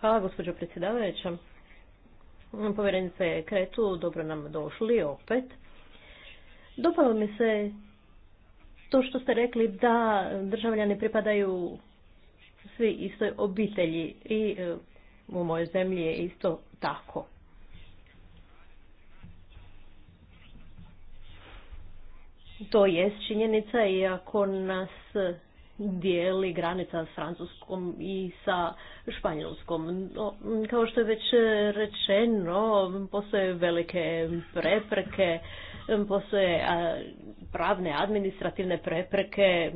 Hvala gospođo predsjedavajuća. Povjerenice Kretu, dobro nam došli opet. Dopalo mi se to što ste rekli da državljani pripadaju svi istoj obitelji i e, u mojoj zemlji je isto tako. To je činjenica i ako nas dijeli granica s Francuskom i sa Španjolskom. No, kao što je već rečeno, postoje velike prepreke postoje pravne, administrativne prepreke.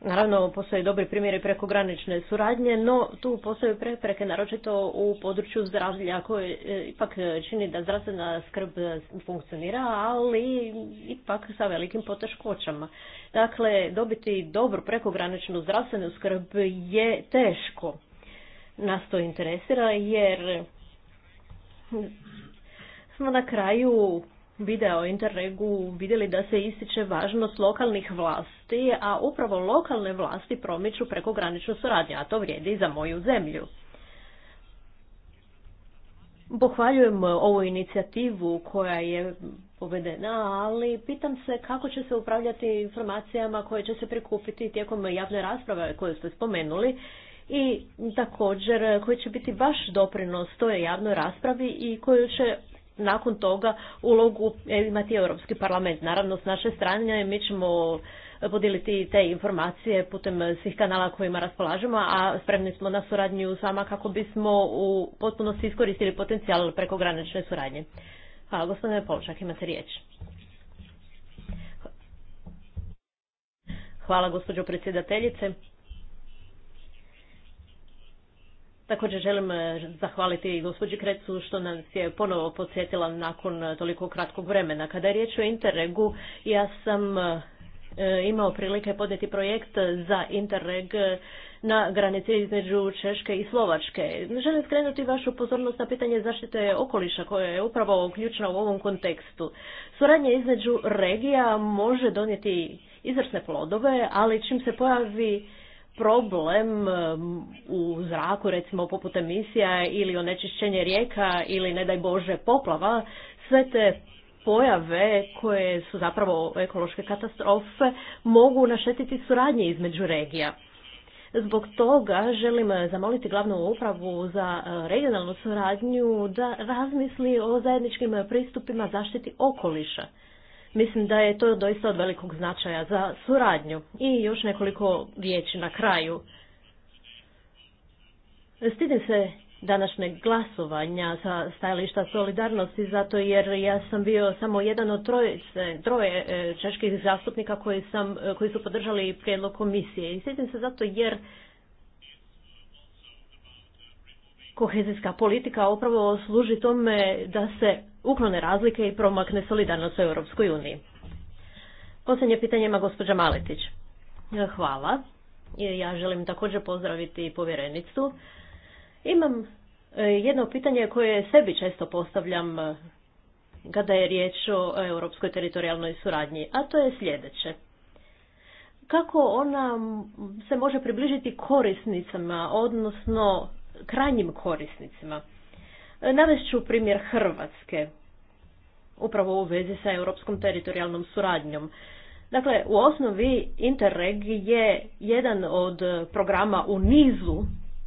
Naravno, postoje dobri primjeri prekogranične suradnje, no tu postoje prepreke, naročito u području zdravlja, koje e, ipak čini da zdravstvena skrb funkcionira, ali ipak sa velikim poteškoćama. Dakle, dobiti dobru prekograničnu zdravstvenu skrb je teško. Nas to interesira jer smo na kraju video Interregu vidjeli da se ističe važnost lokalnih vlasti, a upravo lokalne vlasti promiču prekograničnu suradnju, a to vrijedi i za moju zemlju. Pohvaljujem ovu inicijativu koja je povedena, ali pitam se kako će se upravljati informacijama koje će se prikupiti tijekom javne rasprave koju ste spomenuli i također koji će biti vaš doprinos toj javnoj raspravi i koju će nakon toga ulogu e, imati Europski parlament. Naravno, s naše strane e, mi ćemo e, podijeliti te informacije putem svih kanala kojima raspolažemo, a spremni smo na suradnju sama kako bismo u potpunosti iskoristili potencijal prekogranične suradnje. Hvala, gospodine Polčak, imate riječ. Hvala, gospođo predsjedateljice. Također želim e, zahvaliti i gospođi Krecu što nas je ponovo podsjetila nakon toliko kratkog vremena. Kada je riječ o Interregu, ja sam e, e, imao prilike podjeti projekt za Interreg na granici između Češke i Slovačke. Želim skrenuti vašu pozornost na pitanje zaštite okoliša koja je upravo ključna u ovom kontekstu. Suradnje između regija može donijeti izvrsne plodove, ali čim se pojavi problem um, u zraku, recimo poput emisija ili onečišćenje rijeka ili ne daj Bože poplava, sve te pojave koje su zapravo ekološke katastrofe mogu naštetiti suradnje između regija. Zbog toga želim zamoliti glavnu upravu za e, regionalnu suradnju da razmisli o zajedničkim pristupima zaštiti okoliša. Mislim da je to doista od velikog značaja za suradnju. I još nekoliko riječi na kraju. Stidim se današnjeg glasovanja sa stajališta solidarnosti zato jer ja sam bio samo jedan od trojice, troje e, čeških zastupnika koji, sam, e, koji su podržali prijedlog komisije. I sjetim se zato jer kohezijska politika upravo služi tome da se uklone razlike i promakne solidarnost u Europskoj uniji. Posljednje pitanje ima gospođa Maletić. Hvala. Ja želim također pozdraviti povjerenicu. Imam e, jedno pitanje koje sebi često postavljam e, kada je riječ o europskoj teritorijalnoj suradnji, a to je sljedeće. Kako ona se može približiti korisnicama, odnosno krajnjim korisnicima? E, navest ću primjer Hrvatske, upravo u vezi sa europskom teritorijalnom suradnjom. Dakle, u osnovi Interreg je jedan od programa u nizu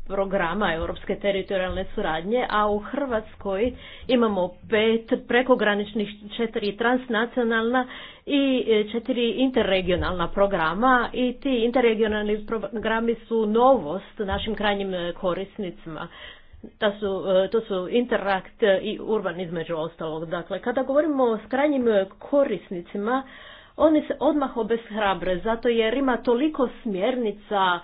programa europske teritorijalne suradnje, a u Hrvatskoj imamo pet prekograničnih, četiri transnacionalna i četiri interregionalna programa i ti interregionalni programi su novost našim krajnjim korisnicima da su, e, to su interakt i urban između ostalog. Dakle, kada govorimo o krajnjim korisnicima, oni se odmah obeshrabre, zato jer ima toliko smjernica,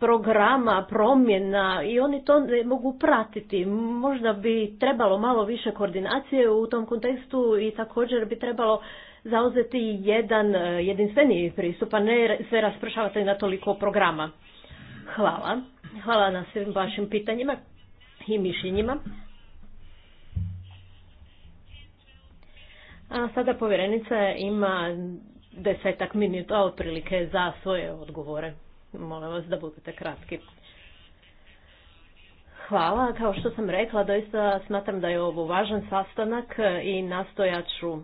programa, promjena i oni to ne mogu pratiti. Možda bi trebalo malo više koordinacije u tom kontekstu i također bi trebalo zauzeti jedan e, jedinstveniji pristup, a ne sve raspršavati na toliko programa. Hvala. Hvala na svim vašim pitanjima i mišljenjima. A sada povjerenica ima desetak minuta otprilike za svoje odgovore. Molim vas da budete kratki. Hvala. Kao što sam rekla, doista smatram da je ovo važan sastanak i nastojat ću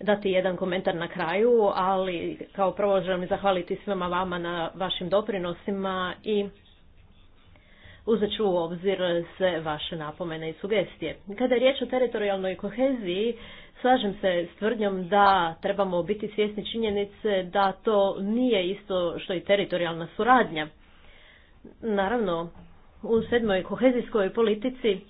dati jedan komentar na kraju, ali kao prvo želim zahvaliti svima vama na vašim doprinosima i uzet ću u obzir sve vaše napomene i sugestije. Kada je riječ o teritorijalnoj koheziji, slažem se s tvrdnjom da trebamo biti svjesni činjenice da to nije isto što i teritorijalna suradnja. Naravno, u sedmoj kohezijskoj politici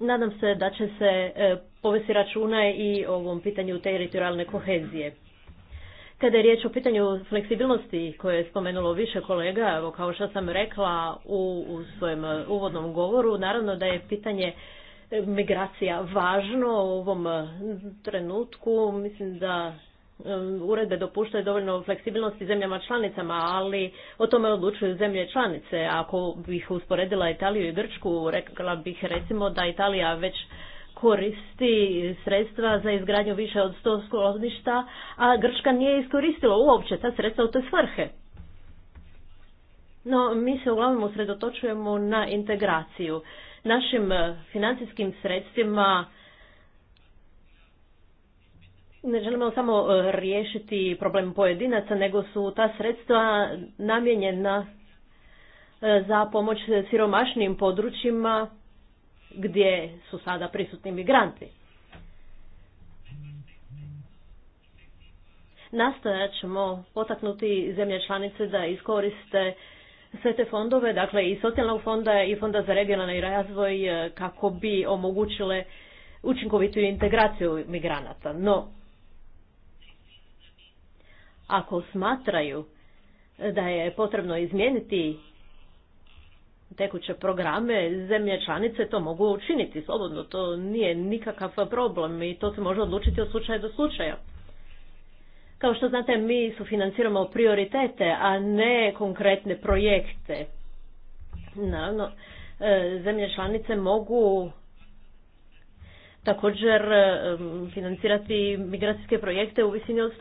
Nadam se da će se e, povesti računa i o ovom pitanju teritorijalne kohezije. Kada je riječ o pitanju fleksibilnosti koje je spomenulo više kolega, evo kao što sam rekla u, u svojem uvodnom govoru, naravno da je pitanje e, migracija važno u ovom trenutku. Mislim da Um, uredbe dopuštaju dovoljno fleksibilnosti zemljama članicama, ali o tome odlučuju zemlje članice. Ako bih usporedila Italiju i Grčku, rekla bih recimo da Italija već koristi sredstva za izgradnju više od 100 skloništa, a Grčka nije iskoristila uopće ta sredstva u te svrhe. No, mi se uglavnom usredotočujemo na integraciju. Našim eh, financijskim sredstvima ne želimo samo e, riješiti problem pojedinaca, nego su ta sredstva namjenjena e, za pomoć siromašnim područjima gdje su sada prisutni migranti. Nastojat ćemo potaknuti zemlje članice da iskoriste sve te fondove, dakle i socijalnog fonda i fonda za regionalni razvoj e, kako bi omogućile učinkovitu integraciju migranata. No, ako smatraju da je potrebno izmijeniti tekuće programe, zemlje članice to mogu učiniti slobodno, to nije nikakav problem i to se može odlučiti od slučaja do slučaja. Kao što znate, mi sufinanciramo prioritete, a ne konkretne projekte. Naravno, e, zemlje članice mogu također financirati migracijske projekte u visini od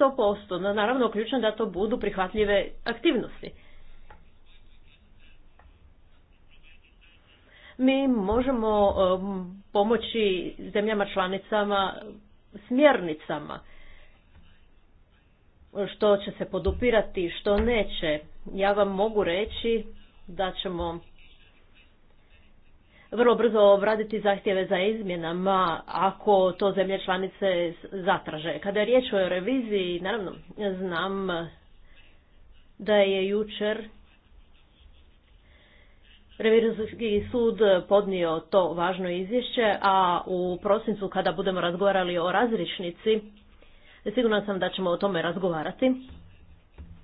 100%. naravno, ključno da to budu prihvatljive aktivnosti. Mi možemo pomoći zemljama članicama smjernicama što će se podupirati, što neće. Ja vam mogu reći da ćemo vrlo brzo obraditi zahtjeve za izmjenama ako to zemlje članice zatraže. Kada je riječ o reviziji, naravno, znam da je jučer Revizorski sud podnio to važno izvješće, a u prosincu kada budemo razgovarali o razričnici, sigurno sam da ćemo o tome razgovarati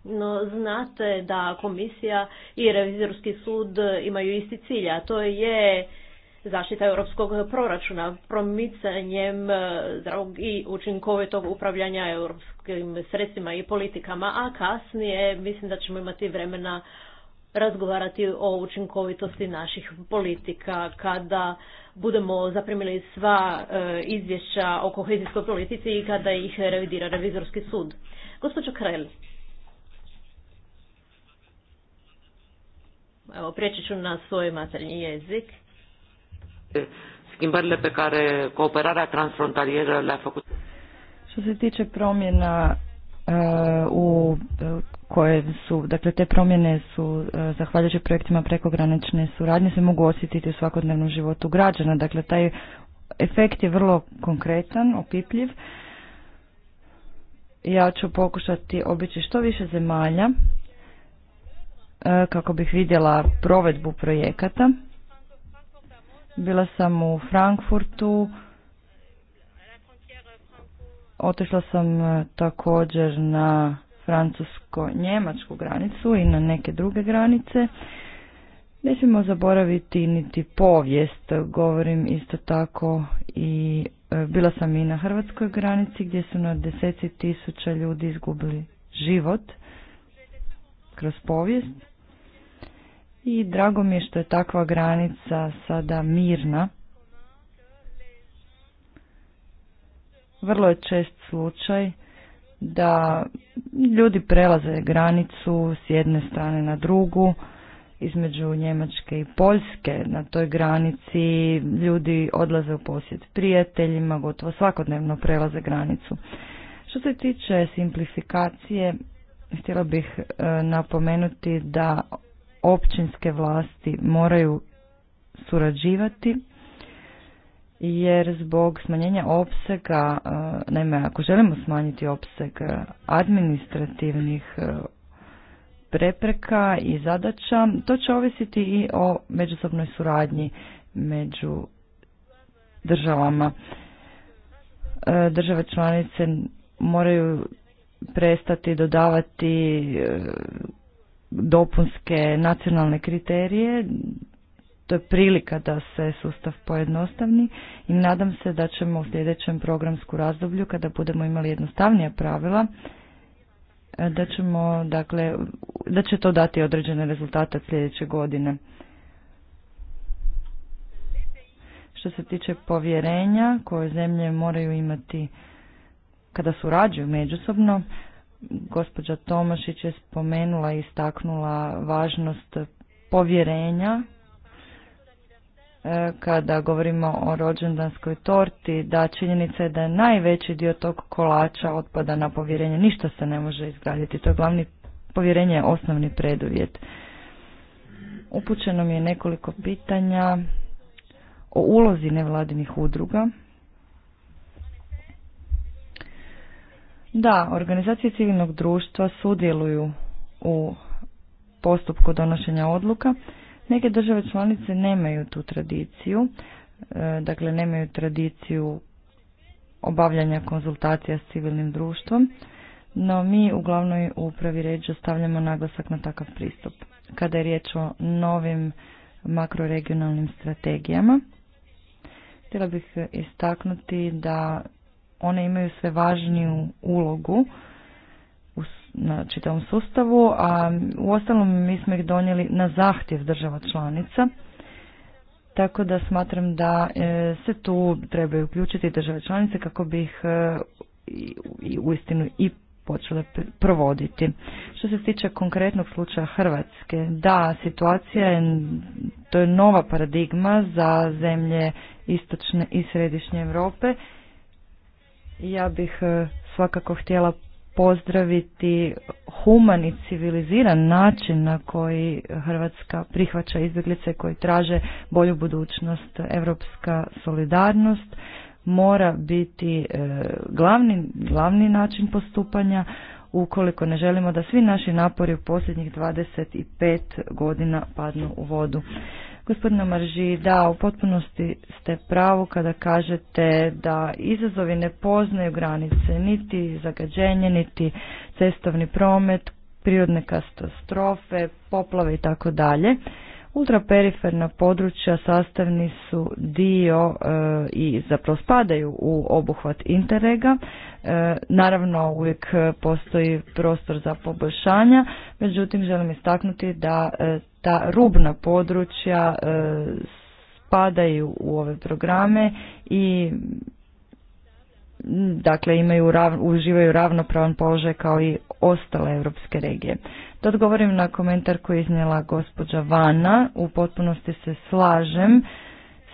no znate da komisija i revizorski sud imaju isti cilj, a to je zaštita europskog proračuna promicanjem e, zdravog i učinkovitog upravljanja europskim sredstvima i politikama, a kasnije mislim da ćemo imati vremena razgovarati o učinkovitosti naših politika kada budemo zaprimili sva e, izvješća o kohezijskoj politici i kada ih revidira revizorski sud. Gospođo Krelj, Evo, preći ću na svoj maternji jezik. Schimbările pe care cooperarea le-a Što se tiče promjena e, u e, koje su, dakle te promjene su e, zahvaljujući projektima prekogranične suradnje se mogu osjetiti u svakodnevnom životu građana. Dakle, taj efekt je vrlo konkretan, opipljiv. Ja ću pokušati obići što više zemalja E, kako bih vidjela provedbu projekata. Bila sam u Frankfurtu, otišla sam e, također na francusko-njemačku granicu i na neke druge granice. Ne smijemo zaboraviti niti povijest, govorim isto tako i e, bila sam i na hrvatskoj granici gdje su na deseci tisuća ljudi izgubili život kroz povijest i drago mi je što je takva granica sada mirna. Vrlo je čest slučaj da ljudi prelaze granicu s jedne strane na drugu, između Njemačke i Poljske. Na toj granici ljudi odlaze u posjet prijateljima, gotovo svakodnevno prelaze granicu. Što se tiče simplifikacije, htjela bih e, napomenuti da općinske vlasti moraju surađivati jer zbog smanjenja opsega, e, naime ako želimo smanjiti opseg administrativnih e, prepreka i zadaća, to će ovisiti i o međusobnoj suradnji među državama. Države članice moraju prestati dodavati e, dopunske nacionalne kriterije. To je prilika da se sustav pojednostavni i nadam se da ćemo u sljedećem programsku razdoblju kada budemo imali jednostavnija pravila e, da ćemo dakle da će to dati određene rezultate sljedeće godine. Što se tiče povjerenja koje zemlje moraju imati kada surađuju međusobno, gospođa Tomašić je spomenula i istaknula važnost povjerenja e, kada govorimo o rođendanskoj torti, da činjenica je da je najveći dio tog kolača otpada na povjerenje. Ništa se ne može izgraditi. To je glavni povjerenje je osnovni preduvjet. Upućeno mi je nekoliko pitanja o ulozi nevladinih udruga. Da, organizacije civilnog društva sudjeluju u postupku donošenja odluka. Neke države članice nemaju tu tradiciju, e, dakle nemaju tradiciju obavljanja konzultacija s civilnim društvom, no mi u glavnoj upravi ređa stavljamo naglasak na takav pristup. Kada je riječ o novim makroregionalnim strategijama, htjela bih istaknuti da one imaju sve važniju ulogu u, na čitavom sustavu, a u ostalom mi smo ih donijeli na zahtjev država članica, tako da smatram da e, se tu trebaju uključiti države članice kako bi ih u e, istinu uistinu i počele provoditi. Što se tiče konkretnog slučaja Hrvatske, da, situacija je, to je nova paradigma za zemlje istočne i središnje Europe ja bih e, svakako htjela pozdraviti human i civiliziran način na koji Hrvatska prihvaća izbjeglice koji traže bolju budućnost. Europska solidarnost mora biti e, glavni, glavni način postupanja ukoliko ne želimo da svi naši napori u posljednjih 25 godina padnu u vodu. Gospodina Marži, da, u potpunosti ste pravu kada kažete da izazovi ne poznaju granice, niti zagađenje, niti cestovni promet, prirodne katastrofe, poplave i tako dalje. Ultraperiferna područja sastavni su dio e, i zapravo spadaju u obuhvat Interrega. E, naravno uvijek postoji prostor za poboljšanja, međutim želim istaknuti da e, ta rubna područja spadaju u ove programe i dakle imaju rav, uživaju ravnopravan položaj kao i ostale europske regije. Da odgovorim na komentar koji je iznijela gospođa Vana, u potpunosti se slažem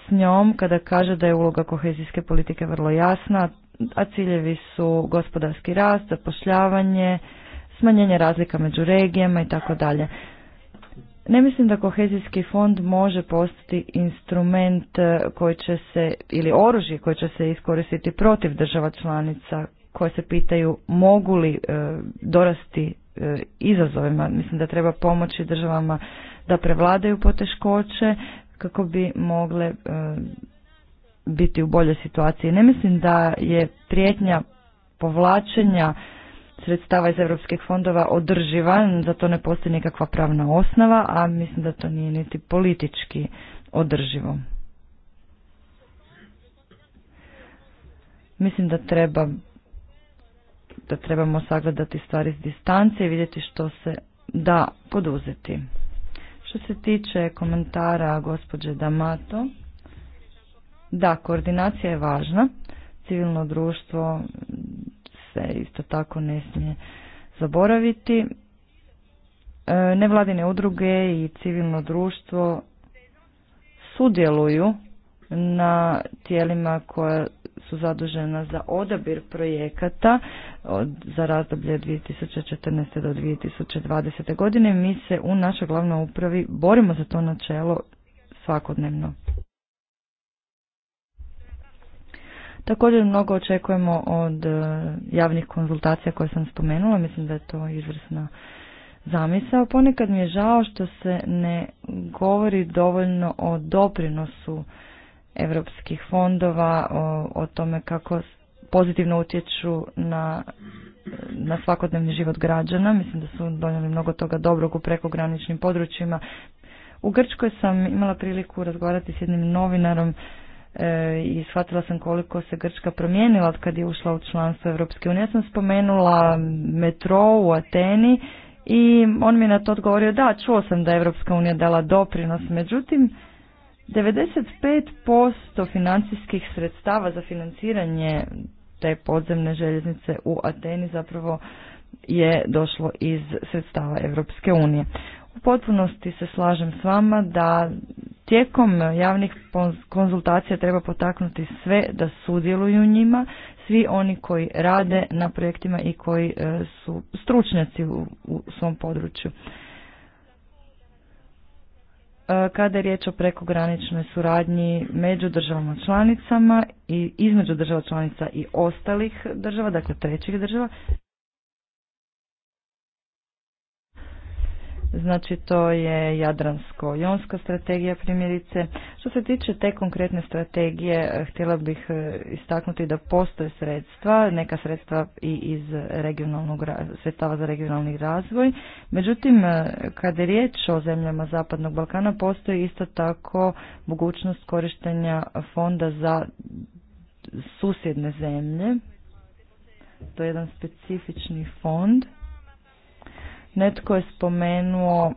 s njom kada kaže da je uloga kohezijske politike vrlo jasna, a ciljevi su gospodarski rast, zapošljavanje, smanjenje razlika među regijama i tako dalje. Ne mislim da kohezijski fond može postati instrument eh, koji će se ili oružje koje će se iskoristiti protiv država članica koje se pitaju mogu li eh, dorasti E, izazovima. Mislim da treba pomoći državama da prevladaju poteškoće kako bi mogle e, biti u boljoj situaciji. Ne mislim da je prijetnja povlačenja sredstava iz europskih fondova održiva, za to ne postoji nikakva pravna osnova, a mislim da to nije niti politički održivo. Mislim da treba da trebamo sagledati stvari s distance i vidjeti što se da poduzeti. Što se tiče komentara gospođe Damato, da, koordinacija je važna. Civilno društvo se isto tako ne smije zaboraviti. E, nevladine udruge i civilno društvo sudjeluju na tijelima koja su zadužena za odabir projekata od, za razdoblje 2014. do 2020. godine. Mi se u našoj glavnoj upravi borimo za to načelo svakodnevno. Također mnogo očekujemo od e, javnih konzultacija koje sam spomenula, mislim da je to izvrsna zamisao. Ponekad mi je žao što se ne govori dovoljno o doprinosu europskih fondova, o, tome kako pozitivno utječu na, na svakodnevni život građana. Mislim da su donijeli mnogo toga dobrog u prekograničnim područjima. U Grčkoj sam imala priliku razgovarati s jednim novinarom e, i shvatila sam koliko se Grčka promijenila od kad je ušla u članstvo Europske unije. Ja sam spomenula metro u Ateni i on mi je na to odgovorio da, čuo sam da je Europska unija dala doprinos, međutim 95% financijskih sredstava za financiranje te podzemne željeznice u Ateni zapravo je došlo iz sredstava Europske unije. U potpunosti se slažem s vama da tijekom javnih konzultacija treba potaknuti sve da sudjeluju u njima, svi oni koji rade na projektima i koji e, su stručnjaci u svom području. E, kada je riječ o prekograničnoj suradnji među državama članicama i između država članica i ostalih država, dakle trećih država. Znači to je Jadransko-Jonska strategija primjerice. Što se tiče te konkretne strategije, eh, htjela bih eh, istaknuti da postoje sredstva, neka sredstva i iz regionalnog, sredstava za regionalni razvoj. Međutim, eh, kada je riječ o zemljama Zapadnog Balkana, postoji isto tako mogućnost korištenja fonda za susjedne zemlje. To je jedan specifični fond Netko je spomenuo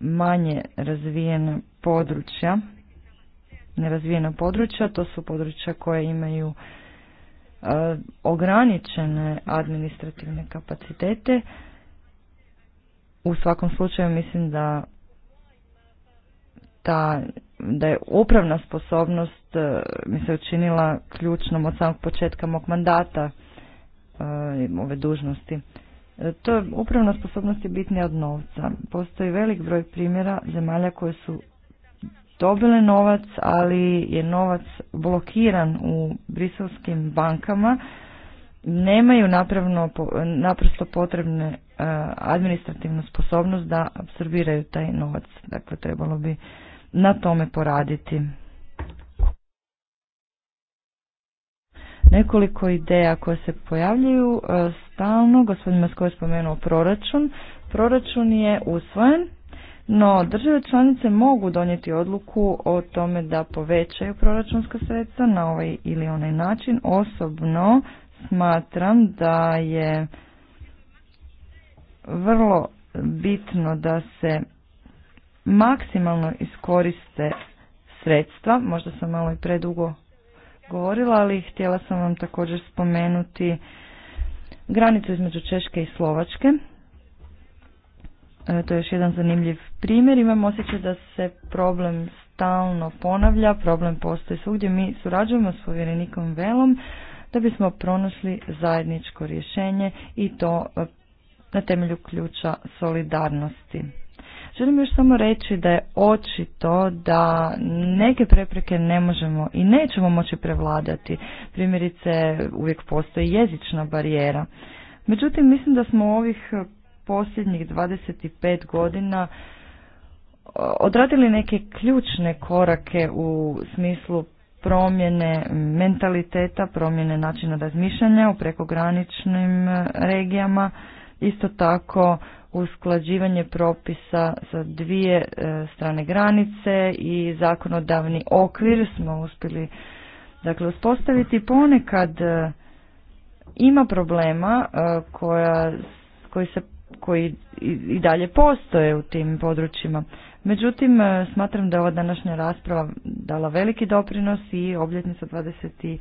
manje razvijena područja, nerazvijena područja, to su područja koje imaju e, ograničene administrativne kapacitete. U svakom slučaju mislim da ta, da je upravna sposobnost e, mi se učinila ključnom od samog početka mog mandata e, ove dužnosti. E, to je upravna sposobnost je bitnija od novca. Postoji velik broj primjera zemalja koje su dobile novac, ali je novac blokiran u briselskim bankama. Nemaju napravno, naprosto potrebne e, administrativnu sposobnost da apsorbiraju taj novac. Dakle, trebalo bi na tome poraditi. nekoliko ideja koje se pojavljuju e, stalno. Gospodin Masko je spomenuo proračun. Proračun je usvojen, no države članice mogu donijeti odluku o tome da povećaju proračunska sredstva na ovaj ili onaj način. Osobno smatram da je vrlo bitno da se maksimalno iskoriste sredstva, možda sam malo i predugo govorila, ali htjela sam vam također spomenuti granicu između Češke i Slovačke. E, to je još jedan zanimljiv primjer. Imam osjećaj da se problem stalno ponavlja, problem postoji svugdje. Mi surađujemo s povjerenikom Velom da bismo pronašli zajedničko rješenje i to e, na temelju ključa solidarnosti. Želim još samo reći da je očito da neke prepreke ne možemo i nećemo moći prevladati. Primjerice, uvijek postoji jezična barijera. Međutim, mislim da smo ovih posljednjih 25 godina odradili neke ključne korake u smislu promjene mentaliteta, promjene načina razmišljanja u prekograničnim eh, regijama isto tako usklađivanje propisa sa dvije e, strane granice i zakonodavni okvir smo uspjeli dakle uspostaviti ponekad e, ima problema e, koja, koji se koji i dalje postoje u tim područjima. Međutim, smatram da je ova današnja rasprava dala veliki doprinos i obljetnica 25.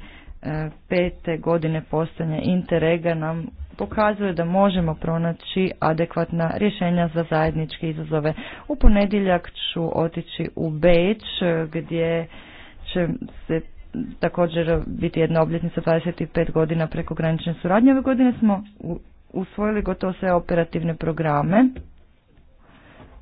godine postanja Interrega nam pokazuje da možemo pronaći adekvatna rješenja za zajedničke izazove. U ponedjeljak ću otići u Beč gdje će se također biti jedna obljetnica 25 godina prekogranične suradnje. Ove godine smo usvojili gotovo sve operativne programe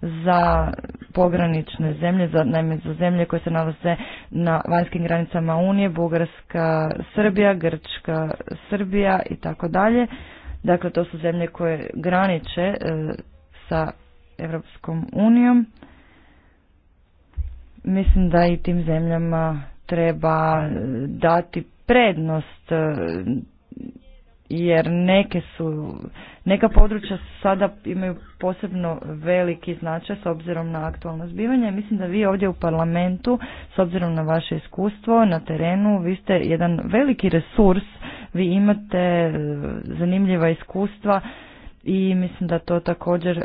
za pogranične zemlje, za, naime za zemlje koje se nalaze na vanjskim granicama Unije, Bugarska, Srbija, Grčka, Srbija i tako dalje. Dakle, to su zemlje koje graniče e, sa Europskom unijom. Mislim da i tim zemljama treba e, dati prednost e, jer neke su, neka područja sada imaju posebno veliki značaj s obzirom na aktualno zbivanje. Mislim da vi ovdje u parlamentu, s obzirom na vaše iskustvo na terenu, vi ste jedan veliki resurs, vi imate e, zanimljiva iskustva i mislim da to također e,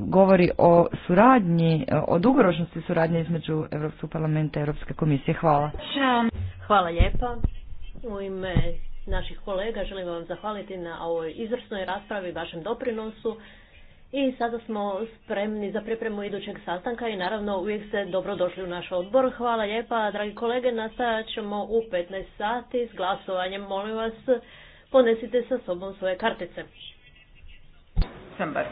govori o suradnji, e, o dugoročnosti suradnje između Europskog parlamenta i Europske komisije. Hvala. Hvala lijepo. U ime naših kolega. Želim vam zahvaliti na ovoj izvrsnoj raspravi, vašem doprinosu. I sada smo spremni za pripremu idućeg sastanka i naravno uvijek ste dobro došli u naš odbor. Hvala lijepa, dragi kolege, nastavit ćemo u 15 sati s glasovanjem. Molim vas, ponesite sa sobom svoje kartice. sastanak.